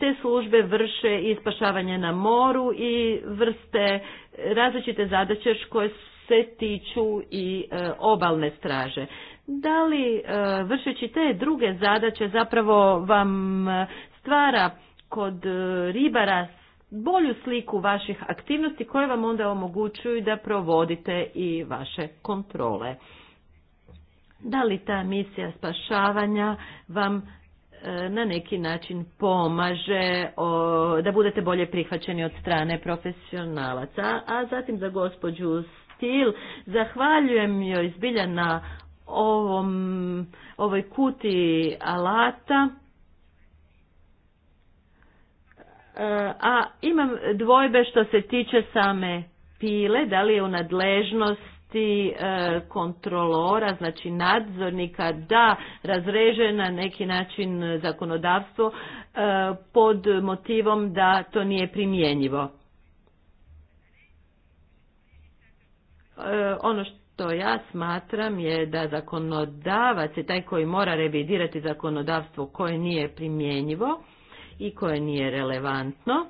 te službe vrše i spašavanje na moru i vrste različite zadaće koje se tiču i obalne straže da li e, vršeći te druge zadaće zapravo vam e, stvara kod e, ribara bolju sliku vaših aktivnosti koje vam onda omogućuju da provodite i vaše kontrole. Da li ta misija spašavanja vam na neki način pomaže da budete bolje prihvaćeni od strane profesionalaca, a zatim za gospođu Stil zahvaljujem joj zbilja na ovom, ovoj kuti alata, e, a imam dvojbe što se tiče same pile, da li je u nadležnosti e, kontrolora, znači nadzornika, da razreže na neki način zakonodavstvo e, pod motivom da to nije primjenjivo. Ono što što ja smatram je da zakonodavac je taj koji mora revidirati zakonodavstvo koje nije primjenjivo i koje nije relevantno,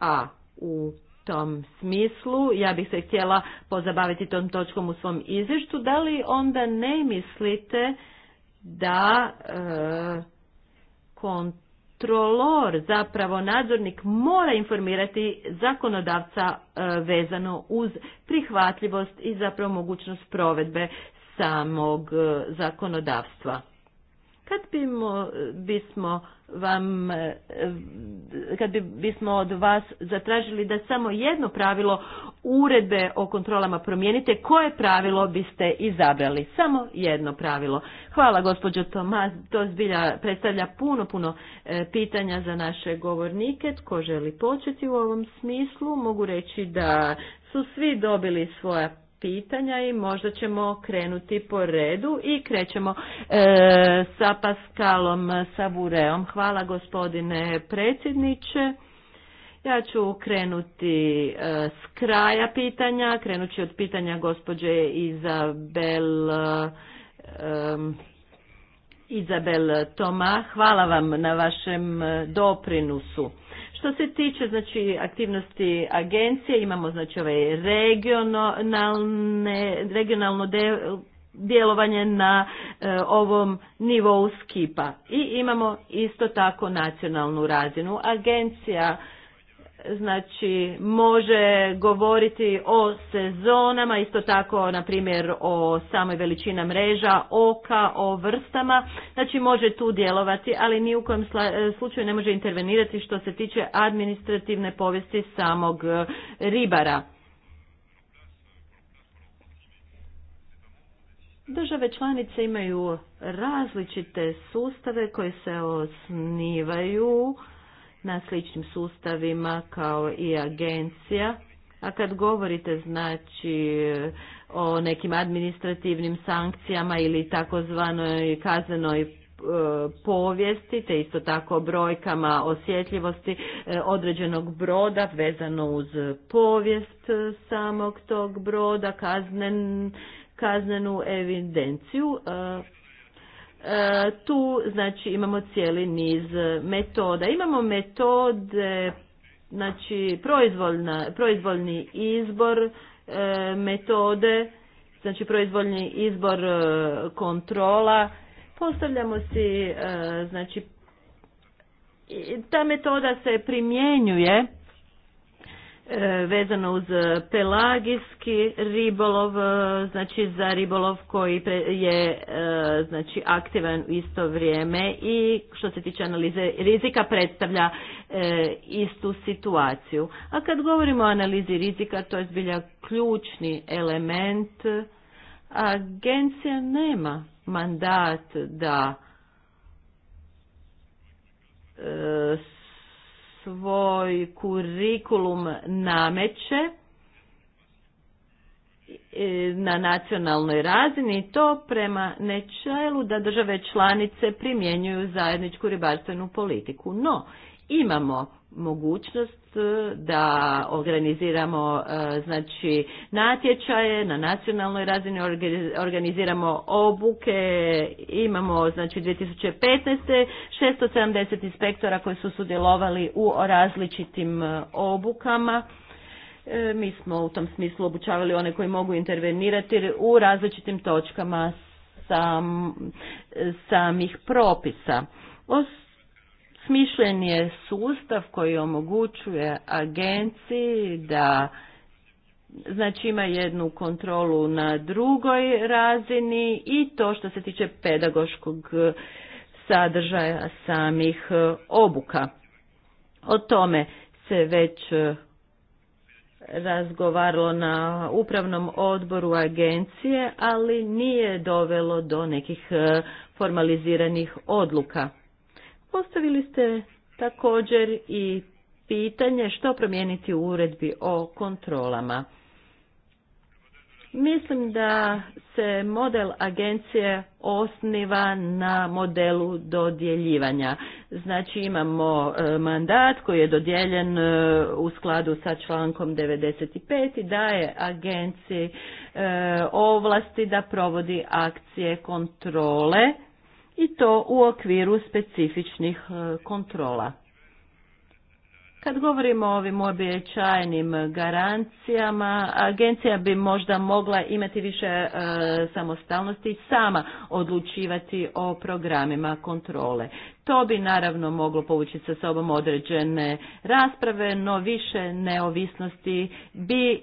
a u tom smislu, ja bih se htjela pozabaviti tom točkom u svom izvješću, da li onda ne mislite da e, kont kontrolor, zapravo nadzornik mora informirati zakonodavca e, vezano uz prihvatljivost i zapravo mogućnost provedbe samog e, zakonodavstva. Kad bimo, bismo vam, eh, kad bi, bismo od vas zatražili da samo jedno pravilo uredbe o kontrolama promijenite, koje pravilo biste izabrali? Samo jedno pravilo. Hvala gospođo Tomas, to zbilja predstavlja puno, puno eh, pitanja za naše govornike. Tko želi početi u ovom smislu, mogu reći da su svi dobili svoja pitanja i možda ćemo krenuti po redu i krećemo e, sa Paskalom Savureom. Hvala gospodine predsjedniče. Ja ću krenuti e, s kraja pitanja, krenut od pitanja gospođe Izabel e, Izabel Toma. Hvala vam na vašem doprinusu. Što se tiče znači aktivnosti agencije, imamo znači regionalno djelovanje na e, ovom nivou skipa i imamo isto tako nacionalnu razinu. Agencija znači može govoriti o sezonama, isto tako na primjer o samoj veličina mreža, oka, o vrstama, znači može tu djelovati, ali ni u kojem e, slučaju ne može intervenirati što se tiče administrativne povijesti samog e, ribara. Države članice imaju različite sustave koje se osnivaju na sličnim sustavima kao i agencija. A kad govorite znači o nekim administrativnim sankcijama ili takozvanoj kaznenoj e, povijesti, te isto tako brojkama osjetljivosti e, određenog broda vezano uz povijest e, samog tog broda, kaznen, kaznenu evidenciju. E, tu znači imamo cijeli niz metoda. Imamo metode, znači proizvoljni izbor e, metode, znači proizvoljni izbor e, kontrola. Postavljamo si znači ta metoda se primjenjuje E, vezano uz pelagijski ribolov, e, znači za ribolov koji je e, znači aktivan u isto vrijeme i što se tiče analize rizika predstavlja istu situaciju. A kad govorimo o analizi rizika, to je zbilja ključni element. Agencija nema mandat da svoj kurikulum nameće e, na nacionalnoj razini i to prema nečelu da države članice primjenjuju zajedničku ribarstvenu politiku. No, imamo mogućnost da organiziramo e, znači natječaje na nacionalnoj razini, organiziramo obuke, imamo znači 2015. 670 inspektora koji su sudjelovali u različitim e, obukama. E, mi smo u tom smislu obučavali one koji mogu intervenirati u različitim točkama sam, samih propisa. Os Smišljen je sustav koji omogućuje agenciji da znači ima jednu kontrolu na drugoj razini i to što se tiče pedagoškog e, sadržaja samih e, obuka. O tome se već e, razgovaralo na upravnom odboru agencije, ali nije dovelo do nekih formaliziranih odluka. Postavili ste također i pitanje što promijeniti u uredbi o kontrolama. Mislim da se model agencije osniva na modelu dodjeljivanja. Znači imamo e, mandat koji je dodijeljen e, u skladu sa člankom 95 i daje agenciji e, ovlasti da provodi akcije kontrole i to u okviru specifičnih e, kontrola. Kad govorimo o ovim običajnim garancijama, agencija bi možda mogla imati više e, samostalnosti i sama odlučivati o programima kontrole. To bi naravno moglo povući sa sobom određene rasprave, no više neovisnosti bi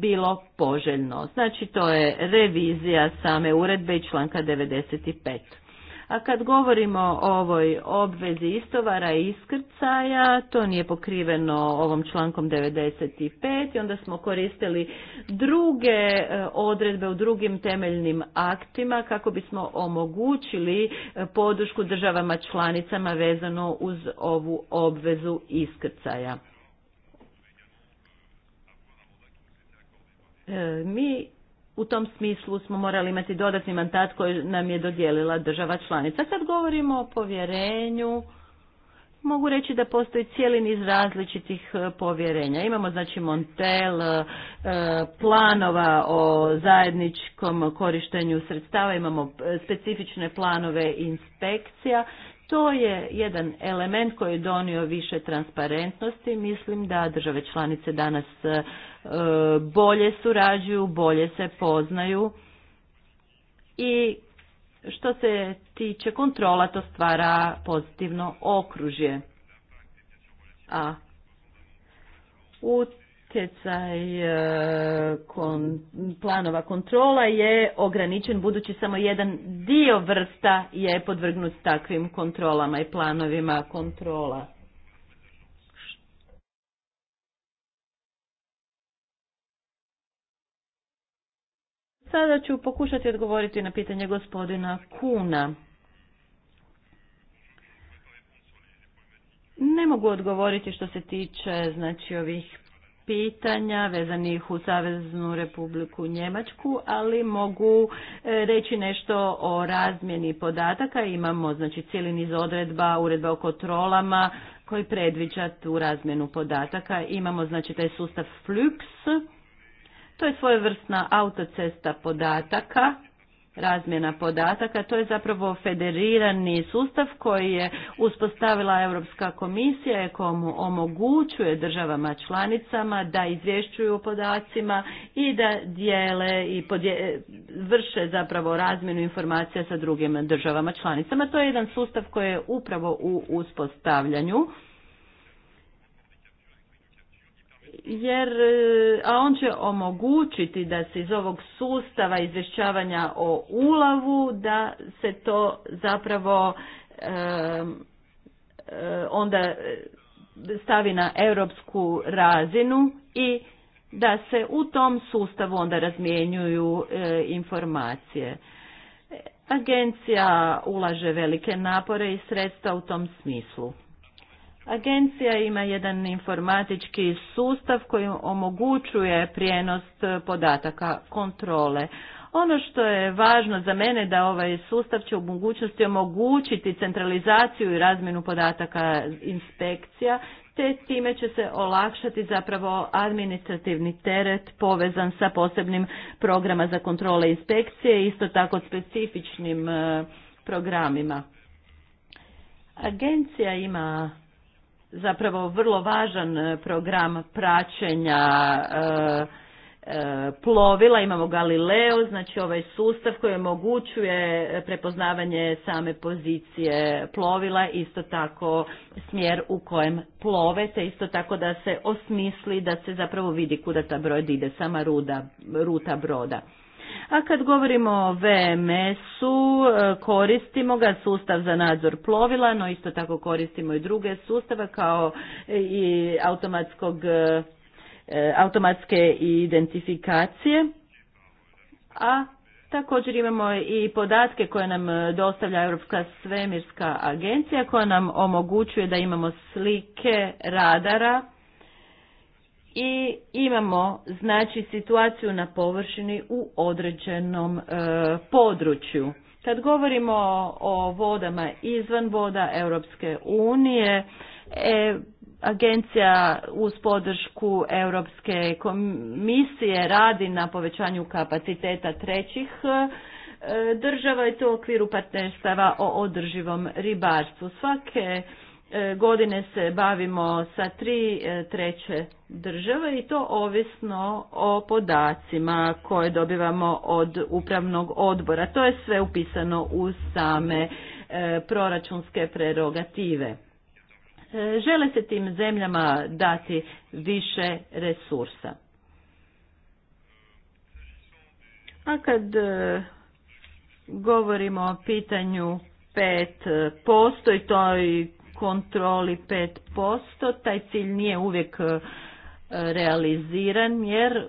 bilo poželjno. Znači to je revizija same uredbe i članka 95. A kad govorimo o ovoj obvezi istovara i iskrcaja, to nije pokriveno ovom člankom 95 i onda smo koristili druge e, odredbe u drugim temeljnim aktima kako bismo omogućili e, podušku državama članicama vezano uz ovu obvezu iskrcaja. E, mi u tom smislu smo morali imati dodatni mandat koji nam je dodijelila država članica. Kad govorimo o povjerenju, mogu reći da postoji cijeli niz različitih e, povjerenja. Imamo znači Montel, e, e, planova o zajedničkom korištenju sredstava, imamo specifične planove inspekcija, to je jedan element koji je donio više transparentnosti. Mislim da države članice danas e, bolje surađuju, bolje se poznaju i što se tiče kontrola to stvara pozitivno okružje. A u utjecaj e, kon, planova kontrola je ograničen budući samo jedan dio vrsta je podvrgnut takvim kontrolama i planovima kontrola. Sada ću pokušati odgovoriti na pitanje gospodina Kuna. Ne mogu odgovoriti što se tiče znači ovih pitanja vezanih u Saveznu Republiku Njemačku, ali mogu e, reći nešto o razmjeni podataka. Imamo znači cijeli niz odredba, uredba o kontrolama koji predviđa tu razmjenu podataka. Imamo znači taj sustav Flux, to je svojevrsna autocesta podataka razmjena podataka. To je zapravo federirani sustav koji je uspostavila Europska komisija komu omogućuje državama članicama da izvješćuju o podacima i da dijele i podje, vrše zapravo razmjenu informacija sa drugim državama članicama. To je jedan sustav koji je upravo u uspostavljanju. jer e, a on će omogućiti da se iz ovog sustava izvješćavanja o ulavu da se to zapravo e, e, onda stavi na europsku razinu i da se u tom sustavu onda razmjenjuju informacije. Agencija ulaže velike napore i sredstva u tom smislu. Agencija ima jedan informatički sustav koji omogućuje prijenos podataka kontrole. Ono što je važno za mene da ovaj sustav će u mogućnosti omogućiti centralizaciju i razmjenu podataka inspekcija, te time će se olakšati zapravo administrativni teret povezan sa posebnim programa za kontrole inspekcije i isto tako specifičnim eh, programima. Agencija ima zapravo vrlo važan e, program praćenja e, e, plovila, imamo Galileo, znači ovaj sustav koji omogućuje prepoznavanje same pozicije plovila, isto tako smjer u kojem plove, te isto tako da se osmisli, da se zapravo vidi kuda ta brod ide, sama ruda, ruta broda. A kad govorimo o VMS-u, e, koristimo ga sustav za nadzor plovila, no isto tako koristimo i druge sustave kao e, i automatskog, e, automatske identifikacije. A Također imamo i podatke koje nam dostavlja Europska svemirska agencija koja nam omogućuje da imamo slike radara i imamo znači situaciju na površini u određenom e, području. Kad govorimo o, vodama izvan voda Europske unije, e, agencija uz podršku Europske komisije radi na povećanju kapaciteta trećih e, država i to u okviru partnerstava o održivom ribarstvu. Svake E, godine se bavimo sa tri e, treće države i to ovisno o podacima koje dobivamo od upravnog odbora. To je sve upisano u same e, proračunske prerogative. Žele se tim zemljama dati više resursa. A kad govorimo o pitanju 5% i toj kontroli 5%. Taj cilj nije uvijek e, realiziran jer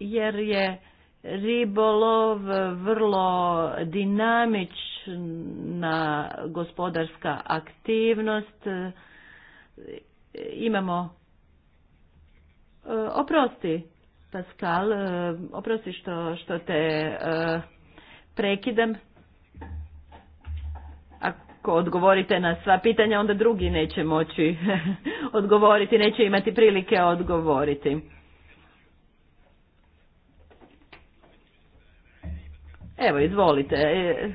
jer je ribolov vrlo dinamična gospodarska aktivnost. E, imamo e, oprosti Pascal, oprosti što, što te prekidam ako odgovorite na sva pitanja, onda drugi neće moći *laughs* odgovoriti, neće imati prilike odgovoriti. Evo, izvolite. E,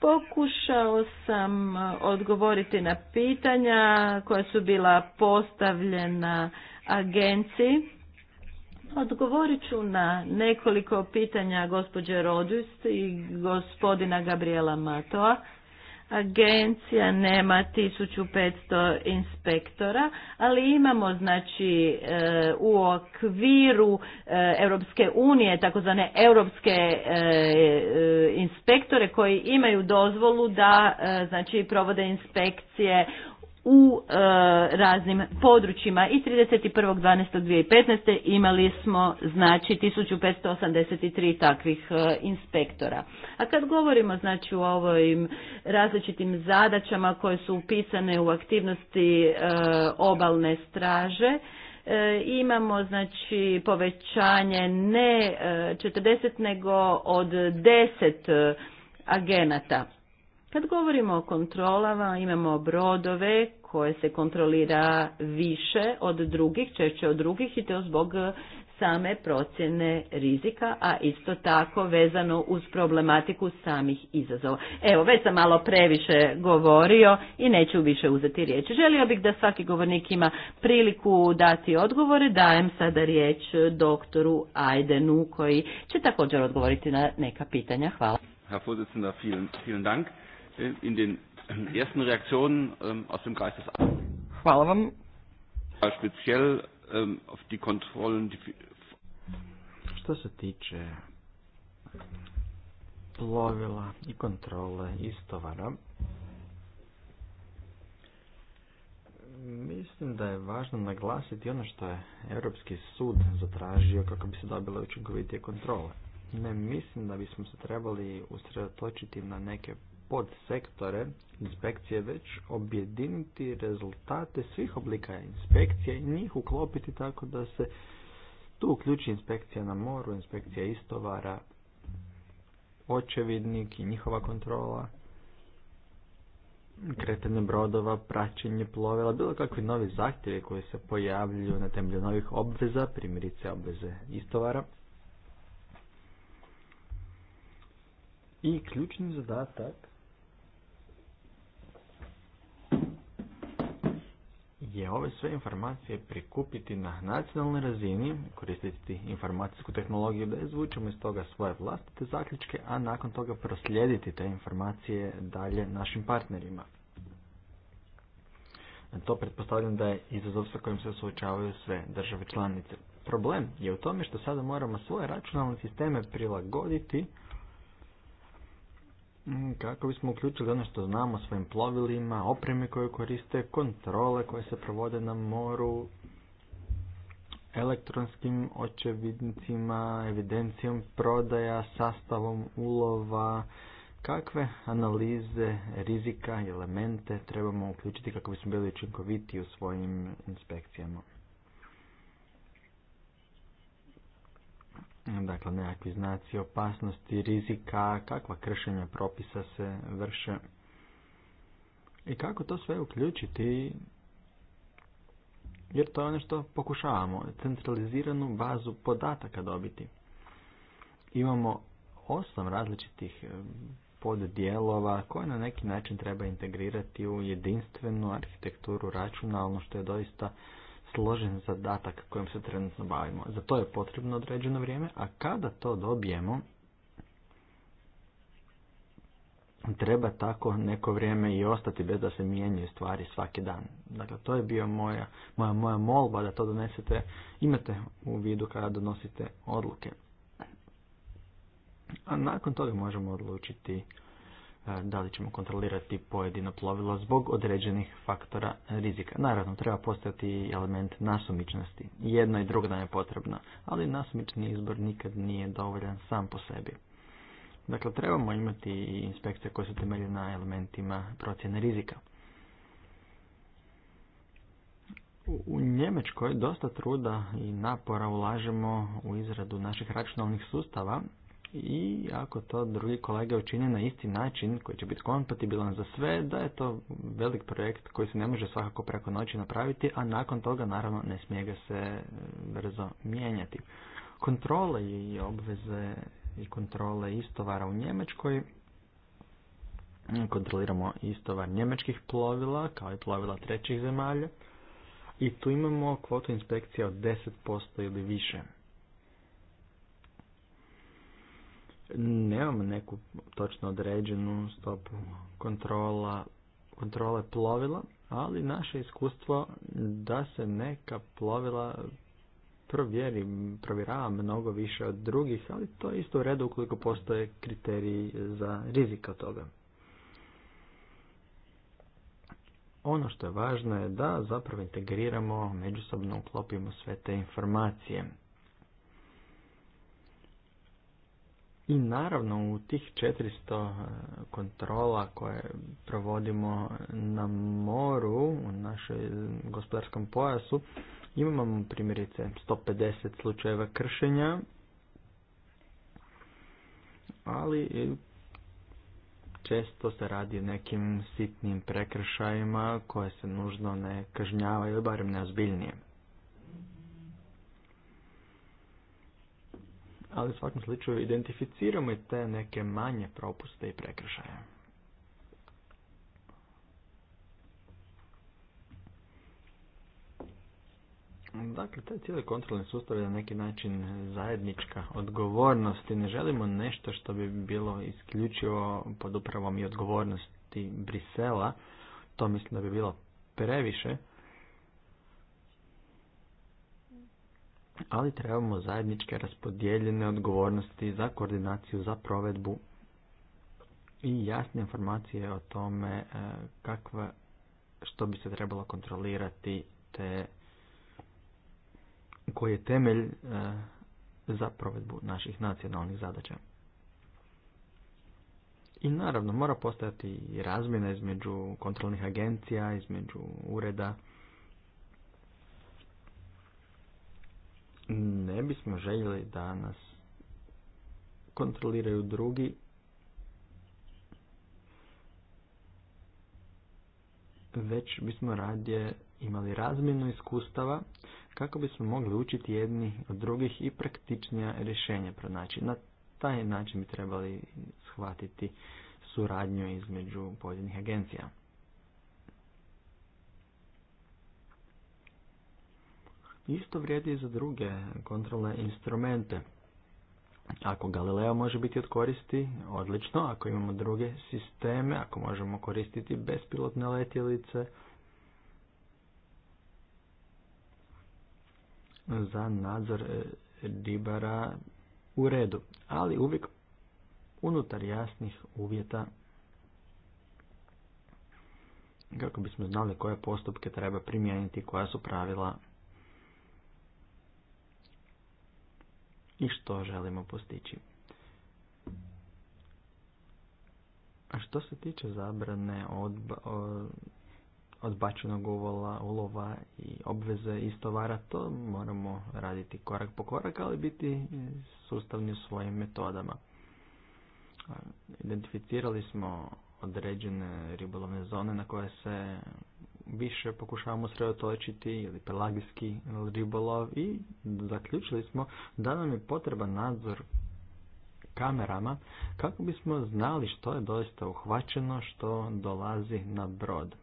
pokušao sam odgovoriti na pitanja koja su bila postavljena agenciji. Odgovorit ću na nekoliko pitanja gospođe Rodžist i gospodina Gabriela Matoa agencija nema 1500 inspektora, ali imamo znači e, u okviru e, Europske unije takozvane europske e, inspektore koji imaju dozvolu da znači provode inspekcije u e, raznim područjima i 31.12.2015. imali smo znači 1583 takvih e, inspektora. A kad govorimo znači o ovim različitim zadaćama koje su upisane u aktivnosti e, obalne straže, imamo znači povećanje ne 40 nego od 10 agenata kad govorimo o kontrolama, imamo brodove koje se kontrolira više od drugih, češće od drugih i to zbog same procjene rizika, a isto tako vezano uz problematiku samih izazova. Evo, već sam malo previše govorio i neću više uzeti riječ. Želio bih da svaki govornik ima priliku dati odgovore. Dajem sada riječ doktoru Ajdenu koji će također odgovoriti na neka pitanja. Hvala in den äh, ersten Reaktionen ähm, aus dem Kreis des Hvala vam. Speziell ähm, auf die Kontrollen. Što se tiče plovila i kontrole istovara, mislim da je važno naglasiti ono što je Europski sud zatražio kako bi se dobile učinkovitije kontrole. Ne mislim da bismo se trebali usredotočiti na neke pod sektore inspekcije već objediniti rezultate svih oblika inspekcije i njih uklopiti tako da se tu uključi inspekcija na moru, inspekcija istovara, očevidnik i njihova kontrola, kretanje brodova, praćenje plovila, bilo kakvi novi zahtjevi koji se pojavljuju na temelju novih obveza, primjerice obveze istovara. I ključni zadatak je ove sve informacije prikupiti na nacionalnoj razini, koristiti informacijsku tehnologiju da izvučemo iz toga svoje vlastite zaključke, a nakon toga proslijediti te informacije dalje našim partnerima. To pretpostavljam da je izazov sa kojim se suočavaju sve države članice. Problem je u tome što sada moramo svoje računalne sisteme prilagoditi Mm, kako bismo uključili ono što znamo o svojim plovilima, opreme koje koriste, kontrole koje se provode na moru, elektronskim očevidnicima, evidencijom prodaja, sastavom ulova, kakve analize rizika i elemente trebamo uključiti kako bismo bili učinkoviti u svojim inspekcijama. dakle nekakvi znaci opasnosti, rizika, kakva kršenja propisa se vrše i kako to sve uključiti jer to je ono što pokušavamo, centraliziranu bazu podataka dobiti. Imamo osam različitih e, poddijelova koje na neki način treba integrirati u jedinstvenu arhitekturu računalno što je doista složen zadatak kojim se trenutno bavimo. Za to je potrebno određeno vrijeme, a kada to dobijemo, treba tako neko vrijeme i ostati bez da se mijenjaju stvari svaki dan. Dakle, to je bio moja, moja, moja molba da to donesete, imate u vidu kada donosite odluke. A nakon toga možemo odlučiti da li ćemo kontrolirati pojedino plovilo zbog određenih faktora rizika. Naravno, treba postati element nasumičnosti. Jedno i drugo nam je potrebno, ali nasumični izbor nikad nije dovoljan sam po sebi. Dakle, trebamo imati inspekcije koje su temeljene na elementima procjene rizika. U Njemačkoj dosta truda i napora ulažemo u izradu naših računalnih sustava i ako to drugi kolege učine na isti način koji će biti kompatibilan za sve, da je to velik projekt koji se ne može svakako preko noći napraviti, a nakon toga naravno ne smije ga se e, brzo mijenjati. Kontrole i obveze i kontrole istovara u Njemačkoj kontroliramo istovar njemačkih plovila kao i plovila trećih zemalja i tu imamo kvotu inspekcija od 10% ili više. nemamo neku točno određenu stopu kontrola, kontrole plovila, ali naše iskustvo da se neka plovila provjeri, provjerava mnogo više od drugih, ali to je isto u redu ukoliko postoje kriteriji za rizika toga. Ono što je važno je da zapravo integriramo, međusobno uklopimo sve te informacije. I naravno u tih 400 e, kontrola koje provodimo na moru u našem gospodarskom pojasu imamo primjerice 150 slučajeva kršenja ali često se radi o nekim sitnim prekršajima koje se nužno ne kažnjavaju, barem neozbiljnije. ali u svakom slučaju identificiramo i te neke manje propuste i prekršaje. Dakle, taj cijeli kontrolni sustav je na neki način zajednička odgovornosti. ne želimo nešto što bi bilo isključivo pod upravom i odgovornosti Brisela. To mislim da bi bilo previše ali trebamo zajedničke raspodijeljene odgovornosti za koordinaciju, za provedbu i jasne informacije o tome e, kakva, što bi se trebalo kontrolirati te koji je temelj e, za provedbu naših nacionalnih zadaća. I naravno mora postojati razmjena između kontrolnih agencija, između ureda ne bismo željeli da nas kontroliraju drugi već bismo radije imali razmjenu iskustava kako bismo mogli učiti jedni od drugih i praktičnija rješenja pronaći. Na taj način bi trebali shvatiti suradnju između pojedinih agencija. Isto vrijedi i za druge kontrolne instrumente. Ako Galileo može biti od koristi, odlično. Ako imamo druge sisteme, ako možemo koristiti bespilotne letjelice, za nadzor e, ribara u redu, ali uvijek unutar jasnih uvjeta kako bismo znali koje postupke treba primijeniti, koja su pravila i što želimo postići. A što se tiče zabrane odbačenog uvola, ulova i obveze istovara, to moramo raditi korak po korak, ali biti sustavni u svojim metodama. Identificirali smo određene ribolovne zone na koje se više pokušavamo sredotočiti ili pelagijski ribolov i zaključili smo da nam je potreban nadzor kamerama kako bismo znali što je doista uhvaćeno što dolazi na brod.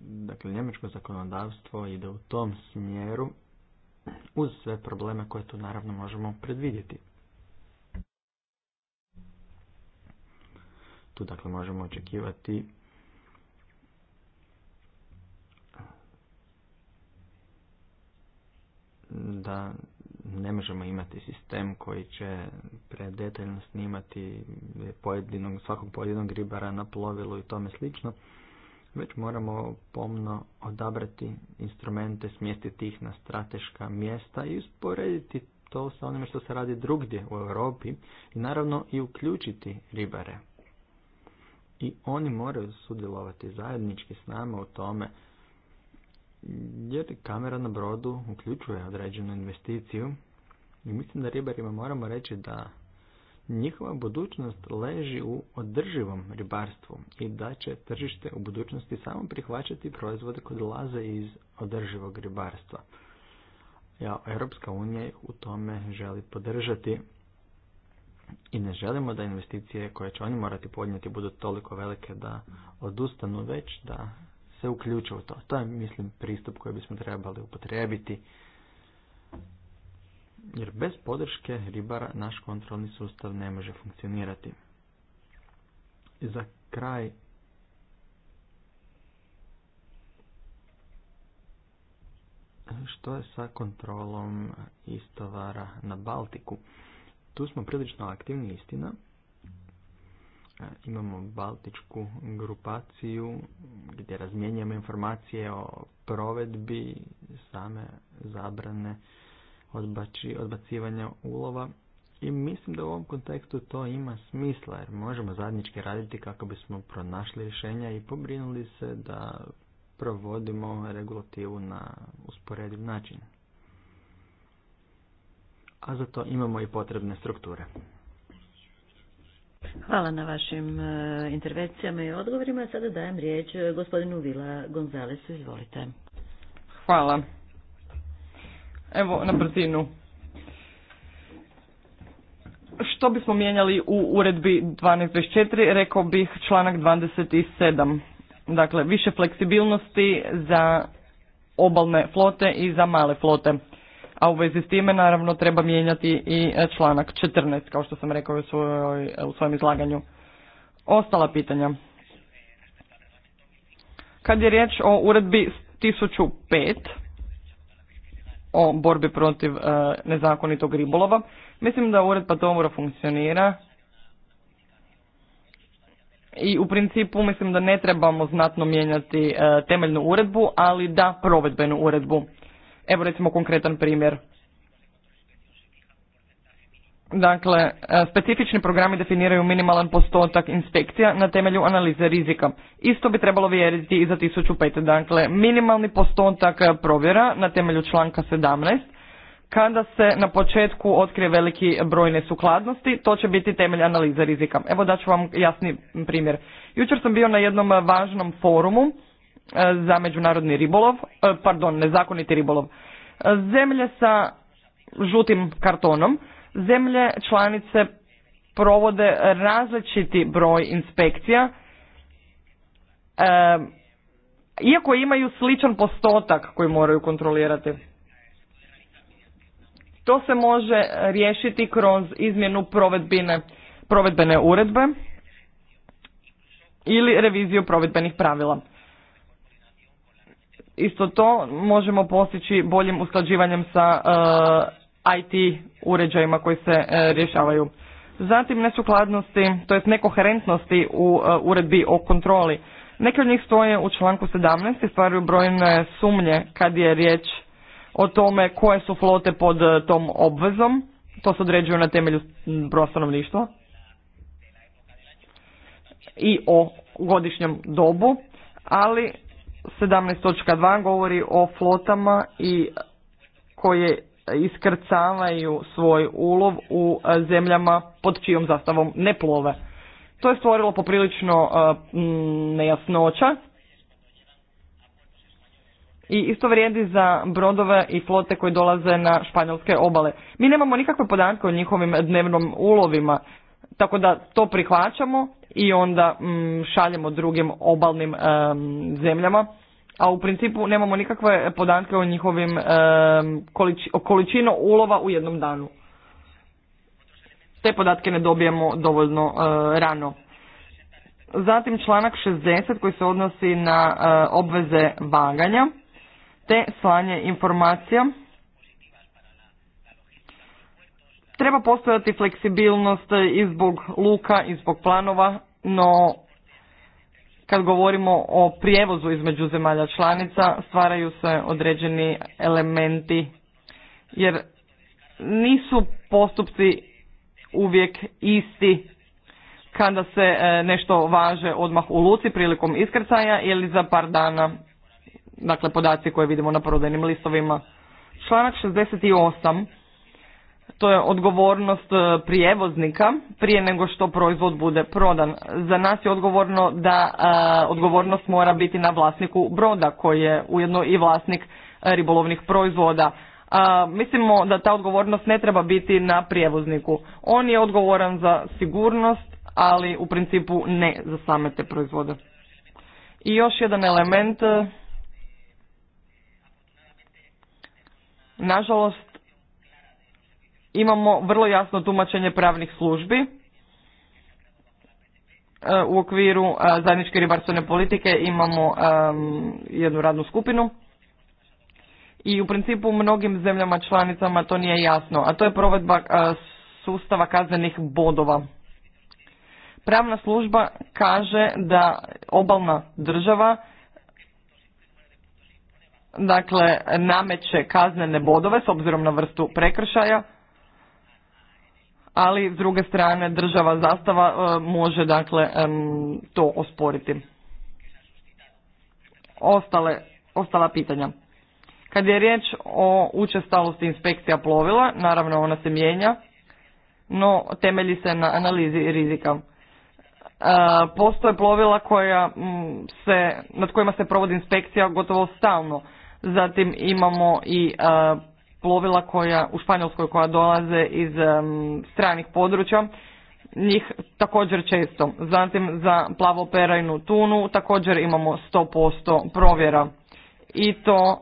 Dakle, njemačko zakonodavstvo ide u tom smjeru uz sve probleme koje tu naravno možemo predvidjeti. Tu dakle možemo očekivati da ne možemo imati sistem koji će predetaljno snimati pojedinog, svakog pojedinog ribara na plovilu i tome slično, već moramo pomno odabrati instrumente, smjestiti ih na strateška mjesta i usporediti to sa onime što se radi drugdje u Europi i naravno i uključiti ribare i oni moraju sudjelovati zajednički s nama u tome jer kamera na brodu uključuje određenu investiciju i mislim da ribarima moramo reći da njihova budućnost leži u održivom ribarstvu i da će tržište u budućnosti samo prihvaćati proizvode koji dolaze iz održivog ribarstva. Ja, Europska unija u tome želi podržati i ne želimo da investicije koje će oni morati podnijeti budu toliko velike da odustanu već da se uključe u to. To je, mislim, pristup koji bismo trebali upotrijebiti. Jer bez podrške ribara naš kontrolni sustav ne može funkcionirati. I za kraj što je sa kontrolom istovara na Baltiku? Tu smo prilično aktivni, istina. E, imamo baltičku grupaciju gdje razmijenjamo informacije o provedbi same zabrane odbacivanja ulova i mislim da u ovom kontekstu to ima smisla jer možemo zajednički raditi kako bismo pronašli rješenja i pobrinuli se da provodimo regulativu na usporediv način a za to imamo i potrebne strukture. Hvala na vašim e, intervencijama i odgovorima. Sada dajem riječ e, gospodinu Vila Gonzalesu. Izvolite. Hvala. Evo, na brzinu. Što bismo mijenjali u uredbi 1224, rekao bih članak 27. Dakle, više fleksibilnosti za obalne flote i za male flote a u vezi s time naravno treba mijenjati i e, članak 14, kao što sam rekao u, e, u svojem izlaganju. Ostala pitanja. Kad je riječ o uredbi 1005 o borbi protiv e, nezakonitog ribolova, mislim da uredba dobro funkcionira i u principu mislim da ne trebamo znatno mijenjati temeljnu uredbu, ali da provedbenu uredbu. Evo recimo konkretan primjer. Dakle, e, specifični programi definiraju minimalan postotak inspekcija na temelju analize rizika. Isto bi trebalo vjeriti i za 1005. Dakle, minimalni postotak provjera na temelju članka 17. Kada se na početku otkrije veliki broj nesukladnosti, to će biti temelj analize rizika. Evo daću vam jasni primjer. Jučer sam bio na jednom važnom forumu E, za međunarodni ribolov, e, pardon, nezakoniti ribolov. E, zemlje sa žutim kartonom, zemlje članice provode različiti broj inspekcija, iako imaju sličan postotak koji moraju kontrolirati. To se može riješiti kroz izmjenu provedbine, provedbene uredbe ili reviziju provedbenih pravila. Isto to možemo postići boljim usklađivanjem sa eh, IT uređajima koji se eh, rješavaju. Zatim nesukladnosti, to jest nekoherentnosti u eh, uredbi o kontroli. Neke od njih stoje u članku 17 i stvaraju brojne sumnje kad je riječ o tome koje su flote pod tom obvezom. To se određuje na temelju broja i o godišnjem dobu, ali 17.2 govori o flotama i koje iskrcavaju svoj ulov u e, zemljama pod čijom zastavom ne plove. To je stvorilo poprilično e, nejasnoća i isto vrijedi za brodove i flote koje dolaze na španjolske obale. Mi nemamo nikakve podatke o njihovim dnevnom ulovima, tako da to prihvaćamo, i onda mm, šaljemo drugim obalnim zemljama a u principu nemamo nikakve podatke o njihovim količi, količino ulova u jednom danu te podatke ne dobijemo dovoljno e, rano Zatim članak 60 koji se odnosi na e, obveze vaganja te slanje informacija Treba postojati fleksibilnost i zbog luka i zbog planova, no kad govorimo o prijevozu između zemalja članica stvaraju se određeni elementi jer nisu postupci uvijek isti kada se e, nešto važe odmah u luci prilikom iskrcaja ili za par dana, dakle podaci koje vidimo na prodajnim listovima. Članak 68 to je odgovornost e, prijevoznika prije nego što proizvod bude prodan. Za nas je odgovorno da e, odgovornost mora biti na vlasniku broda koji je ujedno i vlasnik ribolovnih proizvoda. E, mislimo da ta odgovornost ne treba biti na prijevozniku. On je odgovoran za sigurnost, ali u principu ne za same te proizvode. I još jedan element, nažalost, Imamo vrlo jasno tumačenje pravnih službi e, u okviru e, zajedničke ribarstvene politike imamo e, jednu radnu skupinu i u principu u mnogim zemljama članicama to nije jasno, a to je provedba sustava kaznenih bodova. Pravna služba kaže da obalna država dakle nameće kaznene bodove s obzirom na vrstu prekršaja ali s druge strane država zastava e, može dakle to osporiti. Ostale, ostala pitanja. Kad je riječ o učestalosti inspekcija plovila, naravno ona se mijenja, no temelji se na analizi rizika. E, postoje plovila koja se, nad kojima se provodi inspekcija gotovo stalno. Zatim imamo i e, plovila koja u Španjolskoj koja dolaze iz stranih područja, njih također često. Zatim za plavoperajnu tunu također imamo 100% provjera. I to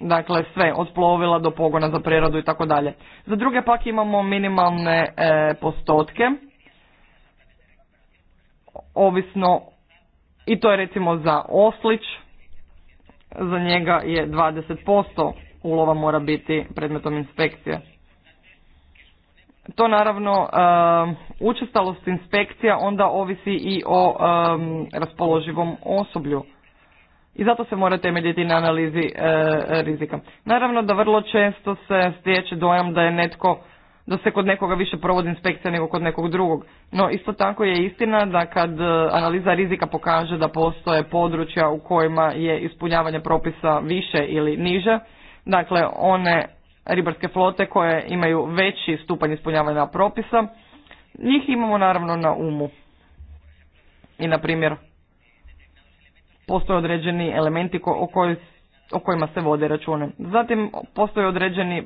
dakle sve od plovila do pogona za preradu i tako dalje. Za druge pak imamo minimalne e, postotke ovisno i to je recimo za oslić za njega je 20% ulova mora biti predmetom inspekcije. To naravno e, učestalost inspekcija onda ovisi i o e, raspoloživom osoblju. I zato se mora temeljiti na analizi e, rizika. Naravno da vrlo često se stječe dojam da je netko da se kod nekoga više provodi inspekcija nego kod nekog drugog. No isto tako je istina da kad analiza rizika pokaže da postoje područja u kojima je ispunjavanje propisa više ili niže, Dakle, one ribarske flote koje imaju veći stupanj ispunjavanja propisa, njih imamo naravno na umu. I na primjer, postoje određeni elementi o, o kojima se vode račune. Zatim postoje određeni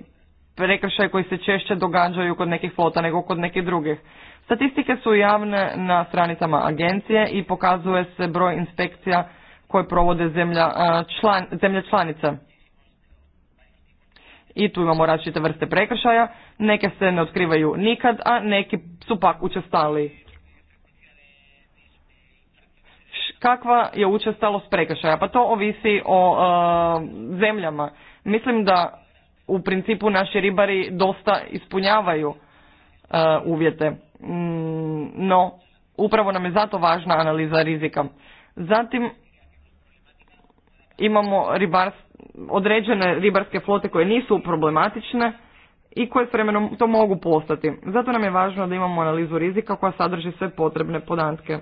prekršaj koji se češće događaju kod nekih flota nego kod nekih drugih. Statistike su javne na stranicama agencije i pokazuje se broj inspekcija koje provode zemlja, član, zemlja članice i tu imamo različite vrste prekršaja. Neke se ne otkrivaju nikad, a neki su pak učestali. Kakva je učestalost prekršaja? Pa to ovisi o e, zemljama. Mislim da u principu naši ribari dosta ispunjavaju e, uvjete. Mm, no, upravo nam je zato važna analiza rizika. Zatim imamo ribars, određene ribarske flote koje nisu problematične i koje s vremenom to mogu postati. Zato nam je važno da imamo analizu rizika koja sadrži sve potrebne podatke.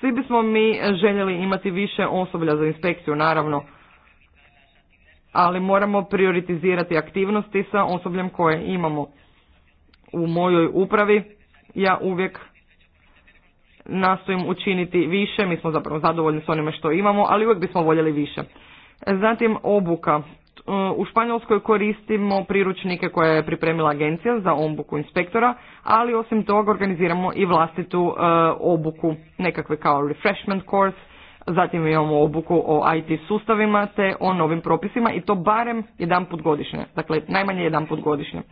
Svi bismo mi željeli imati više osoblja za inspekciju, naravno, ali moramo prioritizirati aktivnosti sa osobljem koje imamo. U mojoj upravi ja uvijek nastojim učiniti više, mi smo zapravo zadovoljni s onime što imamo, ali uvijek bismo voljeli više. Zatim obuka. U Španjolskoj koristimo priručnike koje je pripremila agencija za obuku inspektora, ali osim toga organiziramo i vlastitu e, obuku, nekakve kao refreshment course, zatim imamo obuku o IT sustavima te o novim propisima i to barem jedan put godišnje, dakle najmanje jedan put godišnje,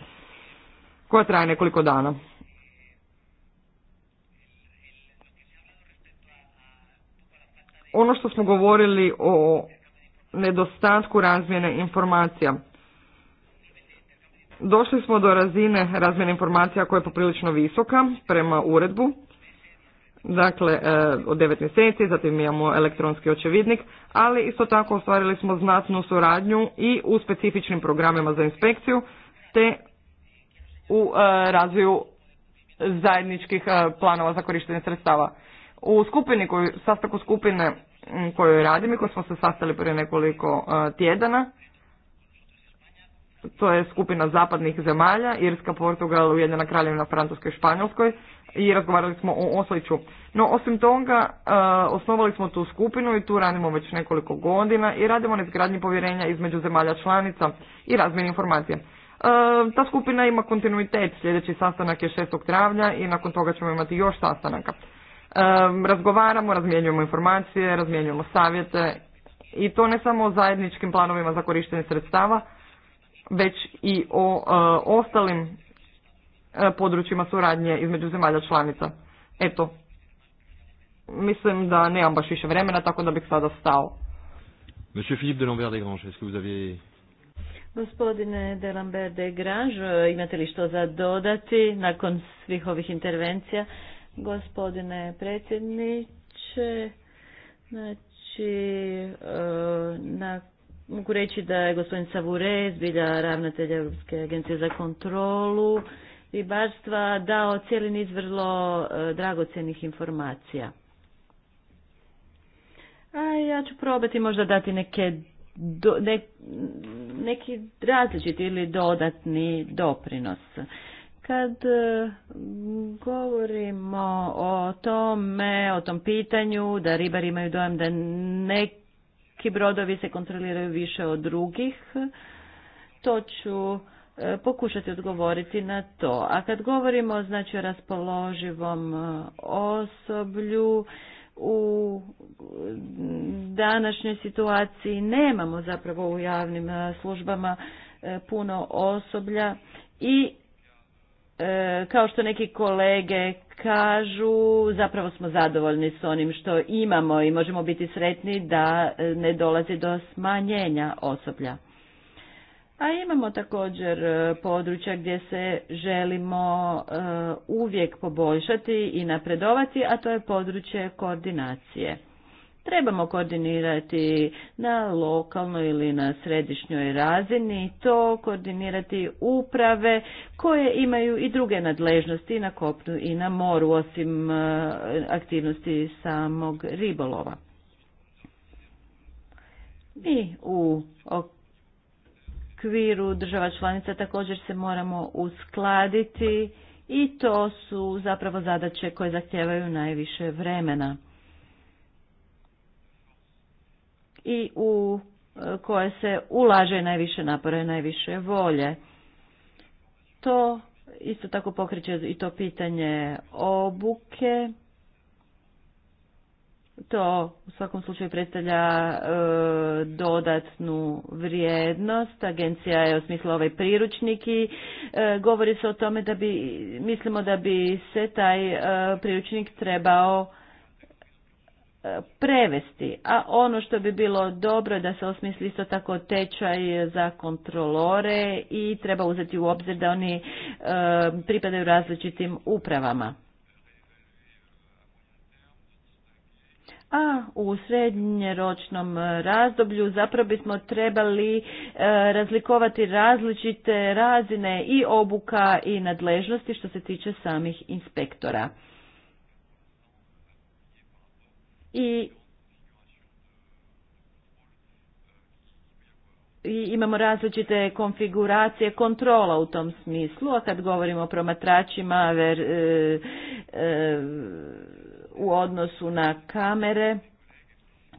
koja traje nekoliko dana. ono što smo govorili o nedostatku razmjene informacija. Došli smo do razine razmjene informacija koja je poprilično visoka prema uredbu, dakle e, od devet mjeseci, zatim imamo elektronski očevidnik, ali isto tako ostvarili smo znatnu suradnju i u specifičnim programima za inspekciju, te u e, razvoju zajedničkih e, planova za korištenje sredstava. U skupini koju, sastaku skupine mm, koju radimo i koju smo se sastali prije nekoliko e, tjedana, to je skupina zapadnih zemalja, Irska, Portugal, Ujedinjena kraljevina, Francuska i Španjolskoj i razgovarali smo o Osliću. No osim toga, e, osnovali smo tu skupinu i tu radimo već nekoliko godina i radimo na izgradnji povjerenja između zemalja članica i razmjeni informacija. E, ta skupina ima kontinuitet, sljedeći sastanak je 6. travnja i nakon toga ćemo imati još sastanaka razgovaramo, razmjenjujemo informacije, razmjenjujemo savjete i to ne samo o zajedničkim planovima za korištenje sredstava, već i o e, ostalim e, područjima suradnje između zemalja članica. Eto, mislim da nemam baš više vremena, tako da bih sada stao. Monsieur Philippe de Lambert Grange, est-ce que vous avez... Gospodine de Lambert Grange, imate li što za dodati nakon svih ovih intervencija? Gospodine predsjedniče, znači, e, na, mogu reći da je gospodin Savure, zbilja ravnatelj Europske agencije za kontrolu ribarstva, dao cijeli niz vrlo e, dragocjenih informacija. A ja ću probati možda dati neke neki različiti ili dodatni doprinos. Kad e, govorimo o tome, o tom pitanju da ribari imaju dojam da neki brodovi se kontroliraju više od drugih, to ću e, pokušati odgovoriti na to. A kad govorimo znači o raspoloživom e, osoblju, u današnjoj situaciji nemamo zapravo u javnim službama puno osoblja i E, kao što neki kolege kažu, zapravo smo zadovoljni s onim što imamo i možemo biti sretni da e, ne dolazi do smanjenja osoblja. A imamo također e, područja gdje se želimo uvijek poboljšati i napredovati, a to je područje koordinacije trebamo koordinirati na lokalnoj ili na središnjoj razini to koordinirati uprave koje imaju i druge nadležnosti na kopnu i na moru osim e, aktivnosti samog ribolova. Mi u okviru država članica također se moramo uskladiti i to su zapravo zadaće koje zahtijevaju najviše vremena. i u e, koje se ulaže najviše napore, najviše volje. To isto tako pokreće i to pitanje obuke. To u svakom slučaju predstavlja e, dodatnu vrijednost. Agencija je osmislila ovaj priručnik i e, govori se o tome da bi, mislimo da bi se taj priručnik trebao E, prevesti. A ono što bi bilo dobro je da se osmisli isto tako tečaj za kontrolore i treba uzeti u obzir da oni e, pripadaju različitim upravama. a u srednjeročnom razdoblju zapravo bismo trebali e, razlikovati različite razine i obuka i nadležnosti što se tiče samih inspektora i i imamo različite konfiguracije kontrola u tom smislu, a kad govorimo o promatračima e, e, u odnosu na kamere,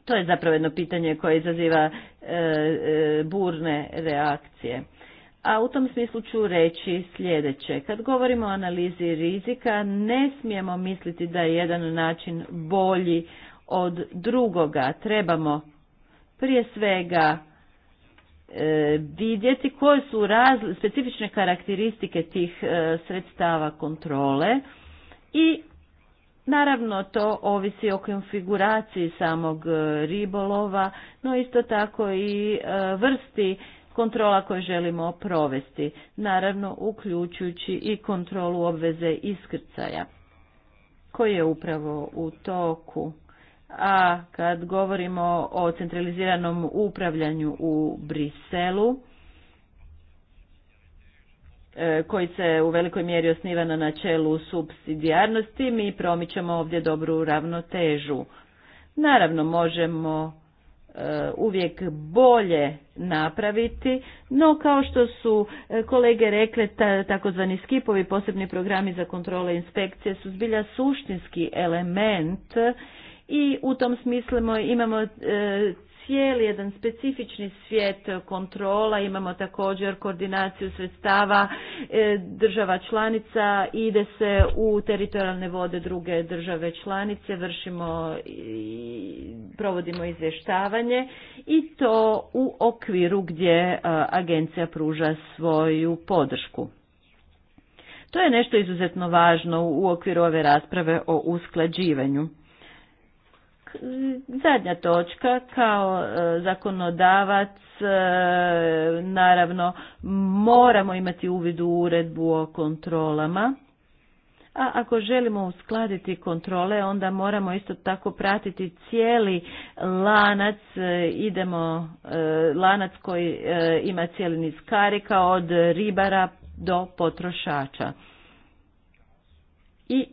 to je zapravo jedno pitanje koje izaziva e, burne reakcije. A u tom smislu ću reći sljedeće. Kad govorimo o analizi rizika, ne smijemo misliti da je jedan način bolji od drugoga. Trebamo prije svega e, vidjeti koje su specifične karakteristike tih e, sredstava kontrole i naravno to ovisi o konfiguraciji samog e, ribolova, no isto tako i vrsti kontrola koje želimo provesti, naravno uključujući i kontrolu obveze iskrcaja koji je upravo u toku a kad govorimo o centraliziranom upravljanju u Briselu, e, koji se u velikoj mjeri osniva na načelu subsidijarnosti, mi promičemo ovdje dobru ravnotežu. Naravno, možemo e, uvijek bolje napraviti, no kao što su e, kolege rekle, takozvani skipovi, posebni programi za kontrole inspekcije su zbilja suštinski element i u tom smislu imamo e, cijeli jedan specifični svijet kontrola, imamo također koordinaciju sredstava e, država članica, ide se u teritorijalne vode druge države članice, vršimo i provodimo izvještavanje i to u okviru gdje e, agencija pruža svoju podršku. To je nešto izuzetno važno u okviru ove rasprave o usklađivanju zadnja točka kao e, zakonodavac e, naravno moramo imati uvid u uredbu o kontrolama a ako želimo uskladiti kontrole onda moramo isto tako pratiti cijeli lanac e, idemo lanac koji ima cijeli niz karika od ribara do potrošača i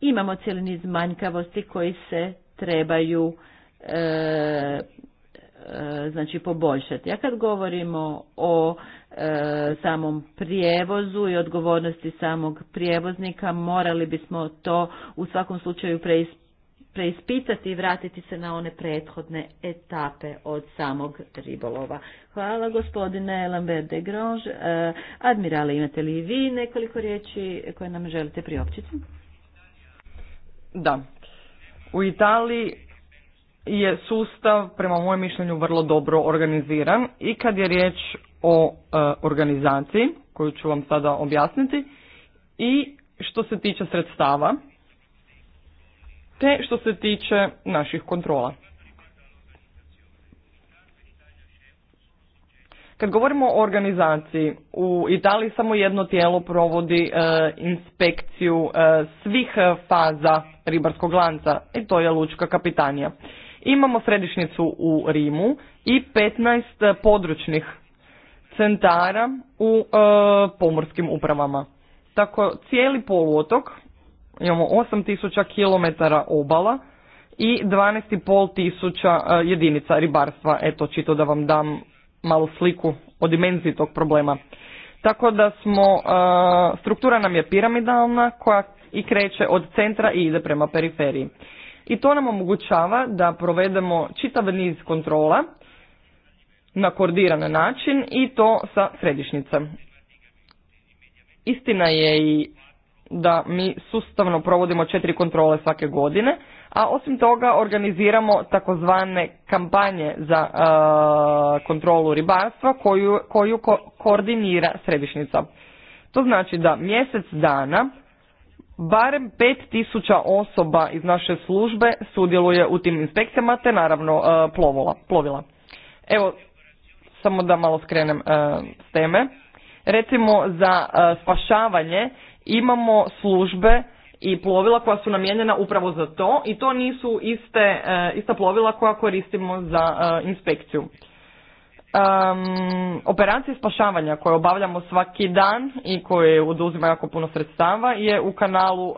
imamo cijeli niz manjkavosti koji se trebaju e, e, znači poboljšati. A kad govorimo o e, samom prijevozu i odgovornosti samog prijevoznika, morali bismo to u svakom slučaju preispitati i vratiti se na one prethodne etape od samog ribolova. Hvala gospodine Lambert de Grange. admirale, imate li vi nekoliko riječi koje nam želite priopćiti? Da, u Italiji je sustav, prema mojem mišljenju, vrlo dobro organiziran i kad je riječ o e, organizaciji, koju ću vam sada objasniti, i što se tiče sredstava, te što se tiče naših kontrola. Kad govorimo o organizaciji, u Italiji samo jedno tijelo provodi e, inspekciju e, svih faza ribarskog lanca i e, to je Lučka kapitanija. Imamo središnjicu u Rimu i 15 područnih centara u pomorskim upravama. Tako cijeli poluotok, imamo 8000 km obala i 12500 tisuća jedinica ribarstva. Eto, čito da vam dam malu sliku o dimenziji tog problema. Tako da smo, e, struktura nam je piramidalna koja i kreće od centra i ide prema periferiji. I to nam omogućava da provedemo čitav niz kontrola na koordiran način i to sa središnjice. Istina je i da mi sustavno provodimo četiri kontrole svake godine, a osim toga organiziramo takozvane kampanje za e, kontrolu ribarstva koju, koju koordinira središnjica. To znači da mjesec dana barem 5000 osoba iz naše službe sudjeluje u tim inspekcijama te naravno e, plovola, plovila. Evo, samo da malo skrenem e, s teme. Recimo za spašavanje imamo službe i plovila koja su namijenjena upravo za to i to nisu iste, e, ista plovila koja koristimo za e, inspekciju. Um, operacije spašavanja koje obavljamo svaki dan i koje oduzima jako puno sredstava je u kanalu e,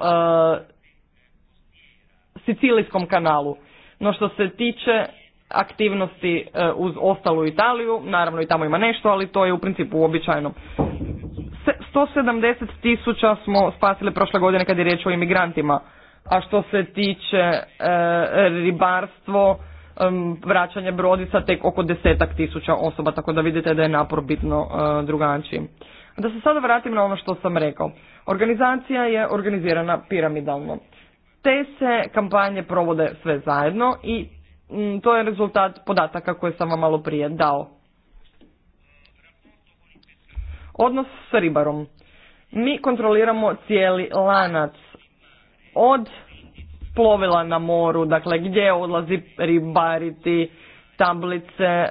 Sicilijskom kanalu. No što se tiče aktivnosti uz ostalu Italiju, naravno i tamo ima nešto, ali to je u principu uobičajeno. 170 tisuća smo spasili prošle godine kad je riječ o imigrantima. A što se tiče e, ribarstvo, vraćanje brodica tek oko desetak tisuća osoba, tako da vidite da je napor bitno e, drugačiji. Da se sada vratim na ono što sam rekao. Organizacija je organizirana piramidalno. Te se kampanje provode sve zajedno i to je rezultat podataka koje sam vam malo prije dao. Odnos s ribarom. Mi kontroliramo cijeli lanac od plovila na moru, dakle gdje odlazi ribariti, tablice, e,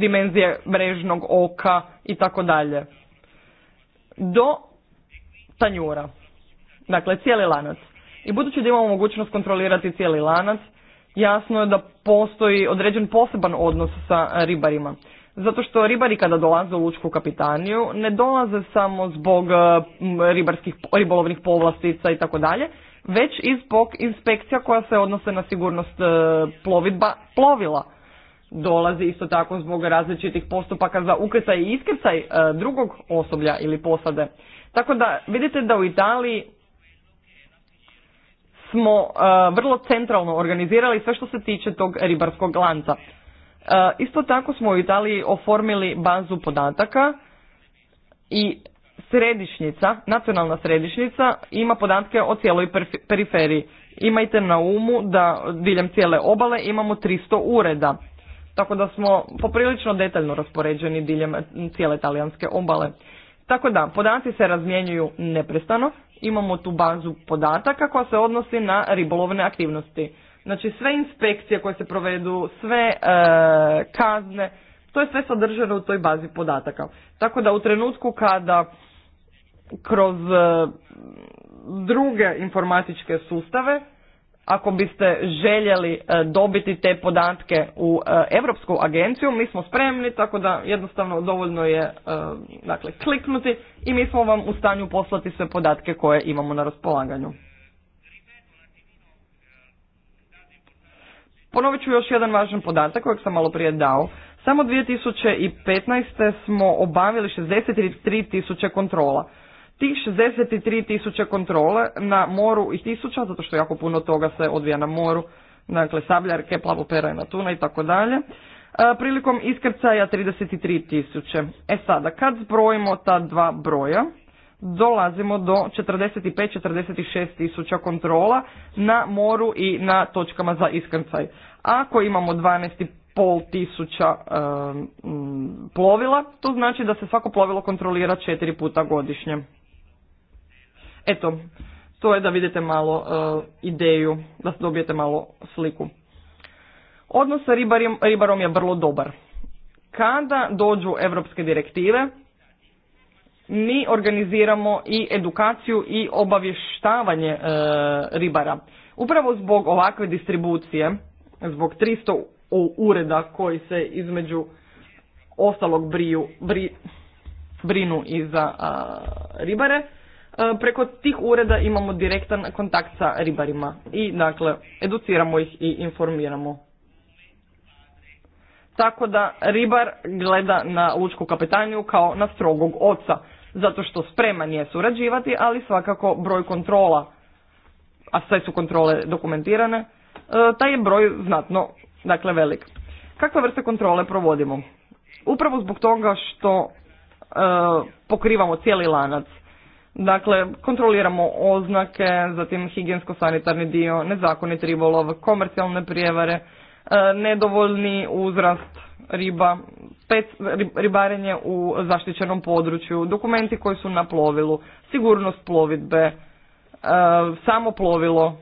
dimenzije mrežnog oka i tako dalje. Do tanjura. Dakle, cijeli lanac. I budući da imamo mogućnost kontrolirati cijeli lanac, jasno je da postoji određen poseban odnos sa ribarima. Zato što ribari kada dolaze u Lučku kapitaniju ne dolaze samo zbog e, ribarskih, ribolovnih povlastica i tako dalje, već i zbog inspekcija koja se odnose na sigurnost e, plovidba plovila. Dolazi isto tako zbog različitih postupaka za ukrcaj i iskrcaj e, drugog osoblja ili posade. Tako da vidite da u Italiji smo vrlo centralno organizirali sve što se tiče tog ribarskog lanca. E, isto tako smo u Italiji oformili bazu podataka i središnjica, nacionalna središnjica ima podatke o cijeloj periferiji. Imajte na umu da diljem cijele obale imamo 300 ureda, tako da smo poprilično detaljno raspoređeni diljem cijele talijanske obale. Tako da, podaci se razmjenjuju neprestano, imamo tu bazu podataka koja se odnosi na ribolovne aktivnosti. Znači sve inspekcije koje se provedu, sve e, kazne, to je sve sadržano u toj bazi podataka. Tako da u trenutku kada kroz e, druge informatičke sustave, ako biste željeli e, dobiti te podatke u Europsku agenciju, mi smo spremni, tako da jednostavno dovoljno je dakle, kliknuti i mi smo vam u stanju poslati sve podatke koje imamo na raspolaganju. Ponovit ću još jedan važan podatak kojeg sam malo prije dao. Samo 2015. smo obavili 63 tisuće kontrola. Tih 63 tisuće kontrole na moru i tisuća, zato što jako puno toga se odvija na moru, dakle sabljarke, na tuna i tako dalje, e, prilikom iskrcaja 33 tisuće. E sada, kad zbrojimo ta dva broja, dolazimo do 45-46 tisuća kontrola na moru i na točkama za iskrcaj. Ako imamo 12,5 tisuća plovila, to znači da se svako plovilo kontrolira četiri puta godišnje. Eto, to je da vidite malo e, ideju, da dobijete malo sliku. Odnos sa ribarom je vrlo dobar. Kada dođu evropske direktive, mi organiziramo i edukaciju i obavještavanje e, ribara. Upravo zbog ovakve distribucije, zbog 300 ureda koji se između ostalog briju, brinu i za ribare, e, preko tih ureda imamo direktan kontakt sa ribarima i dakle educiramo ih i informiramo. Tako da ribar gleda na lučku kapetaniju kao na strogog oca zato što spreman je surađivati, ali svakako broj kontrola, a sve su kontrole dokumentirane, e, taj je broj znatno dakle, velik. Kakve vrste kontrole provodimo? Upravo zbog toga što e, pokrivamo cijeli lanac. Dakle, kontroliramo oznake, zatim higijensko-sanitarni dio, nezakonit ribolov, komercijalne prijevare, e, nedovoljni uzrast riba, pet, ribarenje u zaštićenom području, dokumenti koji su na plovilu, sigurnost plovidbe, e, samo plovilo,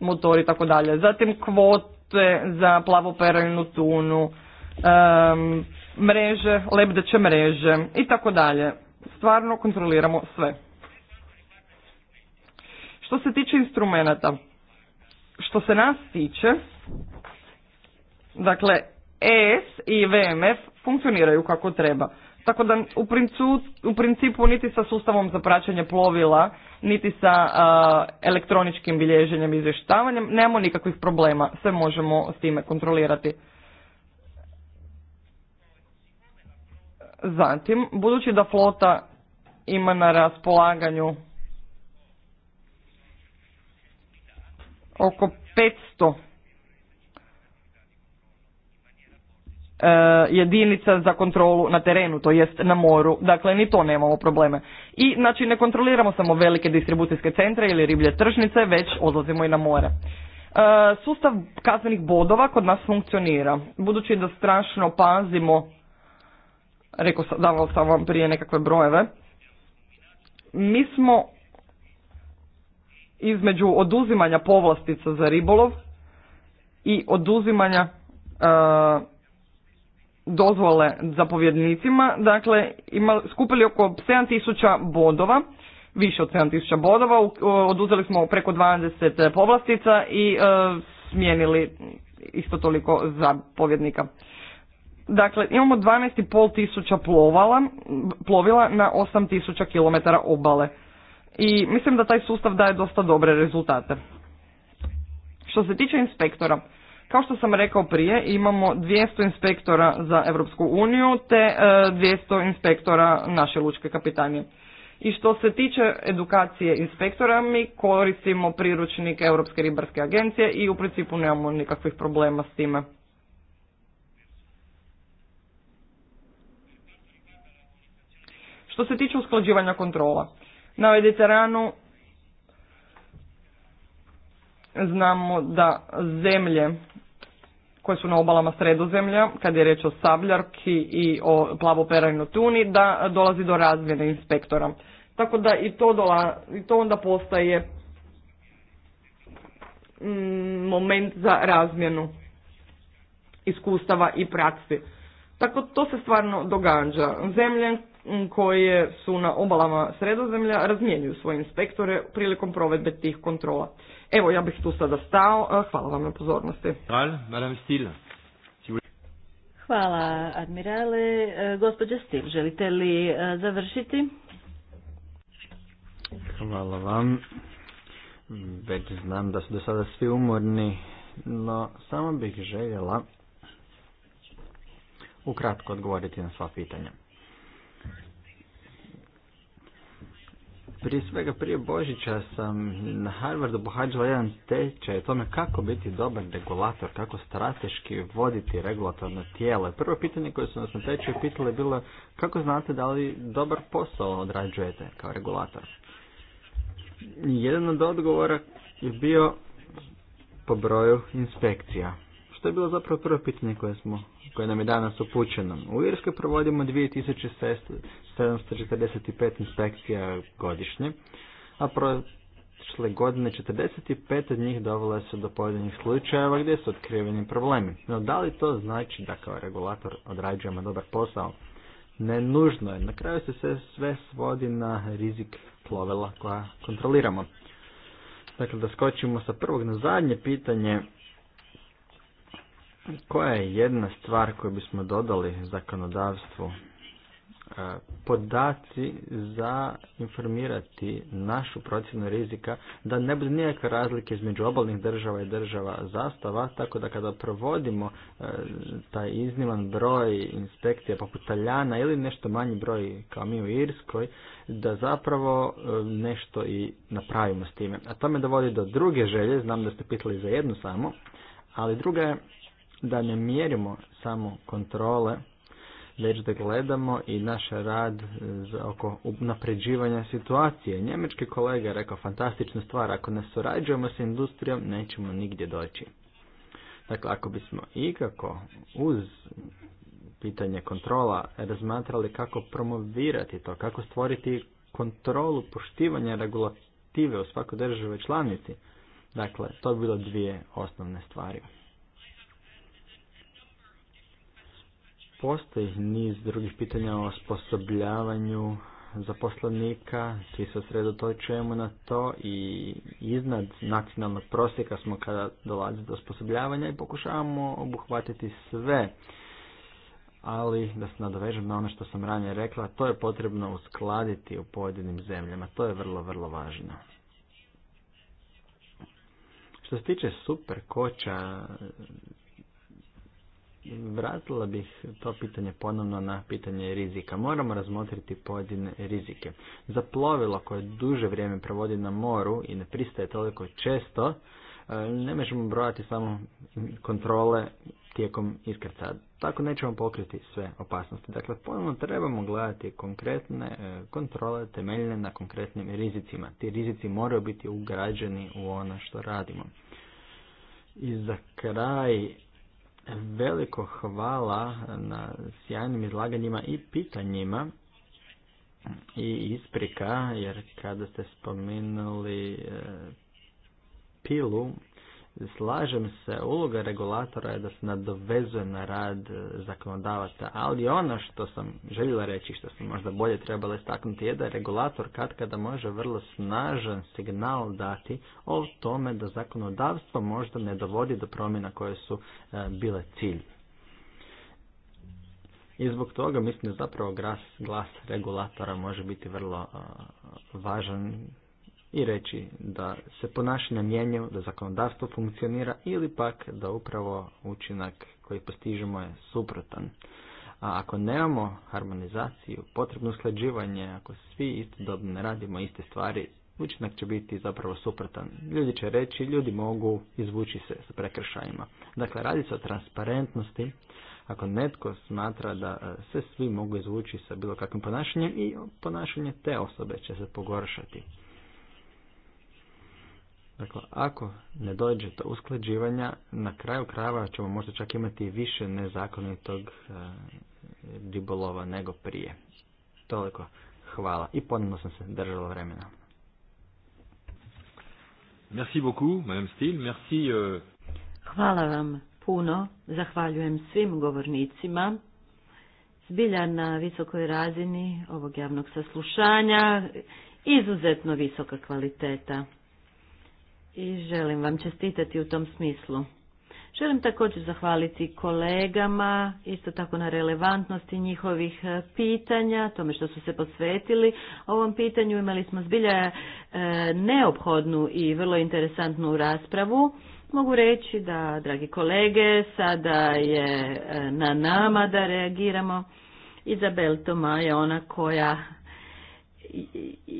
motor i tako dalje. Zatim kvote za plavoperajnu tunu, e, mreže, lebdeće mreže i tako dalje. Stvarno kontroliramo sve. Što se tiče instrumenta, što se nas tiče, dakle, ES i VMF funkcioniraju kako treba. Tako da u principu, u principu niti sa sustavom za praćenje plovila, niti sa elektroničkim bilježenjem i izvještavanjem nemamo nikakvih problema, sve možemo s time kontrolirati. Zatim, budući da flota ima na raspolaganju oko 500 E, jedinica za kontrolu na terenu, to jest na moru. Dakle, ni to nemamo probleme. I, znači, ne kontroliramo samo velike distribucijske centre ili riblje tržnice, već odlazimo i na more. E, sustav kaznenih bodova kod nas funkcionira. Budući da strašno pazimo, rekao sam, davao sam vam prije nekakve brojeve, mi smo između oduzimanja povlastica za ribolov i oduzimanja e, dozvole zapovjednicima, dakle ima, skupili oko 7000 bodova, više od 7000 bodova, oduzeli smo preko 20 e, povlastica i e, smijenili isto toliko zapovjednika. Dakle, imamo 12,5 tisuća plovala, plovila na 8 km obale. I mislim da taj sustav daje dosta dobre rezultate. Što se tiče inspektora, kao što sam rekao prije, imamo 200 inspektora za Europsku uniju te 200 e, inspektora naše lučke kapitanije. I što se tiče edukacije inspektora, mi koristimo priručnik Europske ribarske agencije i u principu nemamo nikakvih problema s time. Što se tiče usklađivanja kontrola, na Mediteranu znamo da zemlje koje su na obalama sredozemlja, kad je reč o sabljarki i o plavoperajnoj tuni, da dolazi do razmjene inspektora. Tako da i to, dola, i to onda postaje mm, moment za razmjenu iskustava i praksi. Tako to se stvarno događa. Zemlje mm, koje su na obalama sredozemlja razmjenjuju svoje inspektore prilikom provedbe tih kontrola. Evo, ja bih tu sada stao. E, hvala vam na pozornosti. Hvala, admirale. E, Gospodje Stil, želite li e, završiti? Hvala vam. Već znam da su do sada svi umorni, no samo bih željela ukratko odgovoriti na sva pitanja. Prije svega, prije Božića sam na Harvardu pohađala jedan tečaj o tome kako biti dobar regulator, kako strateški voditi regulatorno tijelo. Prvo pitanje koje su nas na tečaju pitali je bilo kako znate da li dobar posao odrađujete kao regulator. Jedan od odgovora je bio po broju inspekcija. To je bilo zapravo prvo pitanje koje, smo, koje nam je danas upućeno. U Irskoj provodimo 2745 inspekcija godišnje, a prošle godine 45 od njih dovele se do pojedinih slučajeva gdje su otkriveni problemi. No da li to znači da kao regulator odrađujemo dobar posao? Ne nužno je. Na kraju se sve, sve svodi na rizik plovela koja kontroliramo. Dakle, da skočimo sa prvog na zadnje pitanje koja je jedna stvar koju bismo dodali zakonodavstvu? E, podaci za informirati našu procjenu rizika da ne bude nikakve razlike između obalnih država i država zastava, tako da kada provodimo e, taj izniman broj inspekcija poput Taljana ili nešto manji broj kao mi u Irskoj, da zapravo e, nešto i napravimo s time. A to me dovodi do druge želje, znam da ste pitali za jednu samo, ali druga je da ne mjerimo samo kontrole, već da gledamo i naš rad e, oko napređivanja situacije. Njemački kolega je rekao fantastična stvar, ako ne surađujemo sa industrijom nećemo nigdje doći. Dakle, ako bismo ikako uz pitanje kontrola razmatrali kako promovirati to, kako stvoriti kontrolu poštivanja regulative u svakoj državi članici, dakle, to bi bilo dvije osnovne stvari. Postoji niz drugih pitanja o osposobljavanju zaposlenika, svi se sredotočujemo na to i iznad nacionalnog prosjeka smo kada dolazi do osposobljavanja i pokušavamo obuhvatiti sve. Ali da se nadovežem na ono što sam ranije rekla, to je potrebno uskladiti u pojedinim zemljama, to je vrlo, vrlo važno. Što se tiče super koća, Vratila bih to pitanje ponovno na pitanje rizika. Moramo razmotriti pojedine rizike. Za plovilo koje duže vrijeme provodi na moru i ne pristaje toliko često, e, ne možemo brojati samo kontrole tijekom iskrcaja. Tako nećemo pokriti sve opasnosti. Dakle, ponovno trebamo gledati konkretne e, kontrole temeljene na konkretnim rizicima. Ti rizici moraju biti ugrađeni u ono što radimo. I za kraj veliko hvala na sjajnim izlaganjima i pitanjima i isprika, jer kada ste spomenuli eh, pilu, Slažem se, uloga regulatora je da se nadovezuje na rad e, zakonodavaca, ali ono što sam željela reći, što sam možda bolje trebala istaknuti, je da regulator kad kada može vrlo snažan signal dati o tome da zakonodavstvo možda ne dovodi do promjena koje su e, bile cilj. I zbog toga mislim da zapravo glas, glas regulatora može biti vrlo e, važan i reći da se ponašanja mijenjaju, da zakonodavstvo funkcionira ili pak da upravo učinak koji postižemo je suprotan. A ako nemamo harmonizaciju, potrebno usklađivanje, ako svi istodobno ne radimo iste stvari, učinak će biti zapravo suprotan. Ljudi će reći, ljudi mogu izvući se sa prekršajima. Dakle, radi se o transparentnosti. Ako netko smatra da e, se svi mogu izvući sa bilo kakvim ponašanjem i ponašanje te osobe će se pogoršati. Dakle, ako ne dođe do usklađivanja, na kraju krajeva ćemo možda čak imati više nezakonitog dibolova eh, nego prije. Toliko. Hvala. I ponovno sam se držala vremena. Merci beaucoup, Madame Merci. Eh. Hvala vam puno. Zahvaljujem svim govornicima. Zbilja na visokoj razini ovog javnog saslušanja. Izuzetno visoka kvaliteta i želim vam čestitati u tom smislu. Želim također zahvaliti kolegama, isto tako na relevantnosti njihovih e, pitanja, tome što su se posvetili ovom pitanju. Imali smo zbilja e, neophodnu i vrlo interesantnu raspravu. Mogu reći da, dragi kolege, sada je e, na nama da reagiramo. Izabel Toma je ona koja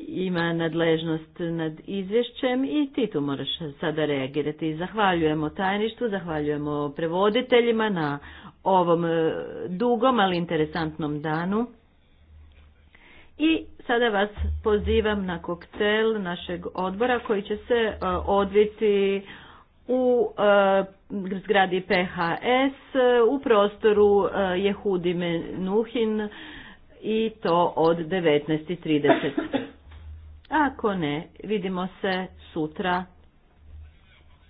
ima nadležnost nad izvješćem i ti tu moraš sada reagirati. Zahvaljujemo tajništvu, zahvaljujemo prevoditeljima na ovom e, dugom ali interesantnom danu. I sada vas pozivam na koktel našeg odbora koji će se e, odviti u e, zgradi PHS u prostoru Jehudi Menuhin i to od 19.30. Ako ne, vidimo se sutra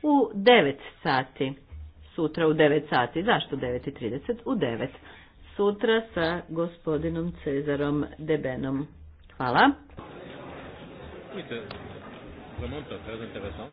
u 9 sati. Sutra u 9 sati. Zašto 9.30? U 9. Sutra sa gospodinom Cezarom Debenom. Hvala. Oui,